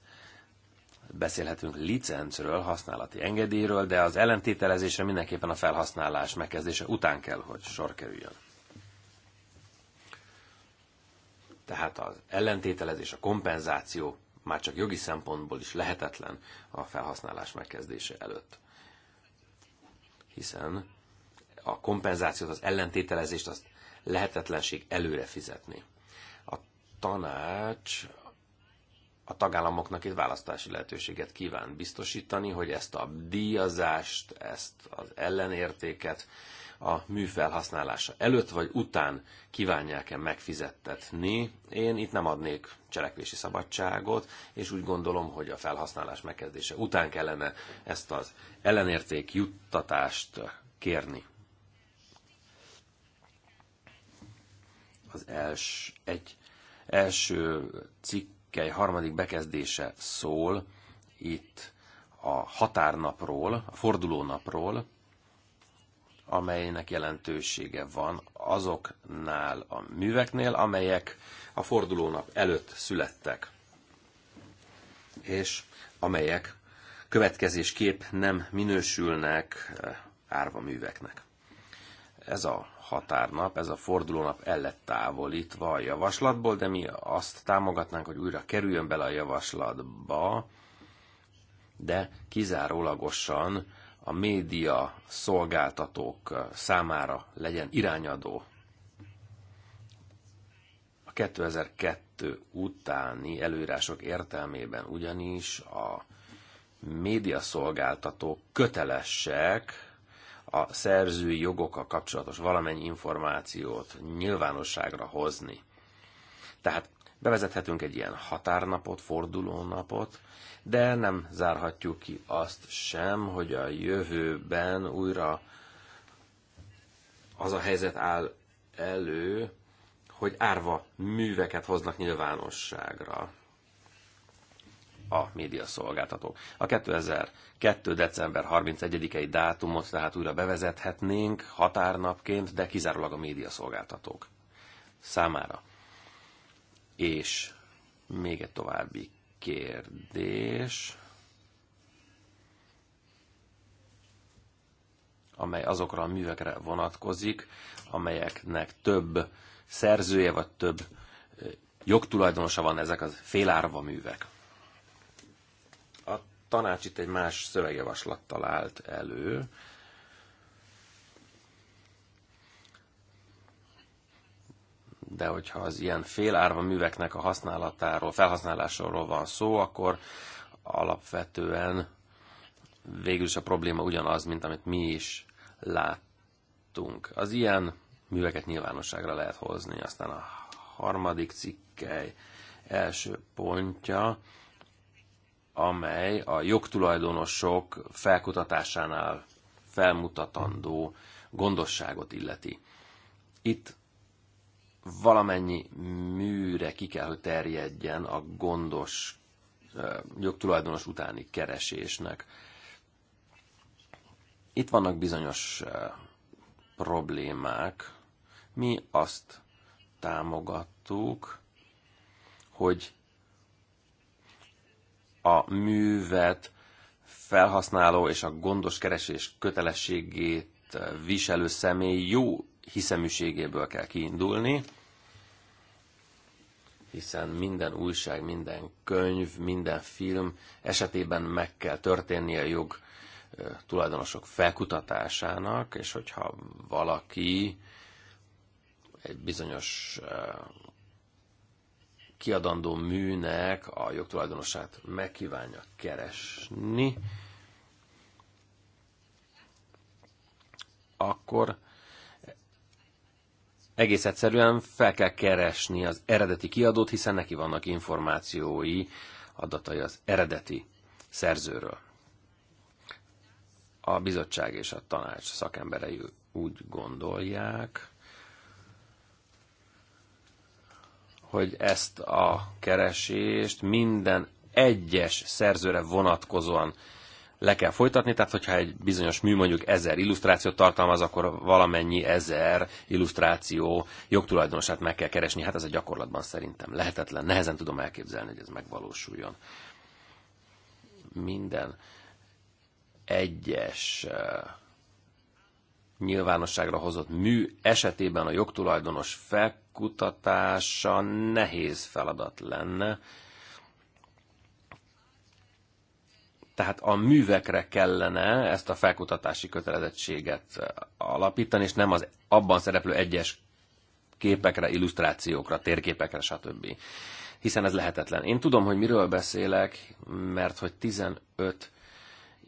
beszélhetünk licencről, használati engedélyről, de az ellentételezésre mindenképpen a felhasználás megkezdése után kell, hogy sor kerüljön. Tehát az ellentételezés, a kompenzáció már csak jogi szempontból is lehetetlen a felhasználás megkezdése előtt. Hiszen a kompenzációt, az ellentételezést azt lehetetlenség előre fizetni. A tanács a tagállamoknak itt választási lehetőséget kíván biztosítani, hogy ezt a díjazást, ezt az ellenértéket a mű felhasználása előtt vagy után kívánják-e megfizettetni. Én itt nem adnék cselekvési szabadságot, és úgy gondolom, hogy a felhasználás megkezdése után kellene ezt az ellenérték juttatást kérni. Az els, egy első cikkely harmadik bekezdése szól itt a határnapról, a fordulónapról, amelynek jelentősége van azoknál a műveknél, amelyek a fordulónap előtt születtek, és amelyek következésképp nem minősülnek eh, árva műveknek. Ez a határnap, ez a fordulónap el lett távolítva a javaslatból, de mi azt támogatnánk, hogy újra kerüljön bele a javaslatba, de kizárólagosan a média szolgáltatók számára legyen irányadó. A 2002 utáni előírások értelmében ugyanis a média szolgáltatók kötelesek a szerzői jogokkal kapcsolatos valamennyi információt nyilvánosságra hozni. Tehát bevezethetünk egy ilyen határnapot, fordulónapot, de nem zárhatjuk ki azt sem, hogy a jövőben újra az a helyzet áll elő, hogy árva műveket hoznak nyilvánosságra a médiaszolgáltatók. A 2002. december 31-i dátumot tehát újra bevezethetnénk határnapként, de kizárólag a médiaszolgáltatók számára. És még egy további kérdés, amely azokra a művekre vonatkozik, amelyeknek több szerzője vagy több jogtulajdonosa van ezek a félárva művek. A tanács itt egy más szövegjavaslattal állt elő, de hogyha az ilyen félárva műveknek a használatáról, felhasználásáról van szó, akkor alapvetően végül is a probléma ugyanaz, mint amit mi is láttunk. Az ilyen műveket nyilvánosságra lehet hozni. Aztán a harmadik cikkely első pontja, amely a jogtulajdonosok felkutatásánál felmutatandó gondosságot illeti. Itt valamennyi műre ki kell, hogy terjedjen a gondos jogtulajdonos utáni keresésnek. Itt vannak bizonyos problémák. Mi azt támogattuk, hogy a művet felhasználó és a gondos keresés kötelességét viselő személy jó hiszeműségéből kell kiindulni, hiszen minden újság, minden könyv, minden film esetében meg kell történnie a jog tulajdonosok felkutatásának, és hogyha valaki egy bizonyos kiadandó műnek a jogtulajdonosát megkívánja keresni, akkor egész egyszerűen fel kell keresni az eredeti kiadót, hiszen neki vannak információi, adatai az eredeti szerzőről. A bizottság és a tanács szakemberei úgy gondolják, hogy ezt a keresést minden egyes szerzőre vonatkozóan le kell folytatni, tehát hogyha egy bizonyos mű mondjuk ezer illusztrációt tartalmaz, akkor valamennyi ezer illusztráció jogtulajdonosát meg kell keresni. Hát ez a gyakorlatban szerintem lehetetlen, nehezen tudom elképzelni, hogy ez megvalósuljon. Minden egyes eh, nyilvánosságra hozott mű esetében a jogtulajdonos felkutatása nehéz feladat lenne, Tehát a művekre kellene ezt a felkutatási kötelezettséget eh, alapítani, és nem az abban szereplő egyes képekre, illusztrációkra, térképekre, stb. Hiszen ez lehetetlen. Én tudom, hogy miről beszélek, mert hogy 15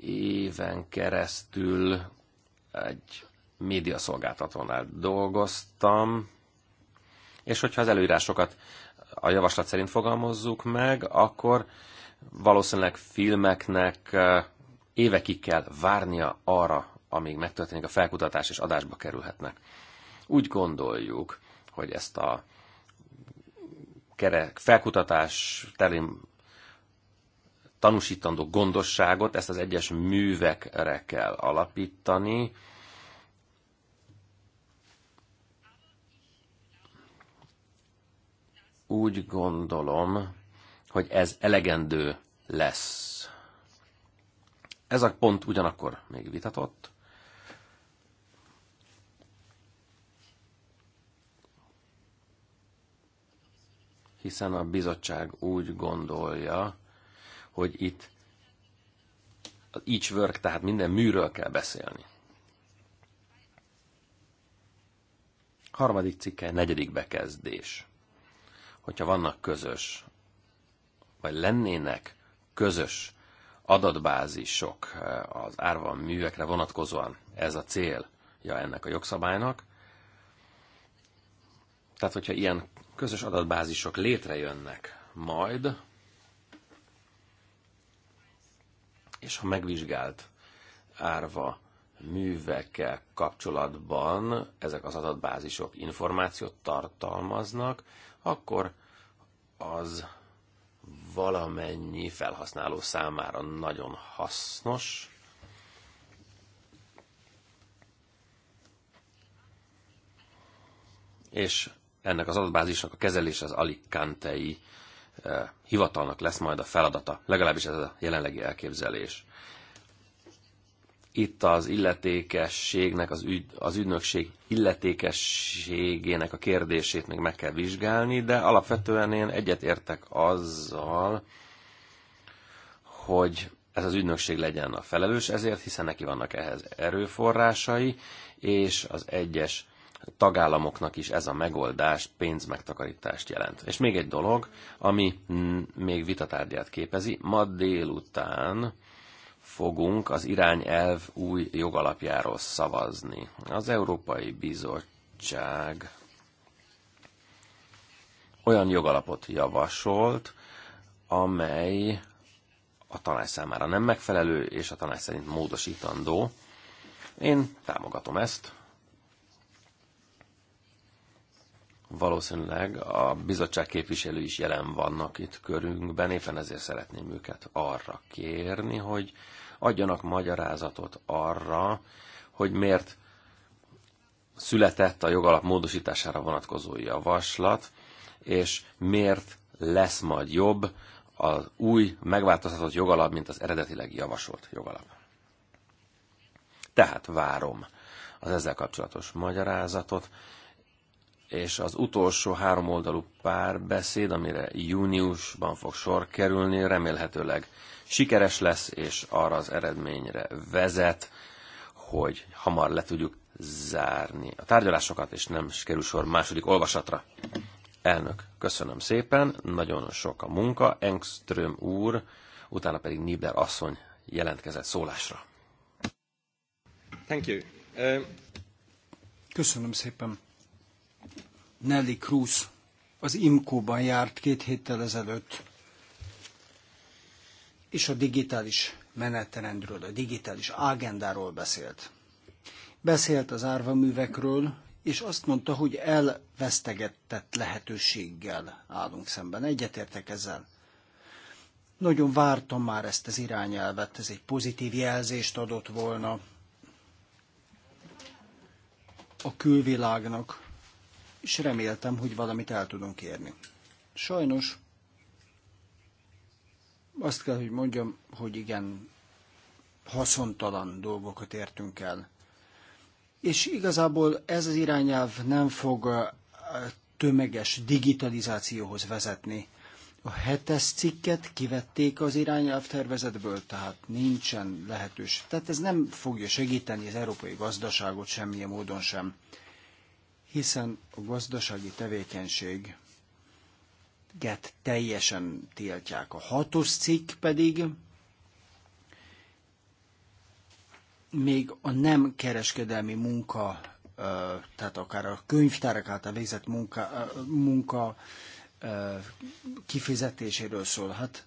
éven keresztül egy médiaszolgáltatónál dolgoztam, és hogyha az előírásokat a javaslat szerint fogalmazzuk meg, akkor valószínűleg filmeknek évekig kell várnia arra, amíg megtörténik a felkutatás és adásba kerülhetnek. Úgy gondoljuk, hogy ezt a kerek, felkutatás terén tanúsítandó gondosságot, ezt az egyes művekre kell alapítani. Úgy gondolom, hogy ez elegendő lesz. Ez a pont ugyanakkor még vitatott. Hiszen a bizottság úgy gondolja, hogy itt az each work, tehát minden műről kell beszélni. Harmadik cikke, negyedik bekezdés. Hogyha vannak közös vagy lennének közös adatbázisok eh, az Árva művekre vonatkozóan ez a célja ennek a jogszabálynak. Tehát, hogyha ilyen közös adatbázisok létrejönnek majd, és ha megvizsgált árva művekkel kapcsolatban ezek az adatbázisok információt tartalmaznak, akkor az valamennyi felhasználó számára nagyon hasznos. És ennek az adatbázisnak a kezelése az alikantei eh, hivatalnak lesz majd a feladata, legalábbis ez a jelenlegi elképzelés. Itt az illetékességnek, az, ügy, az ügynökség illetékességének a kérdését még meg kell vizsgálni, de alapvetően én egyetértek azzal, hogy ez az ügynökség legyen a felelős ezért, hiszen neki vannak ehhez erőforrásai, és az egyes tagállamoknak is ez a megoldás pénzmegtakarítást jelent. És még egy dolog, ami még vitatárgyát képezi, ma délután fogunk az irányelv új jogalapjáról szavazni. Az Európai Bizottság olyan jogalapot javasolt, amely a tanács számára nem megfelelő, és a tanács szerint módosítandó. Én támogatom ezt. Valószínűleg a bizottság képviselő is jelen vannak itt körünkben, éppen ezért szeretném őket arra kérni, hogy adjanak magyarázatot arra, hogy miért született a jogalap módosítására vonatkozó javaslat, és miért lesz majd jobb az új, megváltozhatott jogalap, mint az eredetileg javasolt jogalap. Tehát várom az ezzel kapcsolatos magyarázatot, és az utolsó három oldalú párbeszéd, amire júniusban fog sor kerülni, remélhetőleg sikeres lesz, és arra az eredményre vezet, hogy hamar le tudjuk zárni a tárgyalásokat, és nem kerül sor második olvasatra. Elnök, köszönöm szépen, nagyon sok a munka, Engström úr, utána pedig Nibler asszony jelentkezett szólásra. Thank you. Uh... Köszönöm szépen. Nelly Cruz az Imkóban járt két héttel ezelőtt, és a digitális menetrendről, a digitális agendáról beszélt. Beszélt az árvaművekről, és azt mondta, hogy elvesztegetett lehetőséggel állunk szemben. Egyetértek ezzel. Nagyon vártam már ezt az irányelvet, ez egy pozitív jelzést adott volna a külvilágnak, és reméltem, hogy valamit el tudunk érni. Sajnos azt kell, hogy mondjam, hogy igen, haszontalan dolgokat értünk el. És igazából ez az irányelv nem fog eh, tömeges digitalizációhoz vezetni. A hetes cikket kivették az irányelv tervezetből, tehát nincsen lehetőség. Tehát ez nem fogja segíteni az európai gazdaságot semmilyen módon sem, hiszen a gazdasági tevékenység get teljesen tiltják. A hatos cikk pedig még a nem kereskedelmi munka, tehát akár a könyvtárak által végzett munka, munka kifizetéséről szólhat.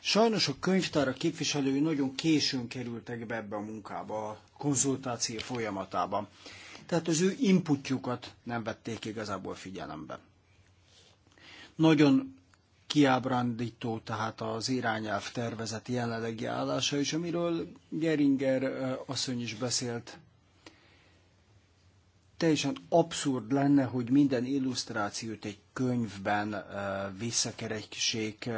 sajnos a könyvtárak képviselői nagyon későn kerültek be ebbe a munkába, a konzultáció folyamatában. Tehát az ő inputjukat nem vették igazából figyelembe. Nagyon kiábrándító tehát az irányelv tervezet jelenlegi állása, és amiről Geringer asszony is beszélt, teljesen abszurd lenne, hogy minden illusztrációt egy könyvben visszakeresik.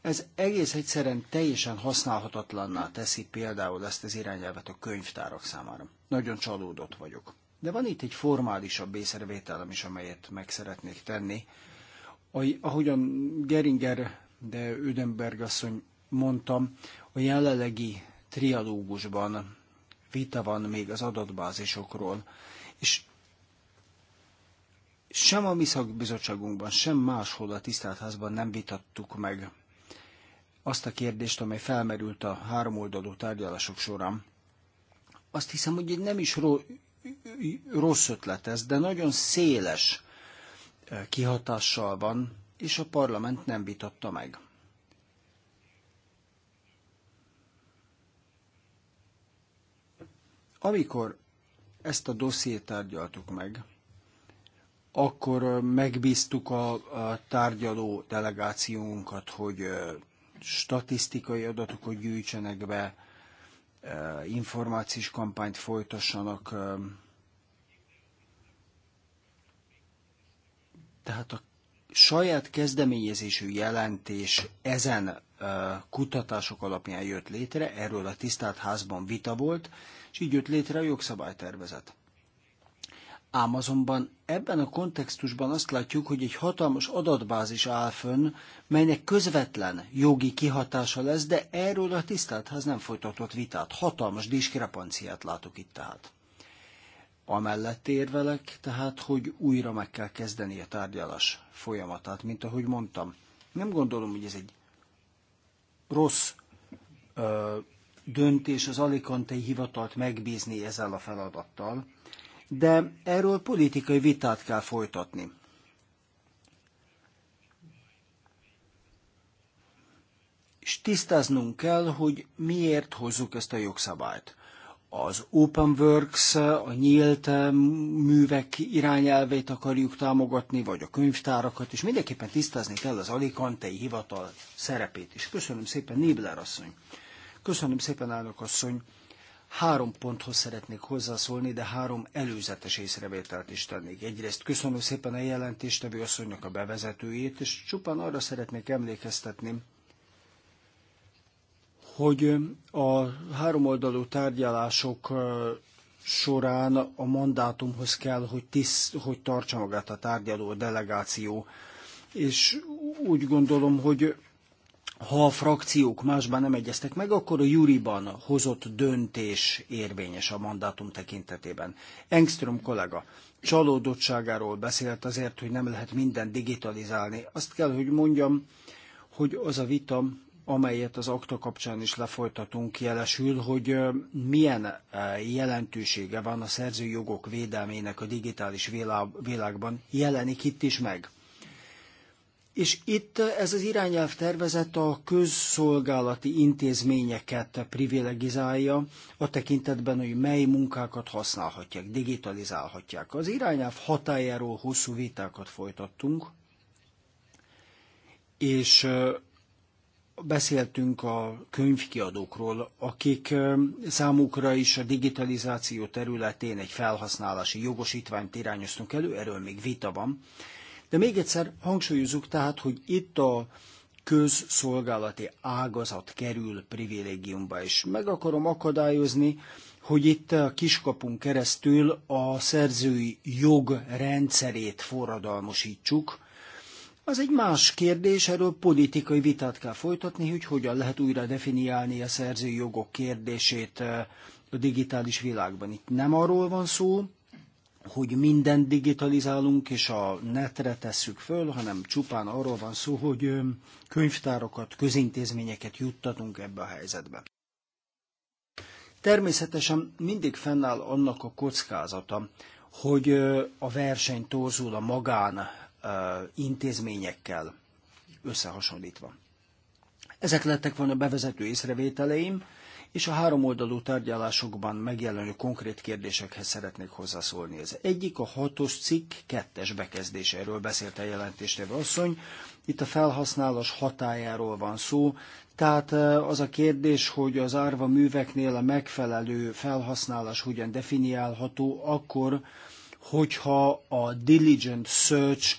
Ez egész egyszerűen teljesen használhatatlanná teszi például ezt az irányelvet a könyvtárak számára. Nagyon csalódott vagyok. De van itt egy formálisabb észrevételem is, amelyet meg szeretnék tenni Ahogyan Geringer, de Ödenberg asszony mondta, a jelenlegi trialógusban vita van még az adatbázisokról, és sem a mi szakbizottságunkban, sem máshol a tiszteltházban nem vitattuk meg azt a kérdést, amely felmerült a háromoldalú tárgyalások során. Azt hiszem, hogy nem is rossz ötlet ez, de nagyon széles kihatással van, és a parlament nem vitatta meg. Amikor ezt a dossziét tárgyaltuk meg, akkor megbíztuk a, tárgyaló delegációnkat, hogy statisztikai adatokat gyűjtsenek be, információs kampányt folytassanak, Tehát a saját kezdeményezésű jelentés ezen kutatások alapján jött létre, erről a tisztelt házban vita volt, és így jött létre a jogszabálytervezet. Ám azonban ebben a kontextusban azt látjuk, hogy egy hatalmas adatbázis áll fönn, melynek közvetlen jogi kihatása lesz, de erről a tisztelt ház nem folytatott vitát. Hatalmas diskrepanciát látok itt tehát amellett érvelek, tehát, hogy újra meg kell kezdeni a tárgyalás folyamatát, mint ahogy mondtam. Nem gondolom, hogy ez egy rossz ö, döntés az alikantei hivatalt megbízni ezzel a feladattal, de erről politikai vitát kell folytatni. És tisztáznunk kell, hogy miért hozzuk ezt a jogszabályt az Open Works, a nyílt művek irányelveit akarjuk támogatni, vagy a könyvtárakat, és mindenképpen tisztázni kell az Alicantei hivatal szerepét is. Köszönöm szépen, Nébler asszony. Köszönöm szépen, elnök asszony. Három ponthoz szeretnék hozzászólni, de három előzetes észrevételt is tennék. Egyrészt köszönöm szépen a jelentéstevő asszonynak a bevezetőjét, és csupán arra szeretnék emlékeztetni, hogy a háromoldalú tárgyalások során a mandátumhoz kell, hogy, tisz, hogy tartsa magát a tárgyaló a delegáció. És úgy gondolom, hogy ha a frakciók másban nem egyeztek meg, akkor a júriban hozott döntés érvényes a mandátum tekintetében. Engström kollega csalódottságáról beszélt azért, hogy nem lehet mindent digitalizálni. Azt kell, hogy mondjam, hogy az a vita, amelyet az akta kapcsán is lefolytatunk, jelesül, hogy milyen jelentősége van a szerzői jogok védelmének a digitális világban, jelenik itt is meg. És itt ez az irányelv tervezet a közszolgálati intézményeket privilegizálja, a tekintetben, hogy mely munkákat használhatják, digitalizálhatják. Az irányelv hatájáról hosszú vitákat folytattunk, és beszéltünk a könyvkiadókról, akik számukra is a digitalizáció területén egy felhasználási jogosítványt irányoztunk elő, erről még vita van. De még egyszer hangsúlyozunk tehát, hogy itt a közszolgálati ágazat kerül privilégiumba, és meg akarom akadályozni, hogy itt a kiskapunk keresztül a szerzői jog rendszerét forradalmasítsuk, az egy más kérdés, erről politikai vitát kell folytatni, hogy hogyan lehet újra definiálni a szerzői jogok kérdését a digitális világban. Itt nem arról van szó, hogy mindent digitalizálunk és a netre tesszük föl, hanem csupán arról van szó, hogy könyvtárokat, közintézményeket juttatunk ebbe a helyzetbe. Természetesen mindig fennáll annak a kockázata, hogy a verseny torzul a magán intézményekkel összehasonlítva. Ezek lettek volna bevezető észrevételeim, és a háromoldalú tárgyalásokban megjelenő konkrét kérdésekhez szeretnék hozzászólni. Ez egyik a hatos cikk kettes bekezdéséről beszélt a jelentéstevő asszony. Itt a felhasználás hatájáról van szó, tehát az a kérdés, hogy az árva műveknél a megfelelő felhasználás hogyan definiálható, akkor, hogyha a diligent search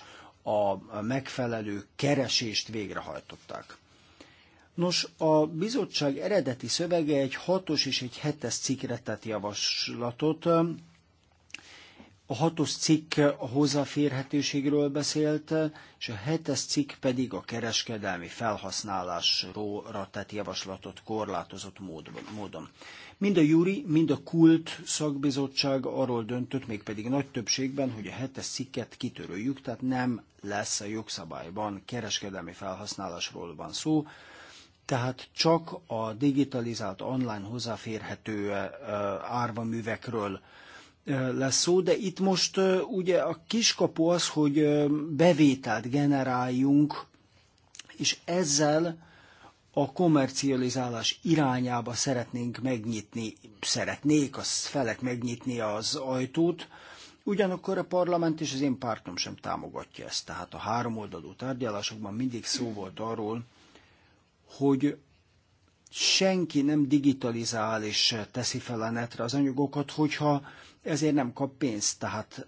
a megfelelő keresést végrehajtották. Nos, a bizottság eredeti szövege egy hatos és egy hetes cikretet javaslatot, a hatos cikk a hozzáférhetőségről beszélt, és a hetes cikk pedig a kereskedelmi felhasználásról tett javaslatot korlátozott módon. Mind a Júri, mind a Kult szakbizottság arról döntött, mégpedig nagy többségben, hogy a hetes cikket kitöröljük, tehát nem lesz a jogszabályban kereskedelmi felhasználásról van szó, tehát csak a digitalizált online hozzáférhető árvaművekről művekről lesz szó, de itt most ugye a kiskapu az, hogy bevételt generáljunk, és ezzel a komercializálás irányába szeretnénk megnyitni, szeretnék a felek megnyitni az ajtót, ugyanakkor a parlament és az én pártom sem támogatja ezt. Tehát a háromoldalú tárgyalásokban mindig szó volt arról, hogy senki nem digitalizál és teszi fel a netre az anyagokat, hogyha ezért nem kap pénzt. Tehát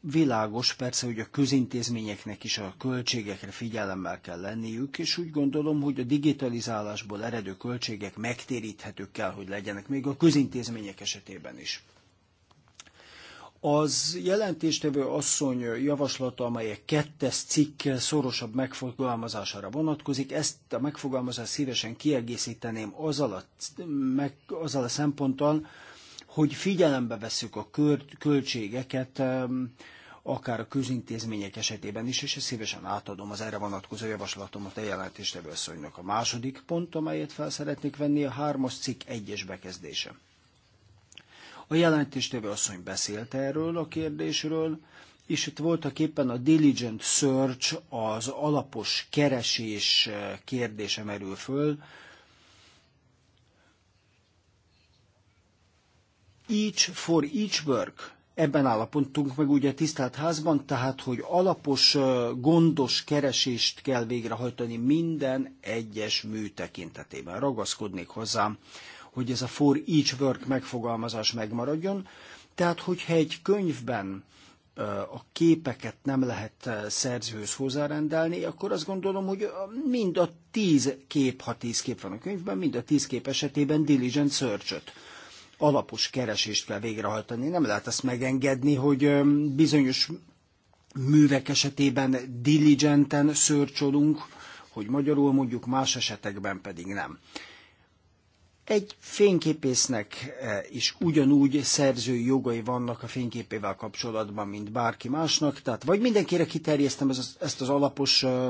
világos persze, hogy a közintézményeknek is a költségekre figyelemmel kell lenniük, és úgy gondolom, hogy a digitalizálásból eredő költségek megtéríthetők kell, hogy legyenek, még a közintézmények esetében is. Az jelentéstevő asszony javaslata, amely a kettes cikk szorosabb megfogalmazására vonatkozik, ezt a megfogalmazást szívesen kiegészíteném azzal a, meg, azzal a szemponttal, hogy figyelembe vesszük a költségeket, akár a közintézmények esetében is, és ezt szívesen átadom az erre vonatkozó javaslatomat a jelentéstevő asszonynak. A második pont, amelyet fel szeretnék venni, a hármas cikk egyes bekezdése. A jelentéstevő asszony beszélt erről a kérdésről, és itt voltak éppen a diligent search, az alapos keresés kérdése merül föl. Each for each work, ebben állapontunk meg ugye tisztelt házban, tehát, hogy alapos, gondos keresést kell végrehajtani minden egyes mű tekintetében. Ragaszkodnék hozzám hogy ez a for each work megfogalmazás megmaradjon. Tehát, hogyha egy könyvben a képeket nem lehet szerzőhöz hozzárendelni, akkor azt gondolom, hogy mind a tíz kép, ha tíz kép van a könyvben, mind a tíz kép esetében diligent search -öt alapos keresést kell végrehajtani. Nem lehet ezt megengedni, hogy bizonyos művek esetében diligenten szörcsolunk, hogy magyarul mondjuk, más esetekben pedig nem. Egy fényképésznek e, is ugyanúgy szerzői jogai vannak a fényképével kapcsolatban, mint bárki másnak, tehát vagy mindenkire kiterjesztem ezt az alapos e,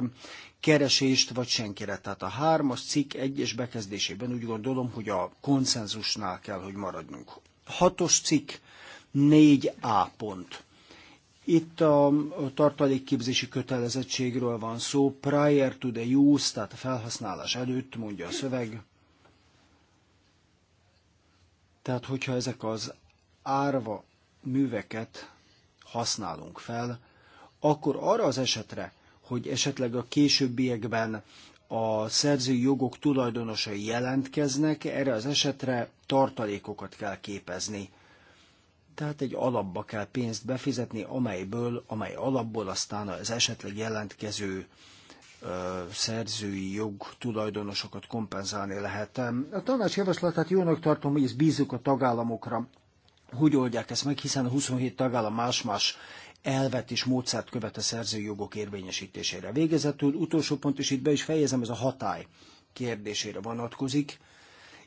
keresést, vagy senkire. Tehát a hármas cikk egyes bekezdésében úgy gondolom, hogy a konszenzusnál kell, hogy maradjunk. Hatos cikk, 4A pont. Itt a tartalékképzési kötelezettségről van szó, prior to the use, tehát a felhasználás előtt, mondja a szöveg, tehát, hogyha ezek az árva műveket használunk fel, akkor arra az esetre, hogy esetleg a későbbiekben a szerzői jogok tulajdonosai jelentkeznek, erre az esetre tartalékokat kell képezni. Tehát egy alapba kell pénzt befizetni, amelyből, amely alapból aztán az esetleg jelentkező szerzői jog tulajdonosokat kompenzálni lehet. A tanács javaslatát jónak tartom, hogy ezt bízunk a tagállamokra, hogy oldják ezt meg, hiszen a 27 tagállam más-más elvet és módszert követ a szerzői jogok érvényesítésére. Végezetül utolsó pont, és itt be is fejezem, ez a hatály kérdésére vonatkozik.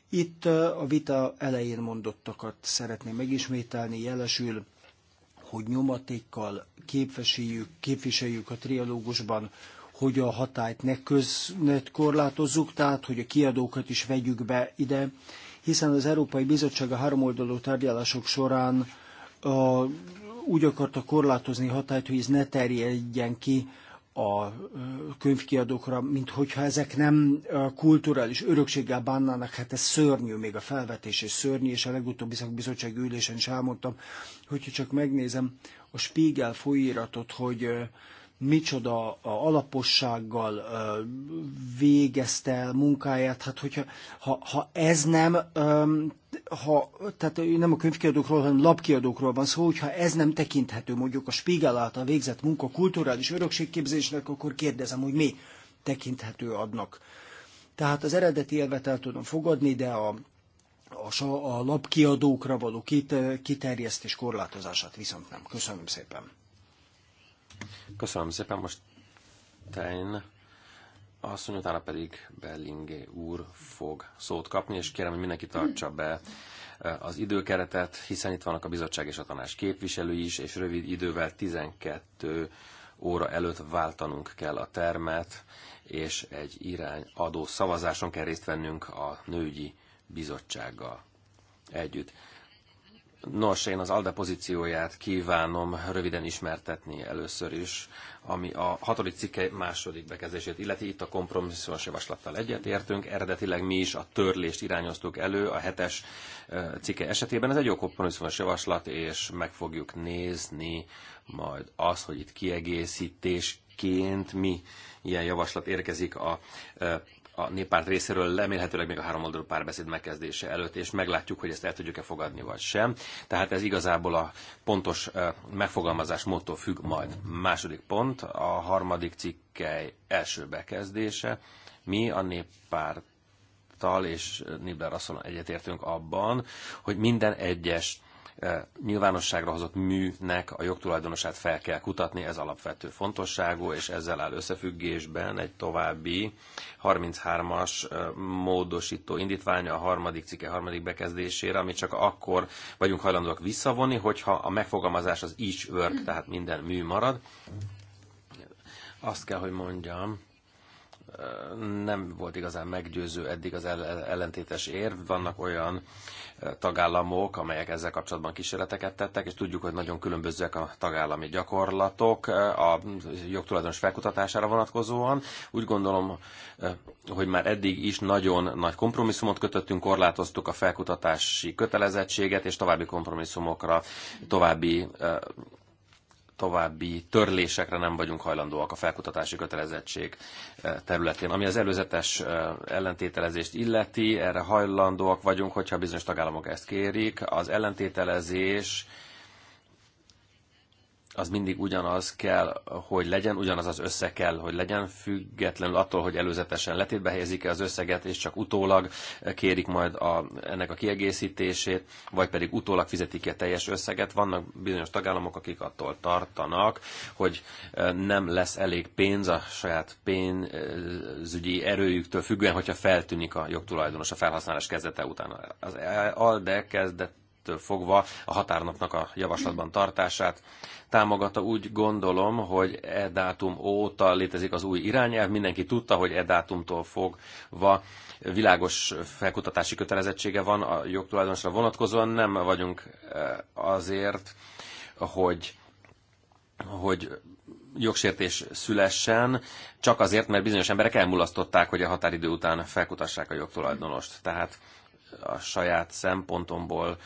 Itt a vita elején mondottakat szeretném megismételni, jelesül, hogy nyomatékkal képviseljük, képviseljük a trialógusban hogy a hatályt ne, köz, ne korlátozzuk, tehát hogy a kiadókat is vegyük be ide, hiszen az Európai Bizottság a háromoldalú tárgyalások során a, úgy akarta korlátozni hatályt, hogy ez ne terjedjen ki a könyvkiadókra, mint hogyha ezek nem kulturális örökséggel bánnának, hát ez szörnyű, még a felvetés és szörnyű, és a legutóbbi szakbizottság ülésen is elmondtam, hogyha csak megnézem a Spiegel folyiratot, hogy micsoda alapossággal végezte el munkáját, hát hogyha ha, ha ez nem, ha, tehát nem a könyvkiadókról, hanem lapkiadókról van szó, hogyha ez nem tekinthető mondjuk a Spiegel által végzett munka kulturális örökségképzésnek, akkor kérdezem, hogy mi tekinthető adnak. Tehát az eredeti elvet el tudom fogadni, de a, a, a lapkiadókra való kiterjesztés korlátozását viszont nem. Köszönöm szépen. Köszönöm szépen, most Tein asszony, utána pedig Bellingé úr fog szót kapni, és kérem, hogy mindenki tartsa be eh, az időkeretet, hiszen itt vannak a bizottság és a tanács képviselői is, és rövid idővel 12 óra előtt váltanunk kell a termet, és egy irányadó szavazáson kell részt vennünk a nőgyi bizottsággal együtt. Nos, én az ALDE pozícióját kívánom röviden ismertetni először is, ami a hatodik cikke második bekezdését illeti. Itt a kompromisszumos javaslattal egyetértünk. Eredetileg mi is a törlést irányoztuk elő a hetes cikke esetében. Ez egy jó kompromisszumos javaslat, és meg fogjuk nézni majd azt, hogy itt kiegészítésként mi ilyen javaslat érkezik a a néppárt részéről remélhetőleg még a oldalú párbeszéd megkezdése előtt, és meglátjuk, hogy ezt el tudjuk-e fogadni, vagy sem. Tehát ez igazából a pontos megfogalmazás módtól függ majd. Második pont, a harmadik cikkely első bekezdése. Mi a néppárttal és Nibler asszony egyetértünk abban, hogy minden egyes nyilvánosságra hozott műnek a jogtulajdonosát fel kell kutatni, ez alapvető fontosságú, és ezzel áll összefüggésben egy további 33-as módosító indítványa a harmadik cikke harmadik bekezdésére, amit csak akkor vagyunk hajlandóak visszavonni, hogyha a megfogalmazás az each work, tehát minden mű marad. Azt kell, hogy mondjam, nem volt igazán meggyőző eddig az ellentétes érv. Vannak olyan tagállamok, amelyek ezzel kapcsolatban kísérleteket tettek, és tudjuk, hogy nagyon különbözőek a tagállami gyakorlatok a jogtulajdonos felkutatására vonatkozóan. Úgy gondolom, hogy már eddig is nagyon nagy kompromisszumot kötöttünk, korlátoztuk a felkutatási kötelezettséget, és további kompromisszumokra, további további törlésekre nem vagyunk hajlandóak a felkutatási kötelezettség eh, területén. Ami az előzetes eh, ellentételezést illeti, erre hajlandóak vagyunk, hogyha bizonyos tagállamok ezt kérik. Az ellentételezés az mindig ugyanaz kell, hogy legyen, ugyanaz az össze kell, hogy legyen, függetlenül attól, hogy előzetesen letétbe helyezik-e az összeget, és csak utólag kérik majd a, ennek a kiegészítését, vagy pedig utólag fizetik -e teljes összeget. Vannak bizonyos tagállamok, akik attól tartanak, hogy nem lesz elég pénz a saját pénzügyi erőjüktől függően, hogyha feltűnik a jogtulajdonos a felhasználás kezdete után. Az e ALDE kezdett kezdettől fogva a határnapnak a javaslatban tartását támogatta. Úgy gondolom, hogy e dátum óta létezik az új irányelv, mindenki tudta, hogy e dátumtól fogva világos felkutatási kötelezettsége van a jogtulajdonosra vonatkozóan, nem vagyunk e, azért, hogy hogy jogsértés szülessen, csak azért, mert bizonyos emberek elmulasztották, hogy a határidő után felkutassák a jogtulajdonost. Tehát a saját szempontomból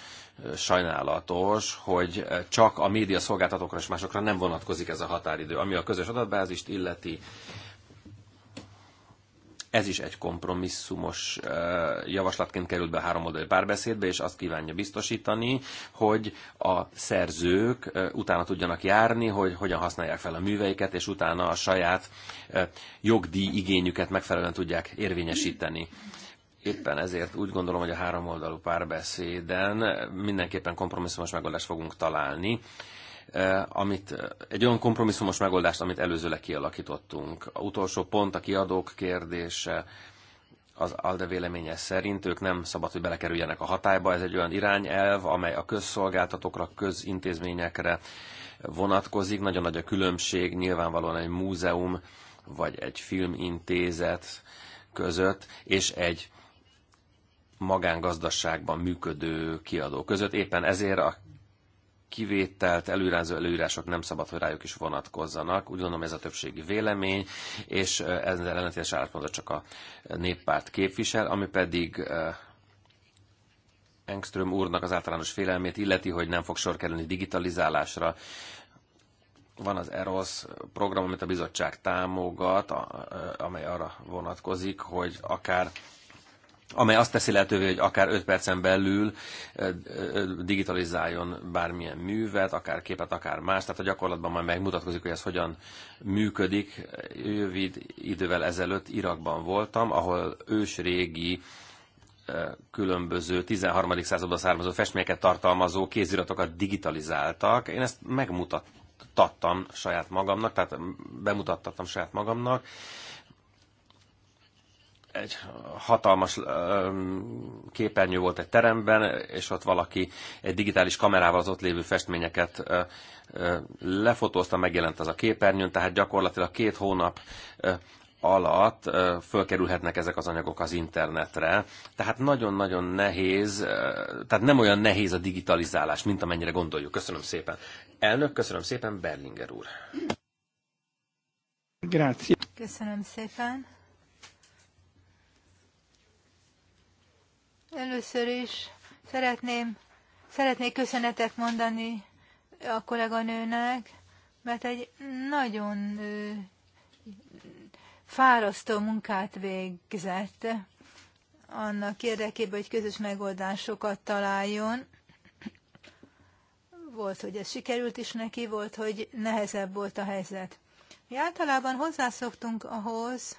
sajnálatos, hogy csak a média szolgáltatókra és másokra nem vonatkozik ez a határidő. Ami a közös adatbázist illeti, ez is egy kompromisszumos javaslatként került be a oldali párbeszédbe, és azt kívánja biztosítani, hogy a szerzők utána tudjanak járni, hogy hogyan használják fel a műveiket, és utána a saját jogdíj igényüket megfelelően tudják érvényesíteni. Éppen ezért úgy gondolom, hogy a háromoldalú párbeszéden mindenképpen kompromisszumos megoldást fogunk találni, e, amit, egy olyan kompromisszumos megoldást, amit előzőleg kialakítottunk. A utolsó pont a kiadók kérdése, az ALDE véleménye szerint ők nem szabad, hogy belekerüljenek a hatályba. Ez egy olyan irányelv, amely a közszolgáltatókra, közintézményekre vonatkozik. Nagyon nagy a különbség, nyilvánvalóan egy múzeum vagy egy filmintézet között, és egy magángazdaságban működő kiadó között. Éppen ezért a kivételt előrázó előírások nem szabad, hogy rájuk is vonatkozzanak. Úgy gondolom ez a többségi vélemény, és ezzel ellentétes álláspontot csak a néppárt képvisel, ami pedig Engström úrnak az általános félelmét illeti, hogy nem fog sor kerülni digitalizálásra. Van az EROS program, amit a bizottság támogat, amely arra vonatkozik, hogy akár amely azt teszi lehetővé, hogy akár 5 percen belül digitalizáljon bármilyen művet, akár képet, akár más, tehát a gyakorlatban majd megmutatkozik, hogy ez hogyan működik. Jövid idővel ezelőtt Irakban voltam, ahol ősrégi különböző 13. századba származó festményeket tartalmazó kéziratokat digitalizáltak. Én ezt megmutattam saját magamnak, tehát bemutattam saját magamnak, egy hatalmas képernyő volt egy teremben, és ott valaki egy digitális kamerával az ott lévő festményeket lefotózta, megjelent az a képernyőn, tehát gyakorlatilag két hónap alatt fölkerülhetnek ezek az anyagok az internetre. Tehát nagyon-nagyon nehéz, tehát nem olyan nehéz a digitalizálás, mint amennyire gondoljuk. Köszönöm szépen. Elnök, köszönöm szépen, Berlinger úr. Grazie. Köszönöm szépen. Először is szeretném, szeretnék köszönetet mondani a kolléganőnek, mert egy nagyon fárasztó munkát végzett annak érdekében, hogy közös megoldásokat találjon. Volt, hogy ez sikerült is neki, volt, hogy nehezebb volt a helyzet. Mi általában hozzászoktunk ahhoz,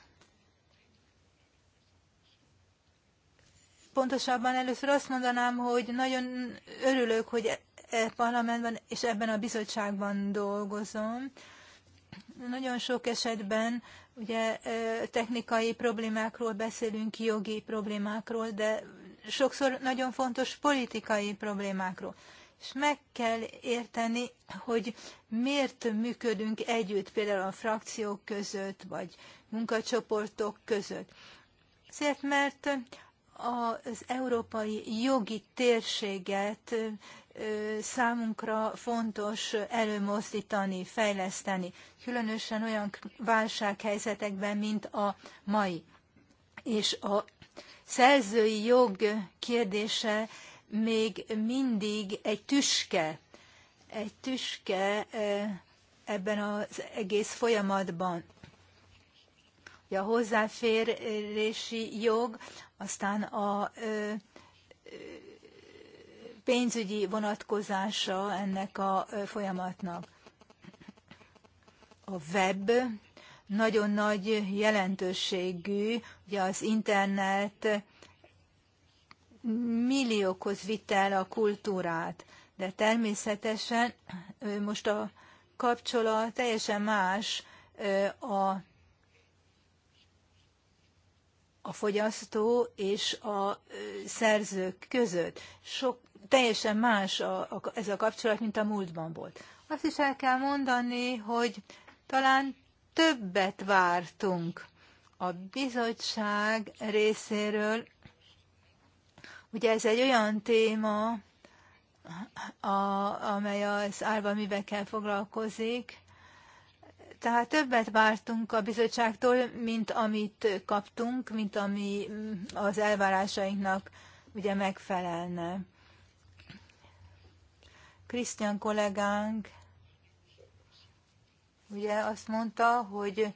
Pontosabban először azt mondanám, hogy nagyon örülök, hogy e parlamentben és ebben a bizottságban dolgozom. Nagyon sok esetben ugye technikai problémákról beszélünk, jogi problémákról, de sokszor nagyon fontos politikai problémákról. És meg kell érteni, hogy miért működünk együtt, például a frakciók között, vagy munkacsoportok között. Azért, mert az európai jogi térséget számunkra fontos előmozdítani, fejleszteni, különösen olyan válsághelyzetekben, mint a mai. És a szerzői jog kérdése még mindig egy tüske, egy tüske ebben az egész folyamatban a hozzáférési jog, aztán a pénzügyi vonatkozása ennek a folyamatnak. A web nagyon nagy jelentőségű, ugye az internet milliókhoz vitte el a kultúrát, de természetesen most a kapcsolat teljesen más a a fogyasztó és a szerzők között. Sok, teljesen más a, a, ez a kapcsolat, mint a múltban volt. Azt is el kell mondani, hogy talán többet vártunk a bizottság részéről. Ugye ez egy olyan téma, a, amely az árva mivekkel foglalkozik, tehát többet vártunk a bizottságtól, mint amit kaptunk, mint ami az elvárásainknak ugye megfelelne. Krisztián kollégánk ugye azt mondta, hogy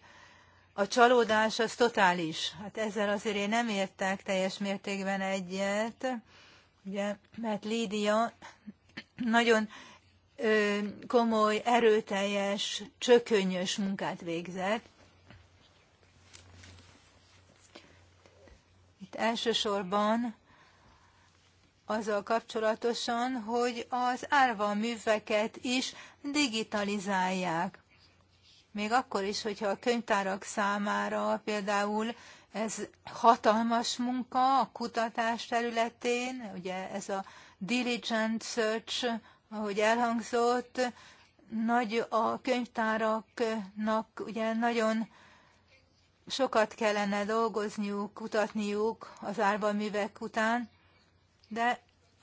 a csalódás az totális. Hát ezzel azért én nem értek teljes mértékben egyet, ugye, mert Lídia nagyon komoly, erőteljes, csökönyös munkát végzett. Itt elsősorban azzal kapcsolatosan, hogy az árva műveket is digitalizálják. Még akkor is, hogyha a könyvtárak számára például ez hatalmas munka a kutatás területén, ugye ez a diligent search ahogy elhangzott, nagy a könyvtáraknak ugye nagyon sokat kellene dolgozniuk, kutatniuk az árva művek után, de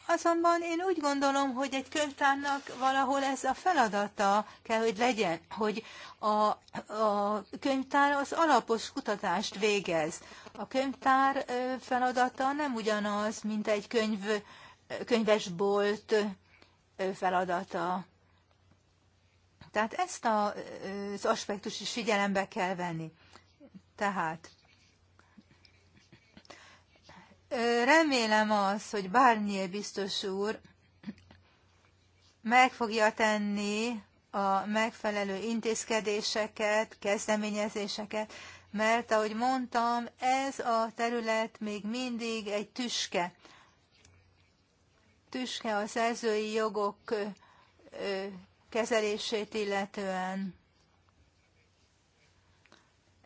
azonban én úgy gondolom, hogy egy könyvtárnak valahol ez a feladata kell, hogy legyen, hogy a, a könyvtár az alapos kutatást végez. A könyvtár feladata nem ugyanaz, mint egy könyv, könyvesbolt feladata. Tehát ezt a, az aspektus is figyelembe kell venni. Tehát remélem az, hogy Barnier biztos úr meg fogja tenni a megfelelő intézkedéseket, kezdeményezéseket, mert ahogy mondtam, ez a terület még mindig egy tüske tüske a szerzői jogok kezelését illetően,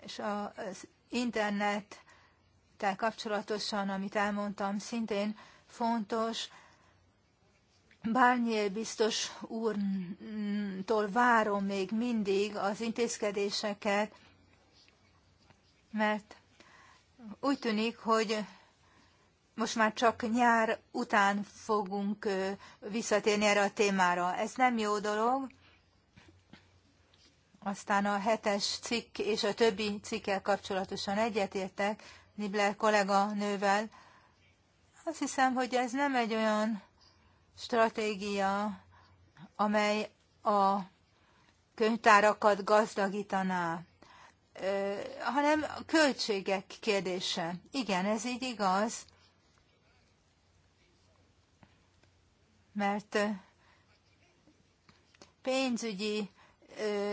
és az internettel kapcsolatosan, amit elmondtam, szintén fontos, Bárnyél biztos úrtól várom még mindig az intézkedéseket, mert úgy tűnik, hogy most már csak nyár után fogunk visszatérni erre a témára. Ez nem jó dolog. Aztán a hetes cikk és a többi cikkel kapcsolatosan egyetértek Nibler kollega nővel. Azt hiszem, hogy ez nem egy olyan stratégia, amely a könyvtárakat gazdagítaná, hanem a költségek kérdése. Igen, ez így igaz. mert pénzügyi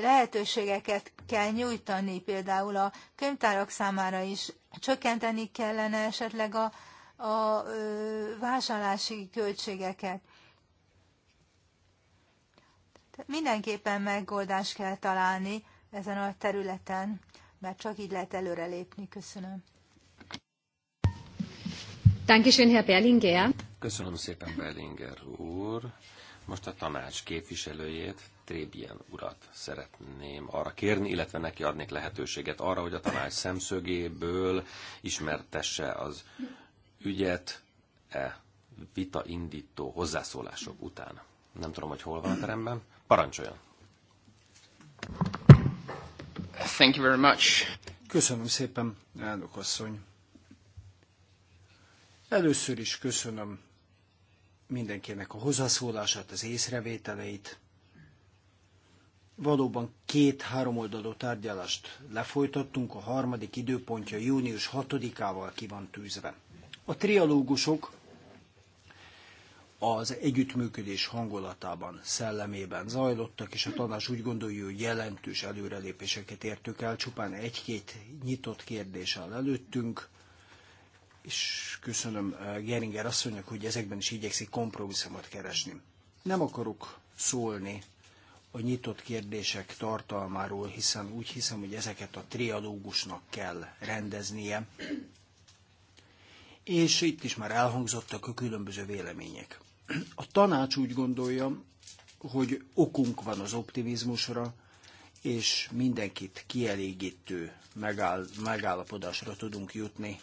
lehetőségeket kell nyújtani, például a könyvtárak számára is csökkenteni kellene esetleg a, a vásárlási költségeket. Mindenképpen megoldást kell találni ezen a területen, mert csak így lehet előrelépni. Köszönöm. Dankeschön, Herr Berlinger. Köszönöm szépen Bellinger úr. Most a tanács képviselőjét, Trébien urat szeretném arra kérni, illetve neki adnék lehetőséget arra, hogy a tanács szemszögéből ismertesse az ügyet e vita indító hozzászólások után. Nem tudom, hogy hol van a teremben. Parancsoljon! Thank you very much. Köszönöm szépen, elnök asszony. Először is köszönöm mindenkinek a hozzászólását, az észrevételeit. Valóban két-három oldalú tárgyalást lefolytattunk, a harmadik időpontja június 6-ával ki van tűzve. A trialógusok az együttműködés hangolatában, szellemében zajlottak, és a tanács úgy gondolja, hogy jelentős előrelépéseket értük el, csupán egy-két nyitott kérdéssel előttünk, és köszönöm eh, Geringer asszonynak, hogy ezekben is igyekszik kompromisszumot keresni. Nem akarok szólni a nyitott kérdések tartalmáról, hiszen úgy hiszem, hogy ezeket a triadógusnak kell rendeznie. És itt is már elhangzottak a különböző vélemények. A tanács úgy gondolja, hogy okunk van az optimizmusra, és mindenkit kielégítő megáll, megállapodásra tudunk jutni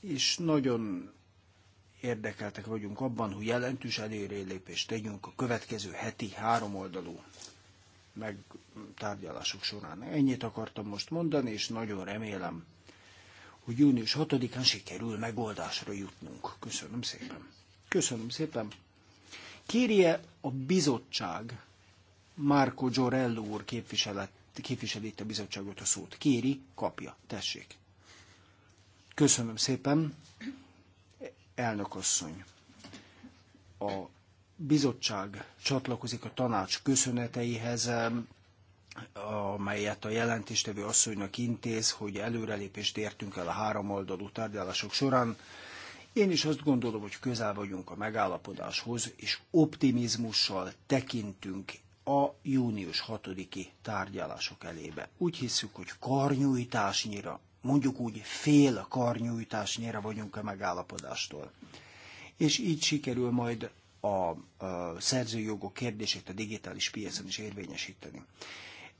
és nagyon érdekeltek vagyunk abban, hogy jelentős előrelépést tegyünk a következő heti háromoldalú megtárgyalások során. Ennyit akartam most mondani, és nagyon remélem, hogy június 6-án sikerül megoldásra jutnunk. Köszönöm szépen. Köszönöm szépen. Kérje a bizottság, Márko Giorello úr képviselet, képviseli itt a bizottságot a szót. Kéri, kapja. Tessék. Köszönöm szépen, elnök asszony. A bizottság csatlakozik a tanács köszöneteihez, amelyet a jelentéstevő asszonynak intéz, hogy előrelépést értünk el a háromoldalú tárgyalások során. Én is azt gondolom, hogy közel vagyunk a megállapodáshoz, és optimizmussal tekintünk a június 6-i tárgyalások elébe. Úgy hiszük, hogy karnyújtásnyira mondjuk úgy fél karnyújtásnyira vagyunk a megállapodástól. És így sikerül majd a, a szerzőjogok kérdését a digitális piacon is érvényesíteni.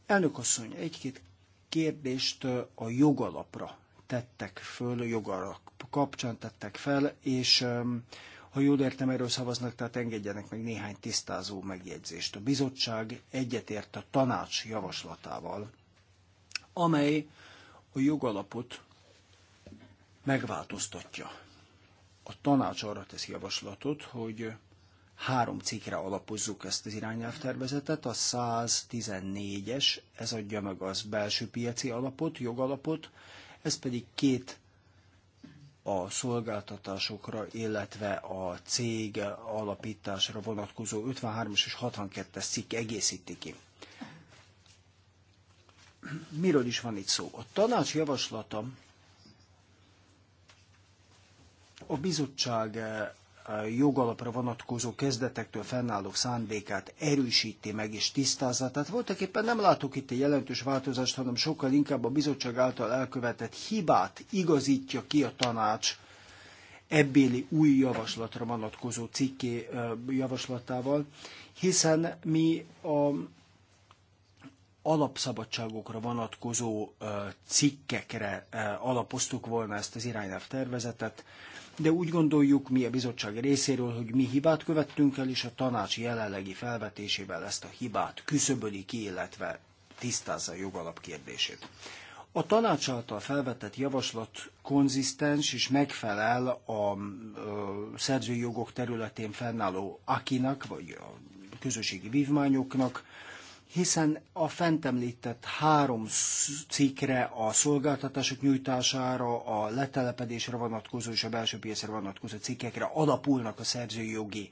Elnök asszony, egy-két kérdést a jogalapra tettek föl, a jogalap kapcsán tettek fel, és ha jól értem, erről szavaznak, tehát engedjenek meg néhány tisztázó megjegyzést. A bizottság egyetért a tanács javaslatával, amely a jogalapot megváltoztatja. A tanács arra tesz javaslatot, hogy három cikkre alapozzuk ezt az irányelvtervezetet, a 114-es, ez adja meg az belső piaci alapot, jogalapot, ez pedig két a szolgáltatásokra, illetve a cég alapításra vonatkozó 53-as és 62-es cikk egészíti ki miről is van itt szó? A tanács javaslata a bizottság eh, eh, jogalapra vonatkozó kezdetektől fennálló szándékát erősíti meg és tisztázza. Tehát voltak éppen nem látok itt egy jelentős változást, hanem sokkal inkább a bizottság által elkövetett hibát igazítja ki a tanács ebbéli új javaslatra vonatkozó cikké eh, javaslatával, hiszen mi a alapszabadságokra vonatkozó cikkekre alapoztuk volna ezt az irányelv tervezetet, de úgy gondoljuk mi a bizottság részéről, hogy mi hibát követtünk el, és a tanács jelenlegi felvetésével ezt a hibát küszöböli ki, illetve tisztázza a jogalap kérdését. A tanács által felvetett javaslat konzisztens és megfelel a szerzői jogok területén fennálló akinak, vagy a közösségi vívmányoknak, hiszen a fent említett három cikkre, a szolgáltatások nyújtására, a letelepedésre vonatkozó és a belső piacra vonatkozó cikkekre alapulnak a szerzői jogi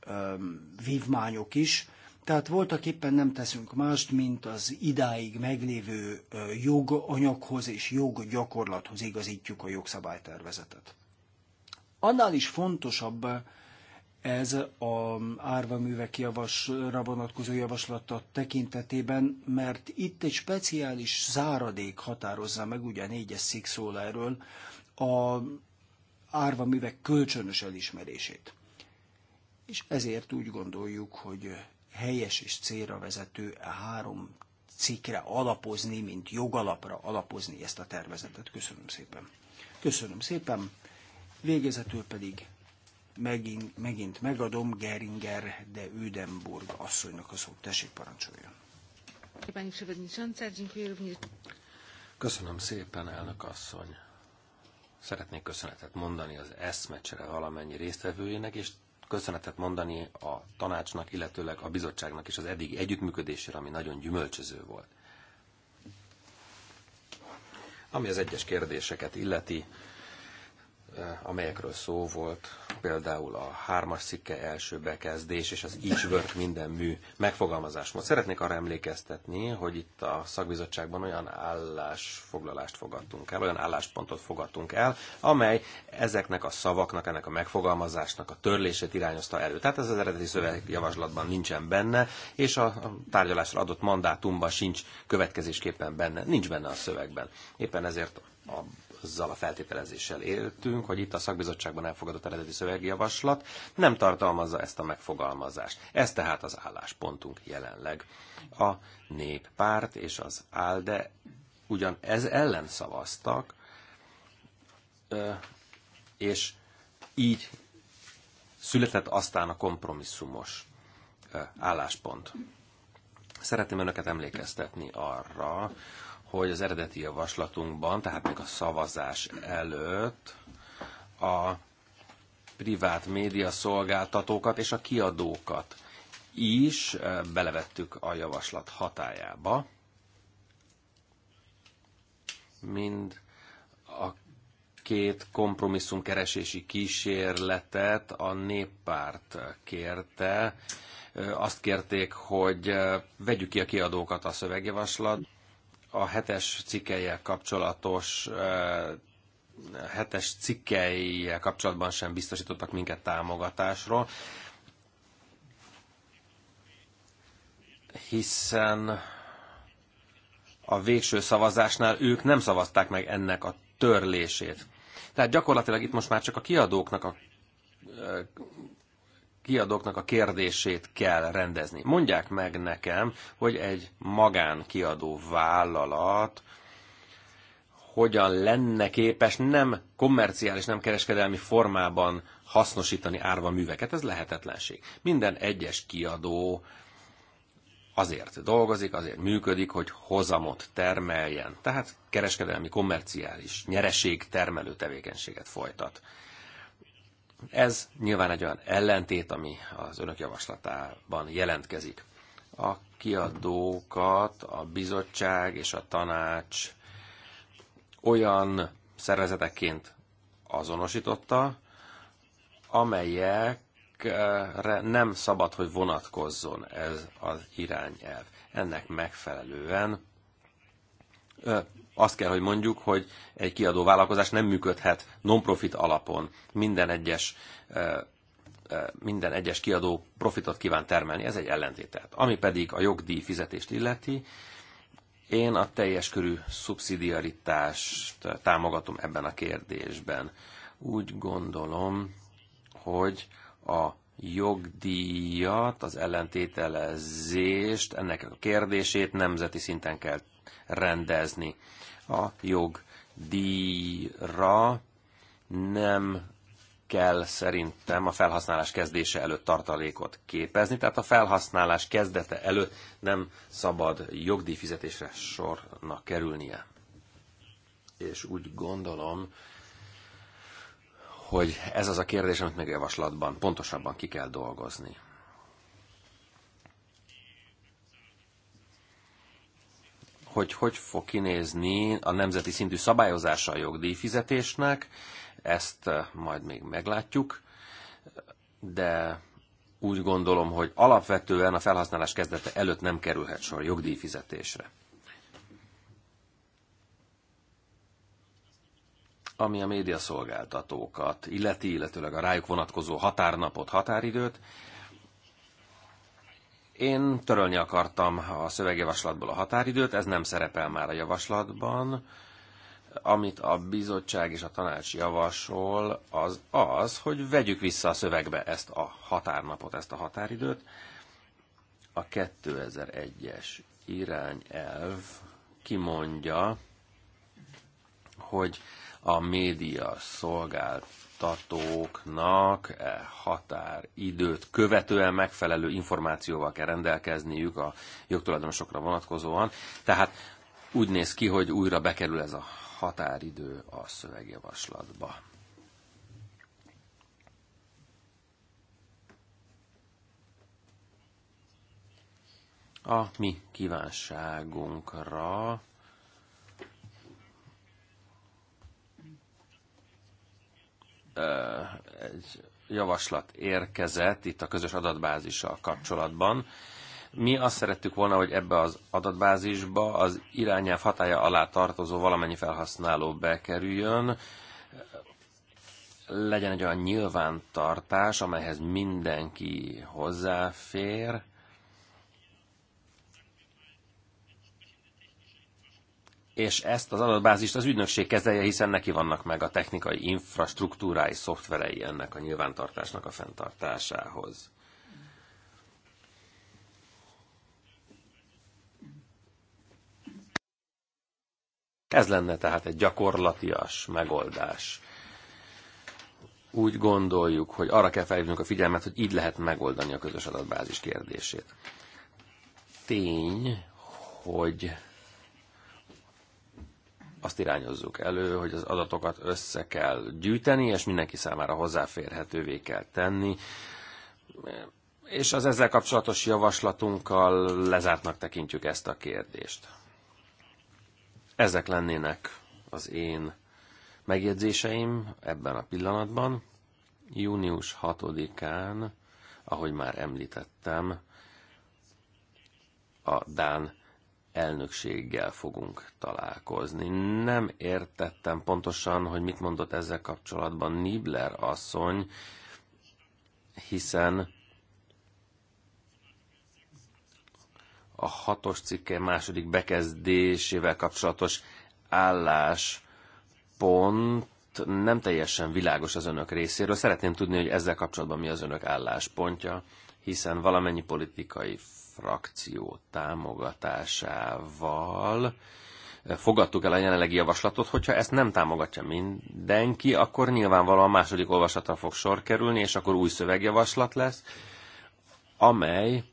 öm, vívmányok is. Tehát voltak éppen nem teszünk mást, mint az idáig meglévő joganyaghoz és joggyakorlathoz igazítjuk a jogszabálytervezetet. Annál is fontosabb ez a művek javasra vonatkozó javaslata tekintetében, mert itt egy speciális záradék határozza meg, ugye négyes szik szól erről, a művek kölcsönös elismerését. És ezért úgy gondoljuk, hogy helyes és célra vezető a e három cikkre alapozni, mint jogalapra alapozni ezt a tervezetet. Köszönöm szépen. Köszönöm szépen. Végezetül pedig megint, megint megadom Geringer de Ödenburg asszonynak a szót. Tessék, parancsoljon. Köszönöm szépen, elnök asszony. Szeretnék köszönetet mondani az eszmecsere valamennyi résztvevőjének, és köszönetet mondani a tanácsnak, illetőleg a bizottságnak is az eddig együttműködésére, ami nagyon gyümölcsöző volt. Ami az egyes kérdéseket illeti, eh, amelyekről szó volt, például a hármas cikke első bekezdés és az each work minden mű megfogalmazás. Most Szeretnék arra emlékeztetni, hogy itt a szakbizottságban olyan állásfoglalást fogadtunk el, olyan álláspontot fogadtunk el, amely ezeknek a szavaknak, ennek a megfogalmazásnak a törlését irányozta elő. Tehát ez az eredeti szövegjavaslatban nincsen benne, és a tárgyalásra adott mandátumban sincs következésképpen benne, nincs benne a szövegben. Éppen ezért a azzal a feltételezéssel éltünk, hogy itt a szakbizottságban elfogadott eredeti szövegjavaslat nem tartalmazza ezt a megfogalmazást. Ez tehát az álláspontunk jelenleg. A néppárt és az ALDE ugyan ez ellen szavaztak, és így született aztán a kompromisszumos álláspont. Szeretném önöket emlékeztetni arra, hogy az eredeti javaslatunkban, tehát még a szavazás előtt a privát média szolgáltatókat és a kiadókat is belevettük a javaslat hatájába. Mind a két kompromisszum keresési kísérletet a néppárt kérte. Azt kérték, hogy vegyük ki a kiadókat a szövegjavaslat a hetes cikkelyel kapcsolatos hetes cikkelyel kapcsolatban sem biztosítottak minket támogatásról, hiszen a végső szavazásnál ők nem szavazták meg ennek a törlését. Tehát gyakorlatilag itt most már csak a kiadóknak a kiadóknak a kérdését kell rendezni. Mondják meg nekem, hogy egy magánkiadó vállalat hogyan lenne képes nem kommerciális, nem kereskedelmi formában hasznosítani árva műveket. Ez lehetetlenség. Minden egyes kiadó azért dolgozik, azért működik, hogy hozamot termeljen. Tehát kereskedelmi, kommerciális, nyereség termelő tevékenységet folytat. Ez nyilván egy olyan ellentét, ami az önök javaslatában jelentkezik. A kiadókat a bizottság és a tanács olyan szervezetekként azonosította, amelyekre nem szabad, hogy vonatkozzon ez az irányelv. Ennek megfelelően azt kell, hogy mondjuk, hogy egy kiadó vállalkozás nem működhet non-profit alapon. Minden egyes, minden egyes kiadó profitot kíván termelni, ez egy ellentétel. Ami pedig a jogdíj fizetést illeti, én a teljes körű szubszidiaritást támogatom ebben a kérdésben. Úgy gondolom, hogy a jogdíjat, az ellentételezést, ennek a kérdését nemzeti szinten kell rendezni. A jogdíjra nem kell szerintem a felhasználás kezdése előtt tartalékot képezni, tehát a felhasználás kezdete előtt nem szabad jogdíjfizetésre sornak kerülnie. És úgy gondolom, hogy ez az a kérdés, amit még javaslatban pontosabban ki kell dolgozni. hogy hogy fog kinézni a nemzeti szintű szabályozása a jogdíjfizetésnek, ezt eh, majd még meglátjuk, de úgy gondolom, hogy alapvetően a felhasználás kezdete előtt nem kerülhet sor jogdíjfizetésre. Ami a médiaszolgáltatókat illeti, illetőleg a rájuk vonatkozó határnapot, határidőt, én törölni akartam a szövegjavaslatból a határidőt, ez nem szerepel már a javaslatban. Amit a bizottság és a tanács javasol, az az, hogy vegyük vissza a szövegbe ezt a határnapot, ezt a határidőt. A 2001-es irányelv kimondja, hogy a média szolgált tartóknak e határidőt követően megfelelő információval kell rendelkezniük a jogtulajdonosokra vonatkozóan. Tehát úgy néz ki, hogy újra bekerül ez a határidő a szövegjavaslatba. A mi kívánságunkra egy javaslat érkezett itt a közös adatbázissal kapcsolatban. Mi azt szerettük volna, hogy ebbe az adatbázisba az irányelv hatája alá tartozó valamennyi felhasználó bekerüljön, legyen egy olyan nyilvántartás, amelyhez mindenki hozzáfér, és ezt az adatbázist az ügynökség kezelje, hiszen neki vannak meg a technikai infrastruktúrái, szoftverei ennek a nyilvántartásnak a fenntartásához. Ez lenne tehát egy gyakorlatias megoldás. Úgy gondoljuk, hogy arra kell felhívnunk a figyelmet, hogy így lehet megoldani a közös adatbázis kérdését. Tény, hogy azt irányozzuk elő, hogy az adatokat össze kell gyűjteni, és mindenki számára hozzáférhetővé kell tenni. És az ezzel kapcsolatos javaslatunkkal lezártnak tekintjük ezt a kérdést. Ezek lennének az én megjegyzéseim ebben a pillanatban. Június 6-án, ahogy már említettem, a Dán elnökséggel fogunk találkozni. Nem értettem pontosan, hogy mit mondott ezzel kapcsolatban Nibler asszony, hiszen a hatos cikke második bekezdésével kapcsolatos állás pont nem teljesen világos az önök részéről. Szeretném tudni, hogy ezzel kapcsolatban mi az önök álláspontja, hiszen valamennyi politikai frakció támogatásával eh, fogadtuk el a jelenlegi javaslatot, hogyha ezt nem támogatja mindenki, akkor nyilvánvalóan második olvasatra fog sor kerülni, és akkor új szövegjavaslat lesz, amely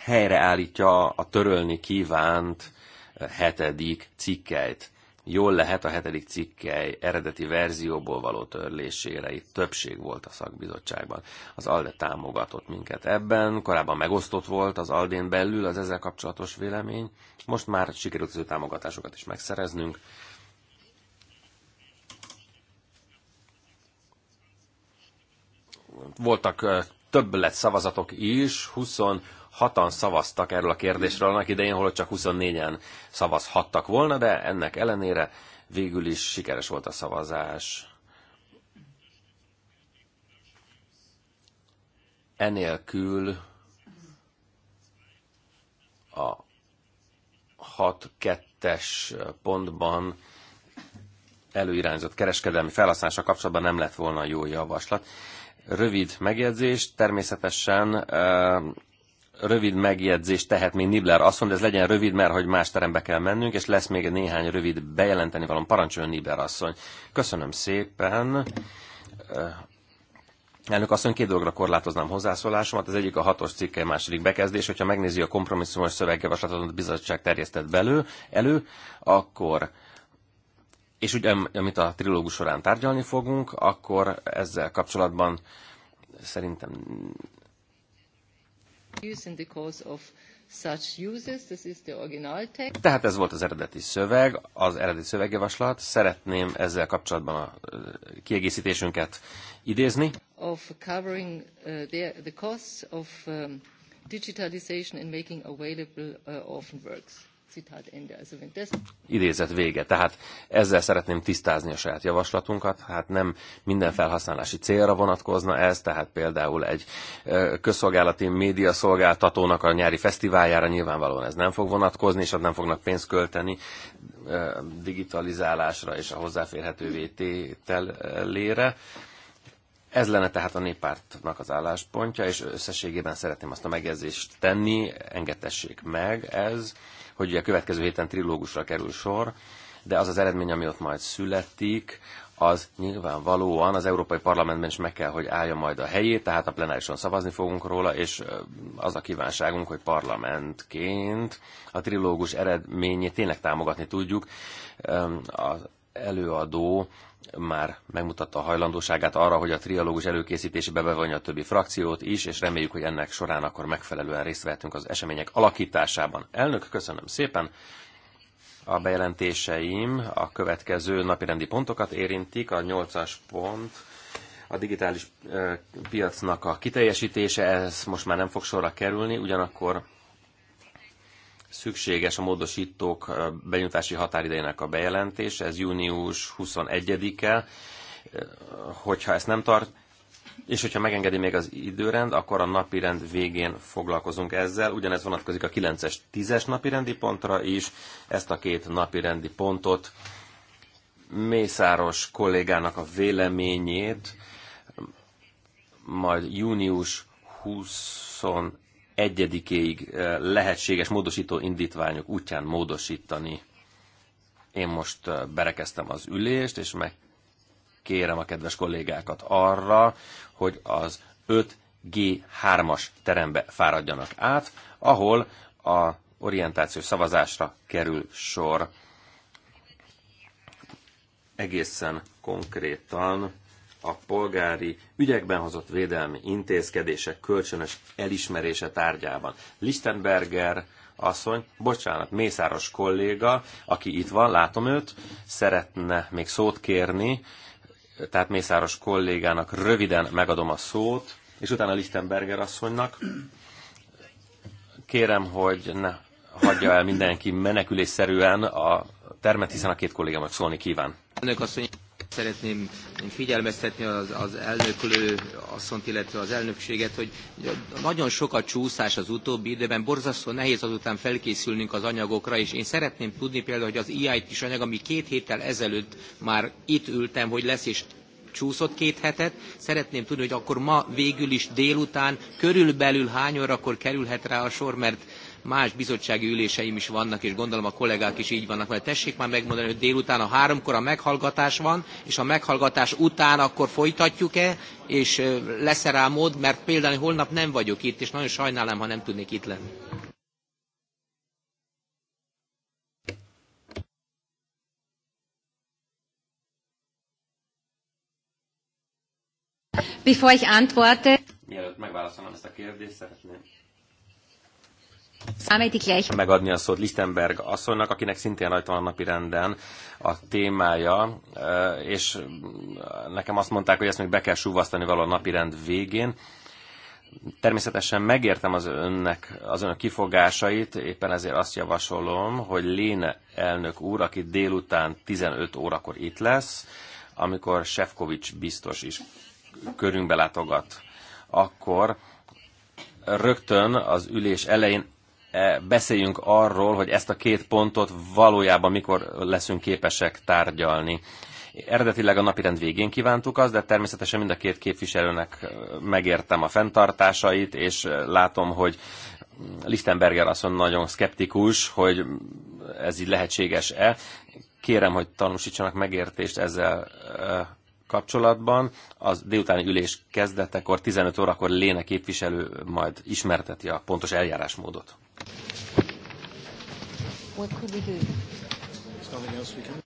helyreállítja a törölni kívánt eh, hetedik cikkeit jól lehet a hetedik cikkely eredeti verzióból való törlésére itt többség volt a szakbizottságban. Az ALDE támogatott minket ebben, korábban megosztott volt az ALDE-n belül az ezzel kapcsolatos vélemény, most már sikerült az ő támogatásokat is megszereznünk. Voltak lett szavazatok is, 20 hatan szavaztak erről a kérdésről annak idején, holott csak 24-en szavazhattak volna, de ennek ellenére végül is sikeres volt a szavazás. Enélkül a 6-2-es pontban előirányzott kereskedelmi felhasználása kapcsolatban nem lett volna jó javaslat. Rövid megjegyzés, természetesen eh, rövid megjegyzést tehet még Nibler azt mondja, ez legyen rövid, mert hogy más terembe kell mennünk, és lesz még néhány rövid bejelenteni valam Parancsoljon Nibler asszony. Köszönöm szépen. Elnök asszony, két dologra korlátoznám hozzászólásomat. Az egyik a hatos cikke, második bekezdés. Hogyha megnézi a kompromisszumos szövegjavaslatot, amit a bizottság terjesztett belő, elő, akkor és ugye, amit a trilógus során tárgyalni fogunk, akkor ezzel kapcsolatban szerintem tehát ez volt az eredeti szöveg, az eredeti szövegjavaslat. Szeretném ezzel kapcsolatban a kiegészítésünket idézni. Of covering uh, the, the costs of um, digitalization and making available uh, orphan works Idézet vége. Tehát ezzel szeretném tisztázni a saját javaslatunkat. Hát nem minden felhasználási célra vonatkozna ez, tehát például egy közszolgálati médiaszolgáltatónak a nyári fesztiváljára nyilvánvalóan ez nem fog vonatkozni, és ott nem fognak pénzt költeni digitalizálásra és a hozzáférhetővé tételére. Ez lenne tehát a néppártnak az álláspontja, és összességében szeretném azt a megjegyzést tenni, engedessék meg ez hogy ugye a következő héten trilógusra kerül sor, de az az eredmény, ami ott majd születik, az nyilvánvalóan az Európai Parlamentben is meg kell, hogy állja majd a helyét, tehát a plenárison szavazni fogunk róla, és az a kívánságunk, hogy parlamentként a trilógus eredményét tényleg támogatni tudjuk. A előadó már megmutatta a hajlandóságát arra, hogy a trialógus előkészítésébe bevonja a többi frakciót is, és reméljük, hogy ennek során akkor megfelelően részt vehetünk az események alakításában. Elnök, köszönöm szépen! A bejelentéseim a következő napirendi pontokat érintik. A 8-as pont a digitális piacnak a kiteljesítése, ez most már nem fog sorra kerülni, ugyanakkor szükséges a módosítók benyújtási határidejének a bejelentés, ez június 21-e, hogyha ezt nem tart, és hogyha megengedi még az időrend, akkor a napi rend végén foglalkozunk ezzel. Ugyanez vonatkozik a 9-es, 10-es napi rendi pontra is. Ezt a két napi rendi pontot Mészáros kollégának a véleményét majd június 20 1-ig eh, lehetséges módosító indítványok útján módosítani. Én most eh, berekeztem az ülést, és megkérem a kedves kollégákat arra, hogy az 5G3-as terembe fáradjanak át, ahol a orientációs szavazásra kerül sor. Egészen konkrétan a polgári ügyekben hozott védelmi intézkedések kölcsönös elismerése tárgyában. Lichtenberger asszony, bocsánat, Mészáros kolléga, aki itt van, látom őt, szeretne még szót kérni, tehát Mészáros kollégának röviden megadom a szót, és utána Lichtenberger asszonynak. Kérem, hogy ne hagyja el mindenki menekülésszerűen a termet, hiszen a két kollégámat szólni kíván. Önök asszony, Szeretném figyelmeztetni az, az elnöklő asszont, illetve az elnökséget, hogy nagyon sok a csúszás az utóbbi időben, borzasztó nehéz azután felkészülnünk az anyagokra, és én szeretném tudni például, hogy az eit is anyag, ami két héttel ezelőtt már itt ültem, hogy lesz, és csúszott két hetet. Szeretném tudni, hogy akkor ma végül is délután körülbelül hány órakor kerülhet rá a sor, mert más bizottsági üléseim is vannak, és gondolom a kollégák is így vannak, mert tessék már megmondani, hogy délután a háromkor a meghallgatás van, és a meghallgatás után akkor folytatjuk-e, és lesz-e rá mód, mert például holnap nem vagyok itt, és nagyon sajnálom, ha nem tudnék itt lenni. Bevor ich antworte, Mielőtt megválaszolom ezt a kérdést, szeretném Megadni a szót Lichtenberg asszonynak, akinek szintén rajta van a napi renden a témája, eh, és nekem azt mondták, hogy ezt még be kell súvasztani valahol a napi rend végén. Természetesen megértem az önnek, az önök kifogásait, éppen ezért azt javasolom, hogy Léne elnök úr, aki délután 15 órakor itt lesz, amikor Sefcovics biztos is körünkbe látogat, akkor rögtön az ülés elején Eh, beszéljünk arról, hogy ezt a két pontot valójában mikor leszünk képesek tárgyalni. Eredetileg a napirend végén kívántuk azt, de természetesen mind a két képviselőnek eh, megértem a fenntartásait, és eh, látom, hogy Lichtenberger mondja, nagyon szkeptikus, hogy ez így lehetséges-e. Kérem, hogy tanúsítsanak megértést ezzel kapcsolatban. Az délutáni ülés kezdetekor, 15 órakor Léne képviselő majd ismerteti a pontos eljárásmódot. What could we do? There's nothing else we can.